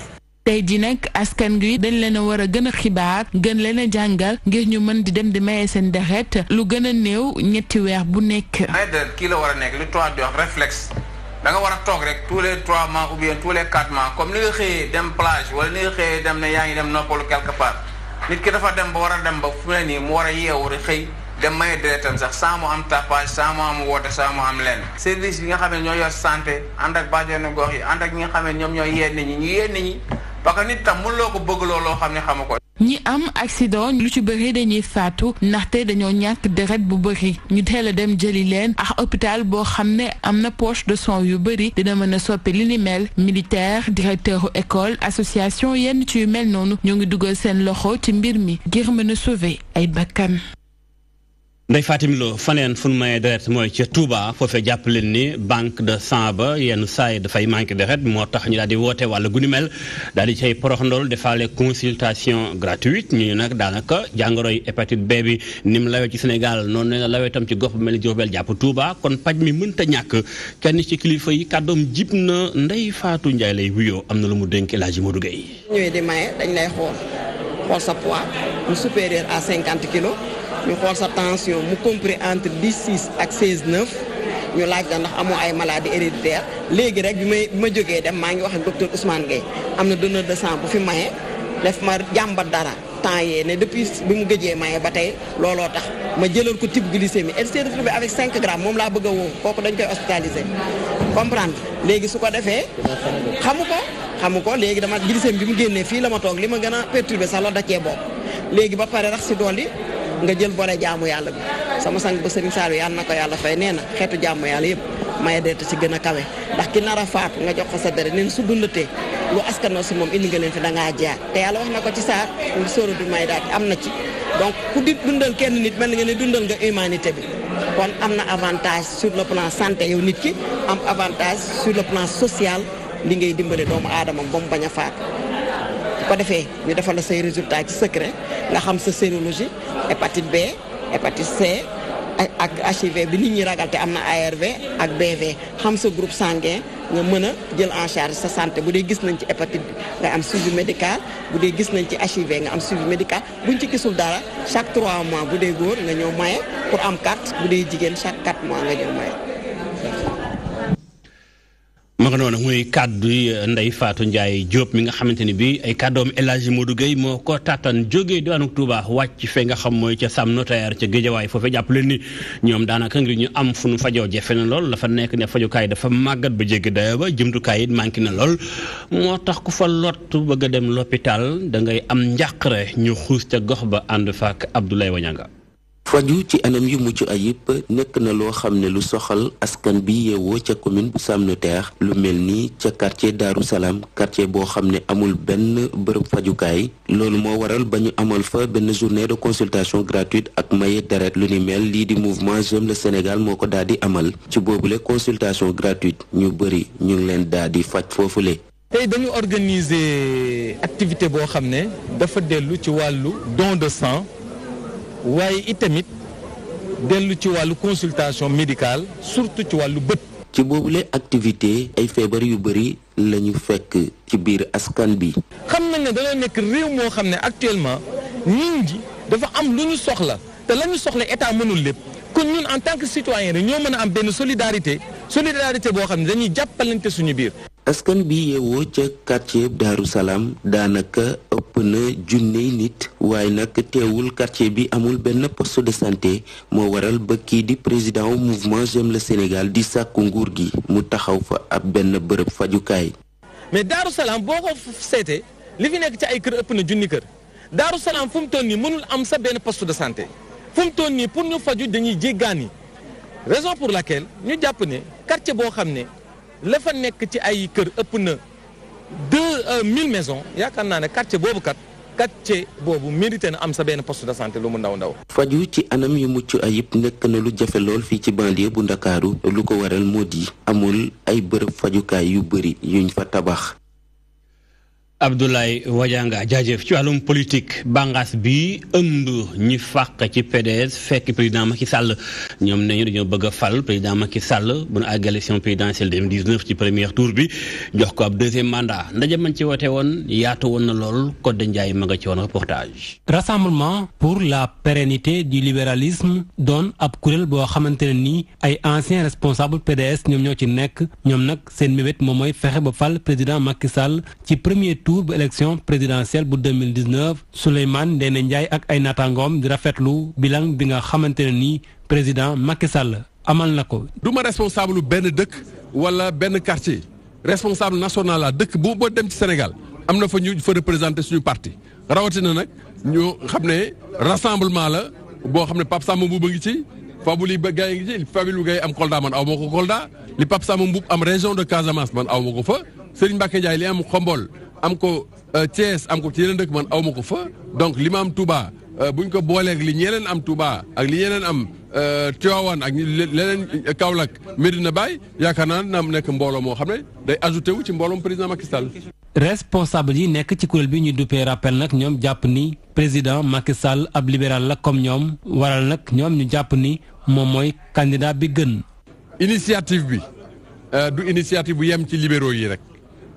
tey ji nag askan gi dañ leen a war a gën a xibaar gën leen a jàngal ngir ñu mën di dem di maye seen deret lu gën a néew ñetti weex bu nekk. maye deret kii la war a nekk lu tubaab di wax réflexe da nga war a toog rek tous les trois mois ou bien tous les quatre mois comme ni nga xëyee dem plage wala ni nga xëyee dem ne yaa ngi dem noppalu quelque part nit ki dafa dem ba war a dem ba fu ne nii mu war a yeewu rek xëy. dem maye deretam sax saa mu am tapage saa mu am woote saa mu am bi nga xam ne ñoo yor santé ànd ak bàjjenu gox yi ànd ak ñi nga xam ne ñoom ñooy yee nit ñi ñu yee nit ñi parce que nit tam mënuloo ko bëgg loo xam ne xamu ko. ñi am accident lu ci bëri dañuy faatu ndaxte dañoo ñàkk deret bu bëri ñu teel a dem jëli leen ak hôpital boo xam ne am na poche de sang yu bëri dina mën a soppi li ni mel militaire directeur école association yenn ci yu mel noonu ñoo ngi dugal seen loxo ci mbir mi ngir mën a sauver ay bakkan. Ndeye Fatim Lo faneen fu nu mayee deret mooy ca Touba foofee jàpp leen ni banque de sang yenn saa dafay manqué deret moo tax ñu daal di woote wàllu gu ni mel daal di cay poroxandool consultation gratuite ñu nag daanaka jàngoro yi hépatite B bi ni mu lawee ci Sénégal noonu la lawee tam ci gox bu mel ni Diourbel jàpp Touba kon paj mi mënta ñàkk kenn ci kilifa yi kàddoom jib na Ndeye faatu Ndiaye lay wuyoo am na lu mu dénk El Hadji Modou Gueye. ñooy mu supérieur à 50 ñu xool sa tension mu compris entre dix six ak seize neuf ñu laaj la ndax amoo ay maladie héréditaire léegi rek bi may bi ma jógee dem maa ngi wax ak docteur Ousmane Gueye am na donneur de sang bu fi maye def ma jàmbat dara temps yee ne depuis bi mu gëjee maye ba tey looloo tax ma jëlal ko type glycémie elle s'est retrouvée avec 5 grammes moom laa bëgg a woo kooku dañ koy hospitaliser comprendre léegi su ko defee xamu ko xamu ko léegi dama glycémie bi mu génnee fii la ma toog li ma gën a perturbé sax loolu da cee léegi ba pare rax si dool yi nga jël bone jaamu yàlla bi sama sang ba sëriñ Saliou yàlla na ko yàlla fay nee na xeetu jaamu yàlla yëpp maye deeta ci gën a kawe ndax ki nar a faatu nga jox ko sa dere neen su dundatee lu askanoo si moom indi nga leen fi da jaar te yàlla wax na ko ci saar ngi sóora du may daati am na ci donc ku di dundal kenn nit mel nga ne dundal nga humanité bi kon am na avantage sur le plan santé yow nit ki am avantage sur le plan social li ngay dimbale doomu aadama bañ a ko defee ñu defal la say résultat ci secret nga xam sa sérologie hépatite B hépatite C ak HIV bi nit ñi ragal te am na ARV ak BV xam sa groupe sanguin nga mën a jël en charge sa santé bu dee gis nañ ci hépatite bi nga am suivi médical bu dee gis nañ ci HIV nga am suivi médical buñ ci gisul daal chaque 3 mois bu dee góor nga ñëw maye pour am carte bu dee jigéen chaque quatre mois nga ñëw maye. ma nga noonu muy kàddu yi uh, Ndeye Fatou Ndiaye Diop mi nga xamante ni bii ay kàddoom El moo Modou Gueye moo ko tàttan jógee diwaanu Touba wàcc fe nga xam mooy ca Sam Notaire ca Géejawaay foofee jàpp leen ni ñoom daanaka ngir ñu am fu nu fajoo jafe na lool dafa nekk ne fajukaay dafa màggat ba jéggi dayo ba jumtukaay it manqué na lool. moo tax ku fa lot bëgg a dem l'hôpital dangay am njàqare ñu xuus ca gox ba ànd faak Abdoulaye Wañanga faju ci anam yu mucc ayib nekk na loo xam ne lu soxal askan bi yeewoo ca commune bu Sam lu mel ni ca quartier Daaru Salaam quartier boo xam ne amul benn bërëb fajukaay loolu moo waral ba ñu amal fa benn journée de consultation gratuite ak maye deret lu ni mel lii di mouvement J'aime le Sénégal moo ko daal di amal ci boobule consultation gratuite ñu bëri ñu ngi leen daal di faj foofule. tey dañu organiser activité boo xam ne dafa dellu ci wàllu don de sang. waaye itamit dellu ci wàllu consultation médicale surtout ci wàllu bët. ci boobule activité ay feebar yu bëri lañu fekk ci biir askan bi. xam nañ ne dañoo nekk réew moo xam ne actuellement nit ñi dafa am lu ñu soxla te la ñu soxla état mënul lépp kon ñun en tant que citoyen rek ñoo mën a am benn solidarité solidarité boo xam ne dañuy jàppalante suñu biir askan bi yeewoo ca quartier daaru salaam daanaka ëpp na junney nit waaye nag teewul quartier bi amul benn poste de santé moo waral ba kii di président mouvement J'aime le Sénégal di sàkku nguur gi mu taxaw fa ab benn bërëb fajukaay mais daaru salaam boo ko seetee li fi nekk ci ay kër ëpp na junni kër daaru salaam fu nii mënul am sa benn poste de santé fu mu toll nii pour ñu faju dañuy jéggaani raison pour laquelle ñu jàpp ne quartier boo xam ne lafa nekk ci ay kër ëpp na deux euh, mille maisons yaakaar naa ne quartier boobu kat quartier boobu mérité na am sa benn poste de santé lu mu ndaw ndaw. faju ci anam yu mucc ayib nekk na lu jafe lool fii ci banlieue bu ndakaaru lu ko waral moo di amul ay bërëb fajukaay yu bëri yuñ fa tabax. Abdoulaye Wadianga jaajëf ci wàllum politique bangas bi ëmb ñi fàq ci PDS fekk président Macky Sall ñoom ne ñu dañoo bëgg a fal président Macky Sall bu nu àgg élection présidentielle 2019 ci premier tour bi jox ko ab deuxième mandat ndaje man ci woote woon yaatu woon na lool Codé Ndiaye ma nga ci woon reportage. rassemblement pour la pérennité du libéralisme doon ab kuréel boo xamante ne nii ay anciens responsables PDS ñoom ñoo ci nekk ñoom nag seen mébét moom mooy fexe ba fal président Macky Sall ci premier surtout bu élection présidentielle pour 2019 Souleymane Dene Ndiaye ak ay naataangoom di rafetlu bilan bi nga xamante président Macky Sall amal nako douma ma responsable benn deuk wala Ben quartier responsable national la deuk bu dem ci Sénégal amna fa ñu fa représenter suñu parti na nous ñu xamné rassemblement la boo xamné Pape Samba Mboup ci Fabuli ba gay ngi ci Fabilu gay am Kolda man aw moko Kolda li Pape Samba Mboup am région de Casamance man aw moko fa Serigne Mbacké Ndiaye li am Xombol am ko euh, Thiès am ko ci yeneen dëkk man aw ma ko fa donc li ma am Touba euh, buñ ko booleeg li ñeneen am Touba ak li ñeneen am euh, Tivaouane ak leneen Kaolack na baay yaakaar naa na am nekk mbooloo moo xam ne day ajouté wu ci mbooloom président Macky Sall. responsable yi nekk ci kuréel bi ñuy duppee rappel nag ñoom jàpp ni président Macky ab libéral la comme ñoom waral nag ñoom ñu jàpp ni moom mooy candidat bi gën. initiative bi du initiative bu yem ci libéraux yi rek.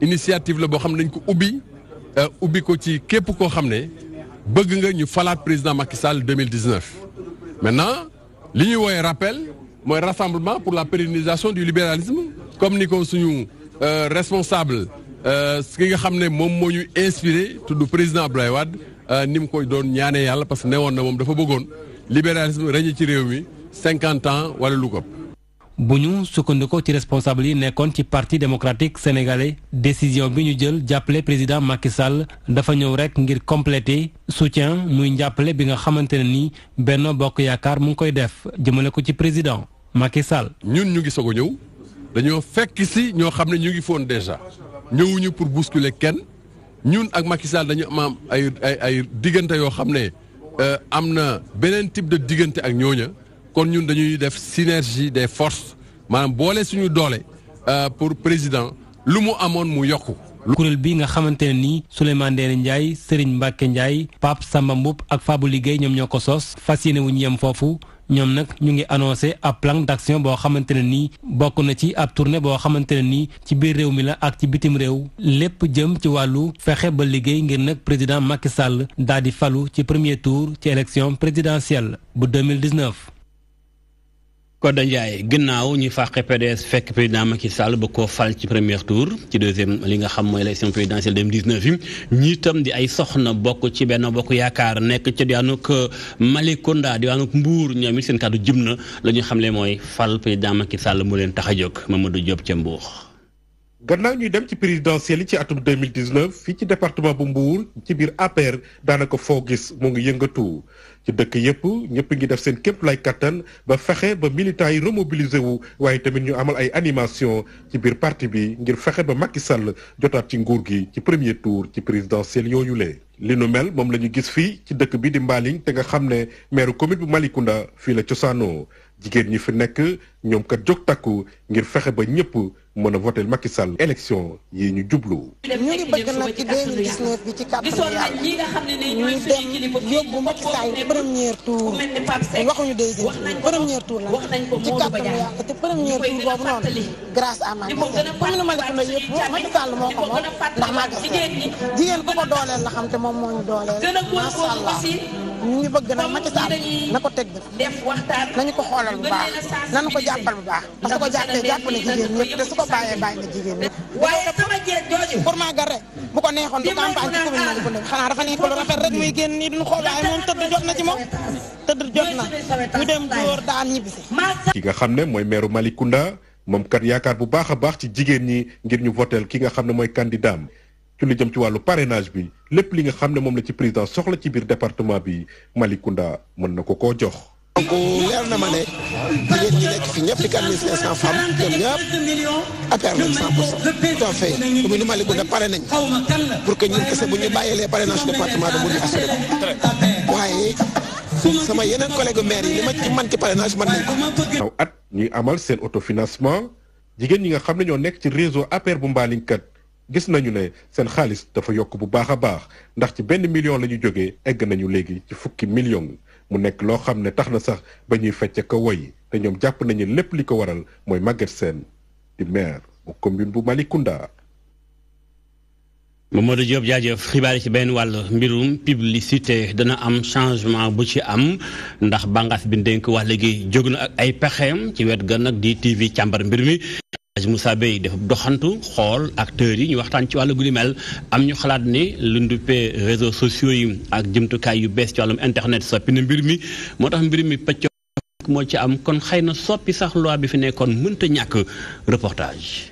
initiative la boo xam nañ dañ ko ubbi euh, ubbi ko ci képp koo xam ne bëgg nga ñu falaat président Macky Sall 2019. maintenant li ñuy woowee rappel mooy rassemblement pour la pérennisation du libéralisme comme ni ko suñu euh, responsable euh, ki nga xam ne moom moo ñu inspiré tudd président Abdoulaye Wade ni mu koy doon ñaanee yàlla parce que newoon na moom dafa bëggoon libéralisme régné ci réew mi 50 ans wala lu ko buñu ñu ci responsable yi nekkoon ci parti démocratique sénégalais décision bi ñu jël président Macky Sall dafa ñëw rek ngir soutien muy njàppale bi nga xamante ne Bokk Yaakaar mu ngi def ko ci président Macky Sall. ñun ñu ngi soog a dañoo fekk si ñoo ñu déjà pour bousculer kenn ñun ak Macky Sall dañu ay ay euh, de diggante kon ñun dañuy def synergie des forces maanaam boole suñu doole euh, pour président lu mu amoon mu yokku kuréel bi nga xamante ne nii Souleymane Ndéné Ndiaye Serigne Mbacke Ndiaye Pape Samba Mboup ak Fabou Liggéey ñoom ñoo ko sos fas yéene wu ñu yem foofu ñoom nag ñu ngi annoncé ab plan d'action boo xamante ne nii bokk na ci ab tournée boo xamante ne nii ci biir réew mi la ak ci bitim réew lépp jëm ci wàllu fexe ba liggéey ngir nag président Macky Sall daal di falu ci premier tour ci élection présidentielle bu 2019 Codé Ndiaye ginnaaw ñi fàqe PDS fekk président Macky Sall ba koo fal ci premier tour ci deuxième li nga xam mooy élection présidentielle 2019 yi ñi itam di ay soxna bokk ci benn bokk yaakaar nekk ca diwaanug euh, Malicounda diwaanug Mbour ñoom it seen kàddu jëm na la xam xamle mooy fal président Macky Sall mu leen tax a ma Mamadou Diop ca Mbour. gannaaw ñuy dem ci présidentielle yi ci atum 2019 fii ci département bu Mbour ci biir APR daanaka foo gis mu ngi yëngatu ci dëkk yëpp ñëpp ngi def seen képp lay kattan ba fexe ba militants yi remobiliser wu waaye tamit ñu amal ay animation ci biir parti bi ngir fexe ba Macky Sall jotaat ci nguur gi ci premier tour ci présidentielle yooyu le li nu mel moom la ñu gis fii ci dëkk bi di Mbaling te nga xam ne maire commune bu Malicounda fii la cosaanoo jigéen ñi fi nekk ñoom kat jóg takku ngir fexe ba ñëpp mën a voté Macky Sall élection ñu jublu. ñu ngi bëgg nag ci 2019 bi ci kàttan yàlla ñu dem waxuñu deuxième tour ko ko dooleel la xam te moom moo ñu dooleel macha allah. ñu ngi bëgg nag na ko ko xoolal bu baax jàppal bu jàppee jigéen ñëpp te su ko moom tëdd jot na mu dem dóor daan ñibbisi. ki nga xam ne mooy meeru Malicounda moom kat yaakaar bu baax a baax ci jigéen ñi ngir ñu votel ki nga xam ne mooy candidat am ci lu jëm ci wàllu parrainage bi lépp li nga xam ne moom la ci président soxla ci biir département bi Malicounda mën na ko koo jox donc ma ñëpp di quatre mille cinq cent femmes ñoom pare nañ pour que ñun kese bu ñu bàyyee sama yeneen collègue man ci at ñuy amal seen autofinancement jigéen ñi nga xam ne ñoo nekk ci réseau APR bu mbaalinkat gis nañu ne seen xaalis dafa yokk bu baax a baax ndax ci benn million la ñu jógee egg nañu léegi ci fukki million. mu nekk loo xam ne tax na sax ba ñuy fecc ko woy te ñoom jàpp nañu lépp li ko waral mooy Maguette Sène di maire bu commune bu Malicounda. Mamadou Diop jaajëf xibaar yi ci benn wàll mbirum publicité dana am changement bu ci am ndax bànqaas bi ndénk wax léegi jóg na ak ay pexeem ci wet ga nag di TV càmbar mbir mi. aj Moussa Bey dafa doxantu xool acteur yi ñu waxtaan ci wàllu guddi mel am ñu xalaat ni lu nduppee réseaux sociaux yi ak jumtukaay yu bees ci wàllum internet soppi na mbir mi moo tax mbir mi pëcc moo ci am kon xëy na soppi sax loi bi fi nekkoon mënta ñàkk reportage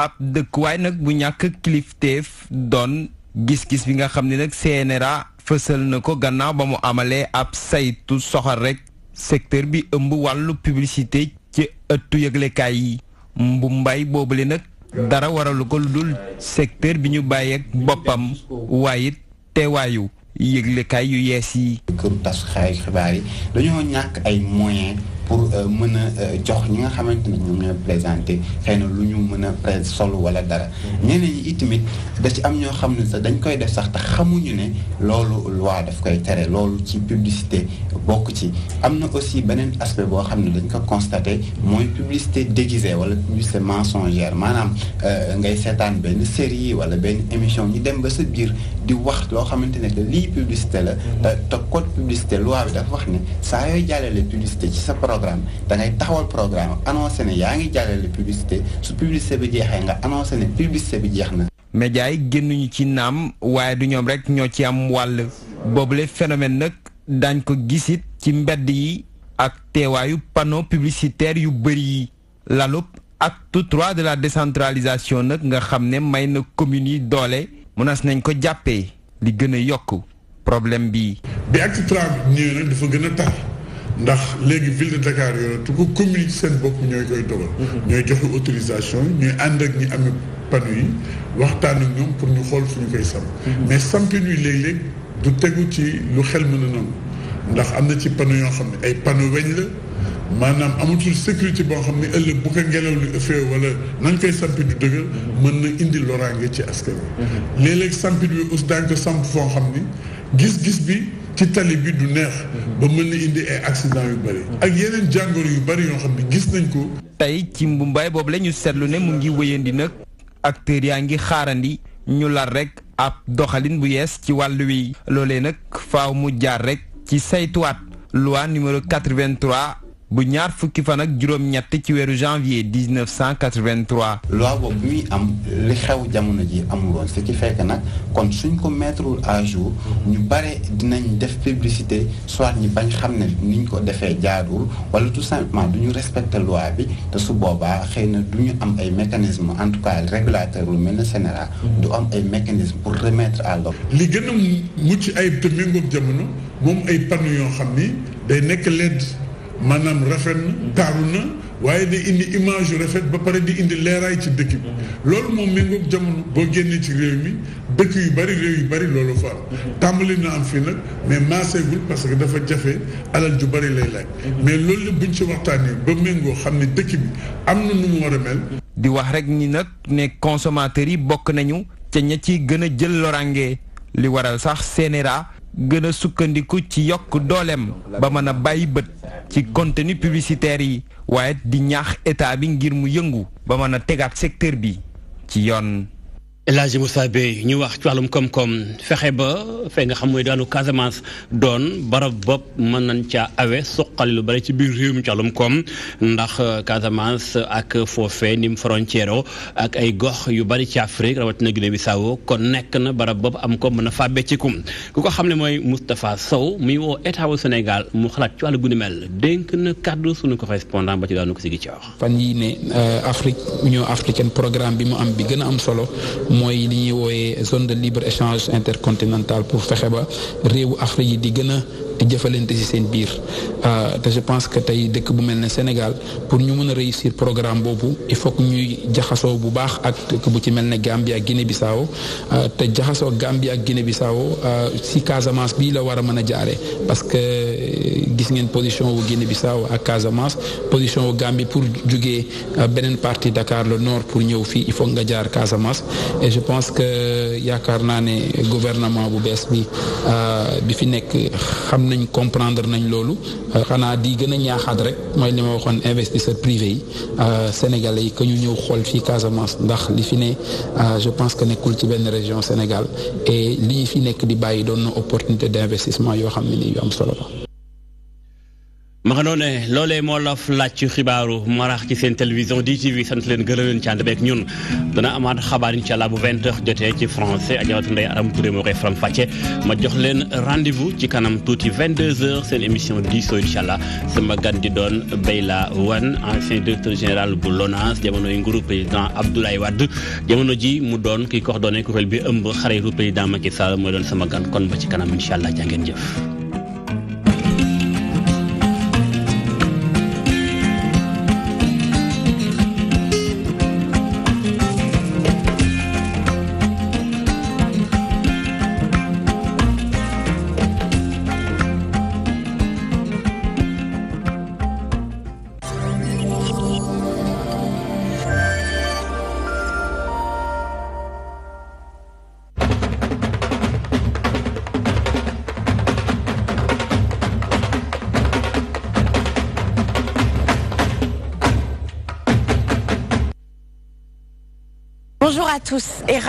ab dëkkuwaay nag bu ñàkk kilifteef doon gis-gis bi nga xam ne nag CNRA fësal na ko gannaaw ba mu amalee ab saytu soxal rek secteur bi ëmb wàllu publicité ci ëttu yëglekaay yi mbu mbay boobule nag dara waralu ko lu dul secteur bi ñu bàyyeek boppam waaye it teewaayu yëglekaay yu yees yi. këru tas xibaar yi dañoo ñàkk ay moyens. pour euh, mën a euh, jox ñi nga xamante ne ñoom ñooy présenté xëy na lu ñu mën a pré euh, solo wala dara. Mm-hmm. ñeneen yi itamit da ci am ñoo xam ne sax dañ koy def sax te xamuñu ne loolu loi daf koy tere loolu ci publicité bokk ci. am na aussi beneen aspect boo xam ne dañ ko constaté mooy publicité déguisée wala publicité mensongère maanaam ngay seetaan benn série wala benn émission ñu dem ba sa biir di wax loo xamante ne que lii publicité la. Mm-hmm. te te code publicité loi bi dafa wax ne saa yooy jàllale publicité ci sa programme da ngay taxawal programme annoncé ne yaa ngi jàllale publicité su publicité bi jeexee nga annoncé ne publicité bi jeex na. média yi ñu ci naam waaye du ñoom rek ñoo ci am wàll boobule phénomène nag daañ ko gisit ci mbedd yi ak teewaayu panneau publicitaire yu bëri yi lalub acte trois de la décentralisation nag nga xam ne may na communes yi doole munas nañ ko jàppee li gën a yokk problème bi. bi acte trois ñëwee nag dafa gën a ndax léegi ville de Dakar yore tu ko commune seen bopp ñooy koy dogal. Mhm. ñooy joxe autorisation ñuy ànd ak ñi amee panneau yi waxtaan ak ñoom pour ñu xool fu ñu koy sam. Mhm. mais sampin wi léeg-léeg du tegu ci lu xel mën a nangu ndax am na ci panneau yoo xam ne ay panneau weñ la maanaam amatul sécurité boo xam ne ëllëg bu ko ngelaw li ëffee wala nañ koy sampi du dëgër mhm. mën na indi loraange ci askan wi. léeg-léeg sampin wi aussi daañu ko samp foo xam ni gis-gis bi. ci tali bi du neex. ba mën na indi ay accident yu bëri. ak yeneen jàngoro yu bëri yoo xam ne gis nañ ko. tey ci mbumbaay boobu la ñu seetlu ne mu ngi wéyandi nag acteurs yaa ngi xaarandi ñu lar rek ab doxalin bu yees ci wàll wi loole nag faw mu jaar rek ci saytuwaat loi numéro bu ñaar fukki fan ak juróom ci wéru janvier 1983. loi boobu bi am li xew jamono ji amuloon ce qui fait que nag kon suñ ko mettre à jour ñu bare dinañ def publicité soit ñi bañ xamné niñ ko défé jaadul wala tout simplement duñu respecter loi bi te su boba xeyna duñu am ay mécanisme en tout cas régulateur lu mel ne du am ay mécanisme pour remettre à l'ordre li gën a mucc ay te jamono mom ay panneaux yo xamni day nek l'aide maanaam rafet na taaru na waaye di indi image yu rafet ba pare di indi leeraay ci dëkk bi loolu moom méngoog jamono boo génnee ci réew mi dëkk yu bari réew yu bari loolu fa tàmbali na am fii nag mais maaseegul parce que dafa jafe alal ju bari lay laaj mais loolu la buñ ci waxtaanee ba méngoo xam ne dëkk bi am na nu mu war a mel di wax rek ni nag ne consommateurs yi bokk nañu ca ña ci gën a jël lorange li waral sax CNRA gën a sukkandiku ci yokk dooleem ba mën a bàyyi bët ci contenu publicitaire yi waaye di ñaax état bi ngir mu yëngu ba mën a tegaat secteur bi ci yoon Elhadji Moussa Bey ñu wax ci wàllum koom fexe ba fee nga xam mooy daanu Casamance doon barab bopp mën nañ caa awe suqali lu bari ci biir réew mi ci wàllum koom ndax euh, Casamance ak foofe ni mu frontière ak ay gox yu bari ci Afrique na Guinée Bissau kon nekk na barab bopp am ko mën a fàbbeeciku ku ko xam ne mooy Moustapha Sow muy woo état wu Sénégal mu xalaat ci wàllu gu ni mel dénk na kàddu suñu correspondant ba ci daanu ko si gi ci fan yi ne euh, Afrique Union programme bi mu am bi gën a am solo Moi, il y a une zone de libre échange intercontinental pour faire ba réewu yi di jëfalante ci seen biir euh, te je pense que tey dëkk bu mel ne Sénégal pour ñu mën a réussir programme boobu il faut que ñuy jaxasoo bu baax ak dëkk bu ci mel ne Gambie ak Guinée Bissau euh, te jaxasoo Gambie ak Guinée Bissau euh, si Casamance bii la war a mën a jaaree parce que gis ngeen position wu Guinée Bissau ak Casamance position wu Gambie pour jugee beneen partie Dakar le nord pour ñëw fii il faut nga jaar Casamance et je pense que yaakaar naa ne gouvernement bu bees bi bi fi nekk xam xam nañ comprendre nañ loolu euh, xanaa di gën a ñaaxaat rek mooy li ma waxoon investisseur privé yi euh, sénégalais yi que ñu ñëw xool fii Casamance ndax li fi ne euh, je pense que nekkul ci benn région Sénégal et li fi nekk di bàyyi doon na opportunité d'investissement yoo xam ne ni yu am solo la ma xam ne loolee moo laf laaj ci xibaaru marax ci seen télévision DTV sant leen gërëm leen ci ànd beeg ñun dana amaat xabaar incha allah bu 20h jotee ci français Adjaratou ndey Arame Touré moo koy faram fàcce ma jox leen rendez-vous ci kanam tuuti 22h seen émission diisoo incha allah sama gan di doon Bayla Wan ancien directeur général bu LONASE jamono yi nguuru président Abdoulaye Wade jamono ji mu doon kii coordonné kuréel bi ëmb xaritu président Macky Sall mooy doon sama gan kon ba ci kanam incha allah jaa jëf.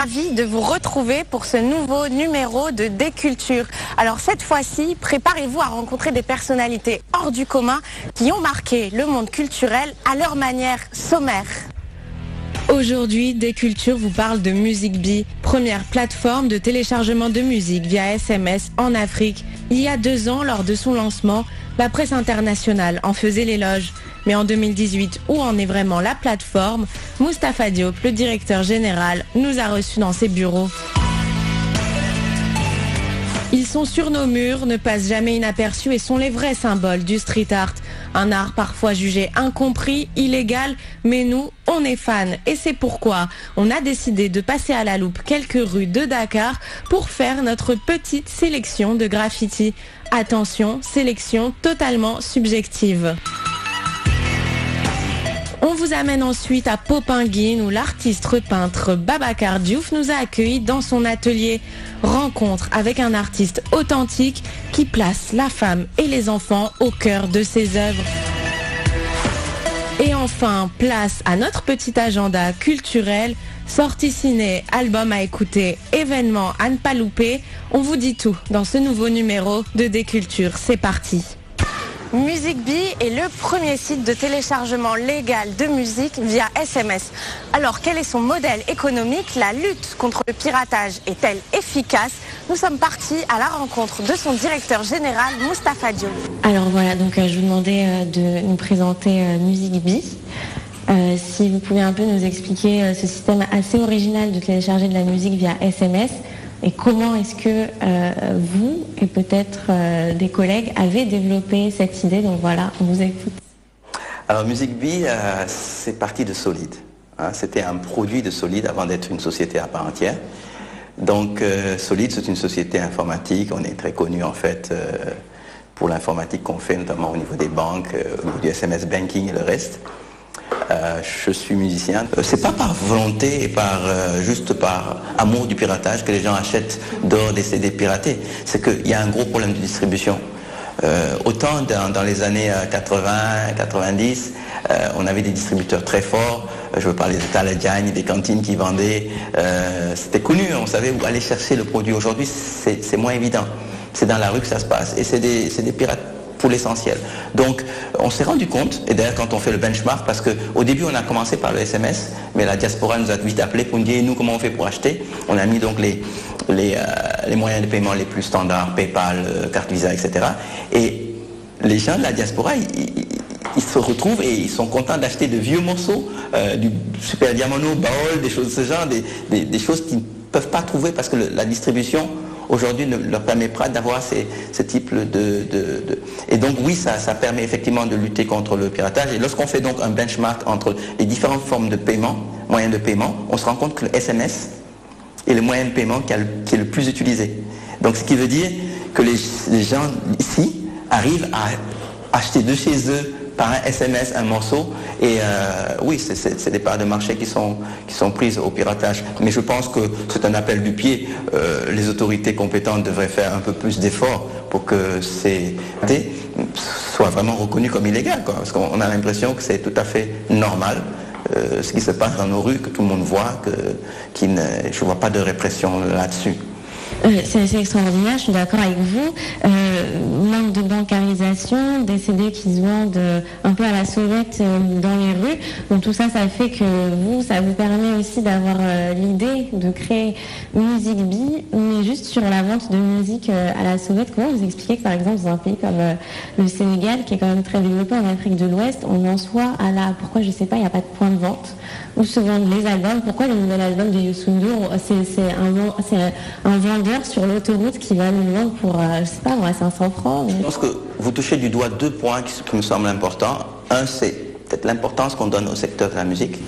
ravie de vous retrouver pour ce nouveau numéro de Déculture. Alors cette fois-ci, préparez-vous à rencontrer des personnalités hors du commun qui ont marqué le monde culturel à leur manière sommaire. Aujourd'hui, Déculture vous parle de Musicbee, première plateforme de téléchargement de musique via SMS en Afrique. Il y a deux ans, lors de son lancement, la presse internationale en faisait l'éloge. Mais en 2018, où en est vraiment la plateforme Moustapha Diop, le directeur général, nous a reçus dans ses bureaux. Ils sont sur nos murs, ne passent jamais inaperçus et sont les vrais symboles du street art. Un art parfois jugé incompris, illégal, mais nous, on est fans. Et c'est pourquoi on a décidé de passer à la loupe quelques rues de Dakar pour faire notre petite sélection de graffiti. Attention, sélection totalement subjective. On vous amène ensuite à Popinguine où l'artiste peintre Babacar Diouf nous a accueillis dans son atelier. Rencontre avec un artiste authentique qui place la femme et les enfants au cœur de ses œuvres. Et enfin, place à notre petit agenda culturel, sorties ciné, albums à écouter, événements à ne pas louper. On vous dit tout dans ce nouveau numéro de Déculture. C'est parti. MusicBee est le premier site de téléchargement légal de musique via SMS. Alors quel est son modèle économique La lutte contre le piratage est-elle efficace Nous sommes partis à la rencontre de son directeur général, Mustapha Dio. Alors voilà, donc euh, je vous demandais euh, de nous présenter euh, MusicBee. Euh, si vous pouvez un peu nous expliquer ce système assez original de télécharger de la musique via SMS, et comment est-ce que euh, vous et peut-être euh, des collègues avez développé cette idée. Donc voilà, on vous écoute. Alors Music Bee, euh, c'est parti de Solide. Hein. C'était un produit de Solide avant d'être une société à part entière. Donc Solid, c'est une société informatique, on est très connu en fait pour l'informatique qu'on fait, notamment au niveau des banques, au niveau du SMS banking et le reste. Euh, je suis musicien. Euh, c'est pas par volonté et par euh, juste par amour du piratage que les gens achètent d'or des CD piratés. C'est qu'il y a un gros problème de distribution. autant dans, les années 80, 90, on avait des distributeurs très forts. Je veux parler de Taladjani, des cantines qui vendaient. C'était connu, on savait où aller chercher le produit. Aujourd'hui, c'est moins évident. C'est dans la rue que ça se passe. Et c'est des pirates pour l'essentiel. Donc on s'est rendu compte, et d'ailleurs quand on fait le benchmark, parce qu'au début on a commencé par le SMS, mais la diaspora nous a vite appelé pour nous dire nous comment on fait pour acheter. On a mis donc les, les, euh, moyens de paiement les plus standards, PayPal, euh, carte Visa, etc. Et les gens de la diaspora, ils, se retrouvent et ils sont contents d'acheter de vieux morceaux, euh, du Super Diamano, Baol, des choses de ce genre, des, choses qu'ils ne peuvent pas trouver parce que la distribution aujourd'hui ne leur permet pas d'avoir ce type de, Et donc oui, ça, permet effectivement de lutter contre le piratage. Et lorsqu'on fait donc un benchmark entre les différentes formes de paiement, moyens de paiement, on se rend compte que le SMS est le moyen de paiement qui, est le plus utilisé. Donc ce qui veut dire que les gens ici arrivent à acheter de chez eux par un SMS un morceau. Et euh, oui, c'est des parts de marché qui sont, qui sont prises au piratage. Mais je pense que c'est un appel du pied. Euh, les autorités compétentes devraient faire un peu plus d'efforts pour que ces soient vraiment reconnus comme illégal. Parce qu'on a l'impression que c'est tout à fait normal. Euh, ce qui se passe dans nos rues, que tout le monde voit, que, je ne vois pas de répression là-dessus c'est extraordinaire, je suis d'accord avec vous. Euh, manque de bancarisation, des CD qui se vendent euh, un peu à la sauvette euh, dans les rues. Donc tout ça, ça fait que vous, ça vous permet aussi d'avoir l'idée de créer Musique B, mais juste sur la vente de musique à la sauvette. Comment vous expliquez que par exemple dans un pays comme le Sénégal, qui est quand même très développé en Afrique de l'Ouest, on en soit à la, pourquoi je ne sais pas, il n'y a pas de point de vente où se vendent les albums. Pourquoi le nouvel album de Yosundu, c'est un, vendeur sur l'autoroute qui va nous vendre pour, euh, je sais pas, 500 francs Je pense que vous touchez du doigt deux points qui, me semblent importants. Un, c'est peut-être l'importance qu'on donne au secteur de la musique.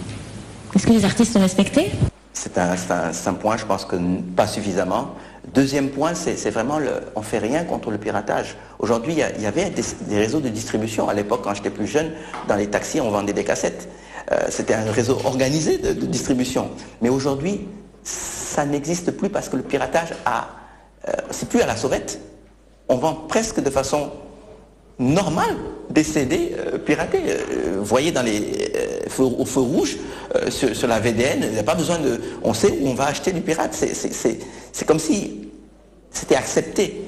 Est-ce que les artistes sont respectés c'est un, point, je pense que pas suffisamment. Deuxième point, c'est vraiment, le, on ne fait rien contre le piratage. Aujourd'hui, il y, avait des, réseaux de distribution. À l'époque, quand j'étais plus jeune, dans les taxis, on vendait des cassettes. Euh, c'était un réseau organisé de, distribution. Mais aujourd'hui, ça n'existe plus parce que le piratage euh, c'est plus à la sauvette. On vend presque de façon normale des CD euh, piratés. voyez dans les feux, au feu rouge sur, la VDN, il n'y a pas besoin de. On sait où on va acheter du pirate. C'est comme si c'était accepté.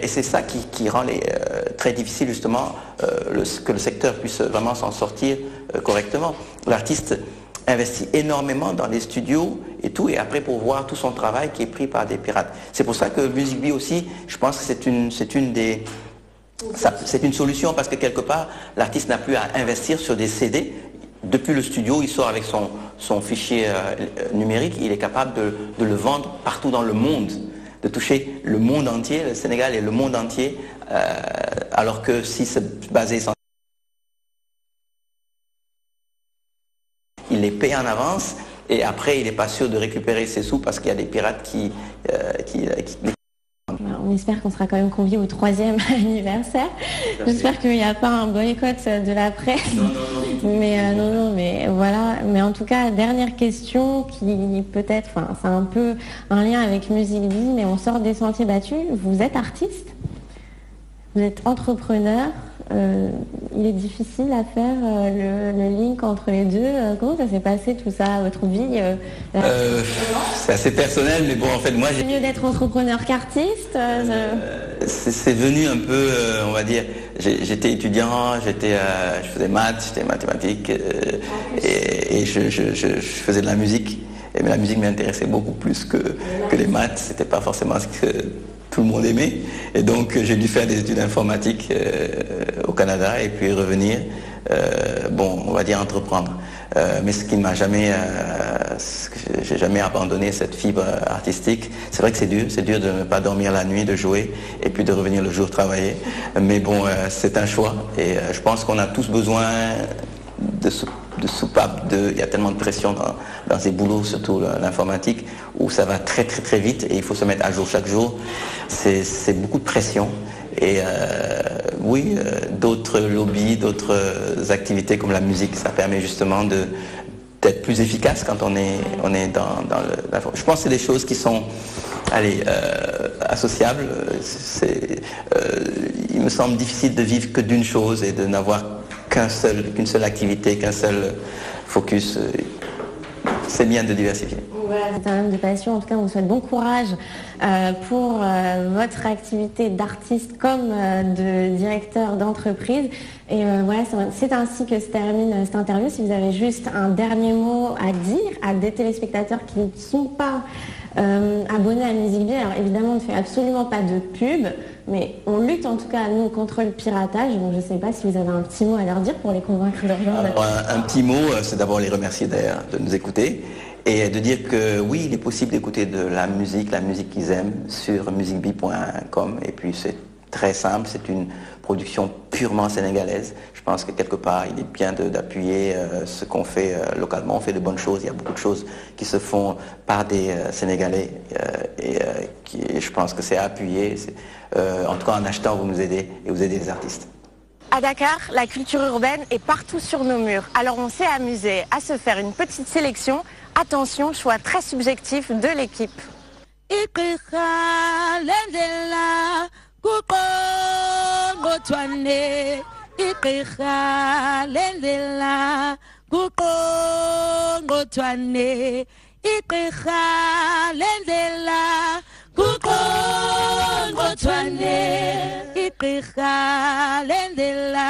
Et c'est ça qui, rend euh, très difficile justement euh, que le secteur puisse vraiment s'en sortir euh, correctement. L'artiste investit énormément dans les studios et tout, et après pour voir tout son travail qui est pris par des pirates. C'est pour ça que MusicBee aussi, je pense que c'est une, solution parce que quelque part, l'artiste n'a plus à investir sur des CD. Depuis le studio, il sort avec son, fichier numérique, il est capable de, le vendre partout dans le monde de toucher le monde entier, le Sénégal et le monde entier, euh, alors que si c'est basé sans... Il les paie en avance et après il n'est pas sûr de récupérer ses sous parce qu'il y a des pirates qui euh, on espère qu'on sera quand même conviés au troisième anniversaire. J'espère qu'il n'y a pas un boycott de la presse. Mais euh, non, non, mais voilà. Mais en tout cas, dernière question qui peut-être, enfin, c'est un peu un lien avec Musique Vie, mais on sort des sentiers battus. Vous êtes artiste, vous êtes entrepreneur, euh, il est difficile à faire euh, le, link entre les deux. Euh, comment ça s'est passé tout ça votre vie C'est assez personnel, mais bon, en fait, moi, j'ai... mieux d'être entrepreneur qu'artiste C'est venu un peu, on va dire, j'étais étudiant, j'étais, je faisais maths, j'étais mathématiques, et, je, faisais de la musique. Et la musique m'intéressait beaucoup plus que les maths. C'était pas forcément ce que tout le monde aimait. Et donc euh, j'ai dû faire des études informatiques euh, au Canada et puis revenir, euh, bon, on va dire entreprendre. mais ce qui ne m'a jamais, j'ai jamais abandonné cette fibre artistique. C'est vrai que c'est dur, c'est dur de ne pas dormir la nuit, de jouer et puis de revenir le jour travailler. Mais bon, c'est un choix et je pense qu'on a tous besoin de ce de soupape, il y a tellement de pression dans, ces boulots, surtout l'informatique, où ça va très très très vite et il faut se mettre à jour chaque jour. C'est beaucoup de pression. Et euh, oui, euh, d'autres lobbies, d'autres euh, activités comme la musique, ça permet justement d'être plus efficace quand on est, on est dans, la, Je pense que c'est des choses qui sont allez, associables. il me semble difficile de vivre que d'une chose et de n'avoir qu'une seule activité, qu'un seul focus. Euh, c'est bien de diversifier. Voilà, c'est un homme de passion. En tout cas, on vous souhaite bon courage euh, pour euh, votre activité d'artiste comme de directeur d'entreprise. Et voilà, c'est ainsi que se termine cette interview. Si vous avez juste un dernier mot à dire à des téléspectateurs qui ne sont pas abonnés à Musique Bien, alors évidemment, on ne fait absolument pas de pub. Mais on lutte en tout cas, nous, contre le piratage. Donc je ne sais pas si vous avez un petit mot à leur dire pour les convaincre de rejoindre. un, petit mot, euh, c'est d'abord les remercier d'ailleurs de nous écouter et de dire que oui, il est possible d'écouter de la musique, la musique qu'ils aiment, sur musicbee.com. Et puis c'est très simple, c'est une production purement sénégalaise je pense que quelque part, il est bien d'appuyer euh, ce qu'on fait euh, localement. On fait de bonnes choses. Il y a beaucoup de choses qui se font par des euh, Sénégalais. et, et je pense que c'est à appuyer. en tout cas, en achetant, vous nous aidez et vous aidez les artistes. À Dakar, la culture urbaine est partout sur nos murs. Alors on s'est amusé à se faire une petite sélection. Attention, choix très subjectif de l'équipe. igqirha kuqongqothwane igqirha lendlela kuqongqothwane igqirha lendlela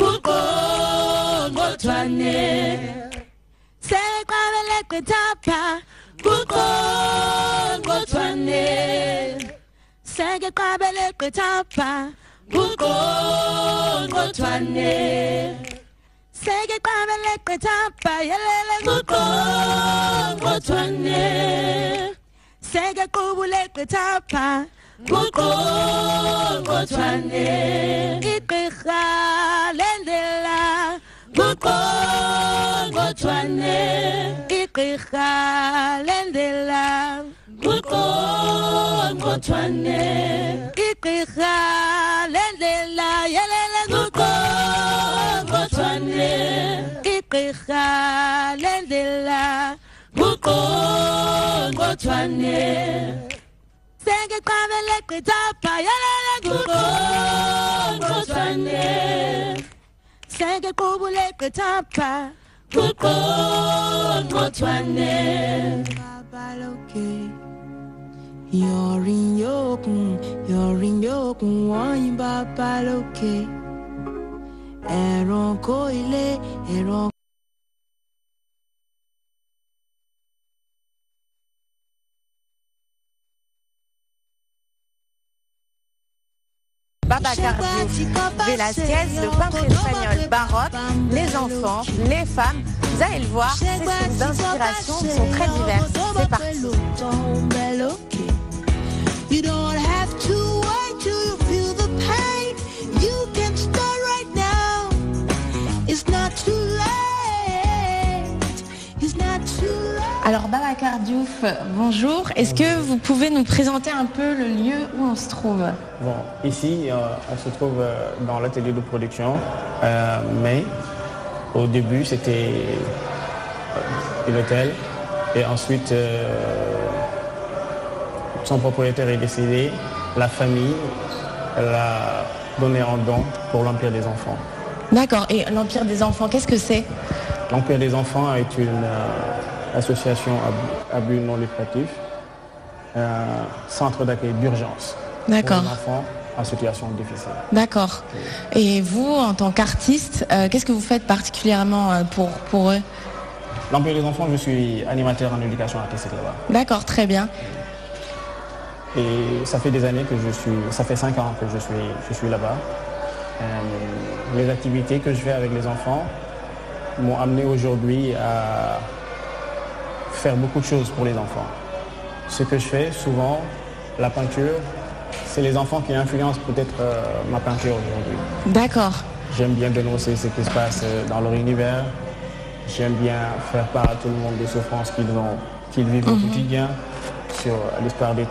kuqongqothwane seqabele gqithapha kuqongqothwane seke qabele gqithapha ngqothwane seke qaba legqitha bhayelele ngqothwane seke qubu legqitha bha ngqothwane igqirha lendlela ngqothwane igqirha lendlela nguko ngothwane igqirha lendlela yelela nguko ngothwane igqirha lendlela nguko ngothwane sengiqabele gqitha bhayelela nguko okay. Baba yorinyokun, c'est la bàbá lókè. Ẹ̀rànkó le peintre espagnol baroque, les enfants, les femmes, vous allez le voir, ces sources d'inspiration sont très diverses. C'est parti. Alors Baba Diouf, bonjour. Est-ce que vous pouvez nous présenter un peu le lieu où on se trouve Bon, ici, euh, on se trouve euh, dans l'atelier de production, euh, mais au début, c'était l'hôtel. Et ensuite, son propriétaire est décédé, la famille l'a donné en don pour l'Empire des enfants. D'accord, et l'Empire des enfants, qu'est-ce que c'est L'Empire des enfants est une euh, association à, but non lucratif, un euh, centre d'accueil d'urgence D'accord. pour les enfants en situation difficile. D'accord. Et vous, en tant qu'artiste, euh, qu'est-ce que vous faites particulièrement pour, pour eux L'Empire des enfants, je suis animateur en éducation artistique là-bas. D'accord, très bien. Et ça fait des années que je suis, ça fait cinq ans que je suis, je suis là-bas. Euh, les activités que je fais avec les enfants m'ont amené aujourd'hui à faire beaucoup de choses pour les enfants. Ce que je fais souvent, la peinture, c'est les enfants qui influencent peut-être euh, ma peinture aujourd'hui. D'accord. J'aime bien dénoncer ce qui se passe euh, dans leur univers. J'aime bien faire part à tout le monde des souffrances qu'ils vivent au mhm. quotidien sur l'histoire des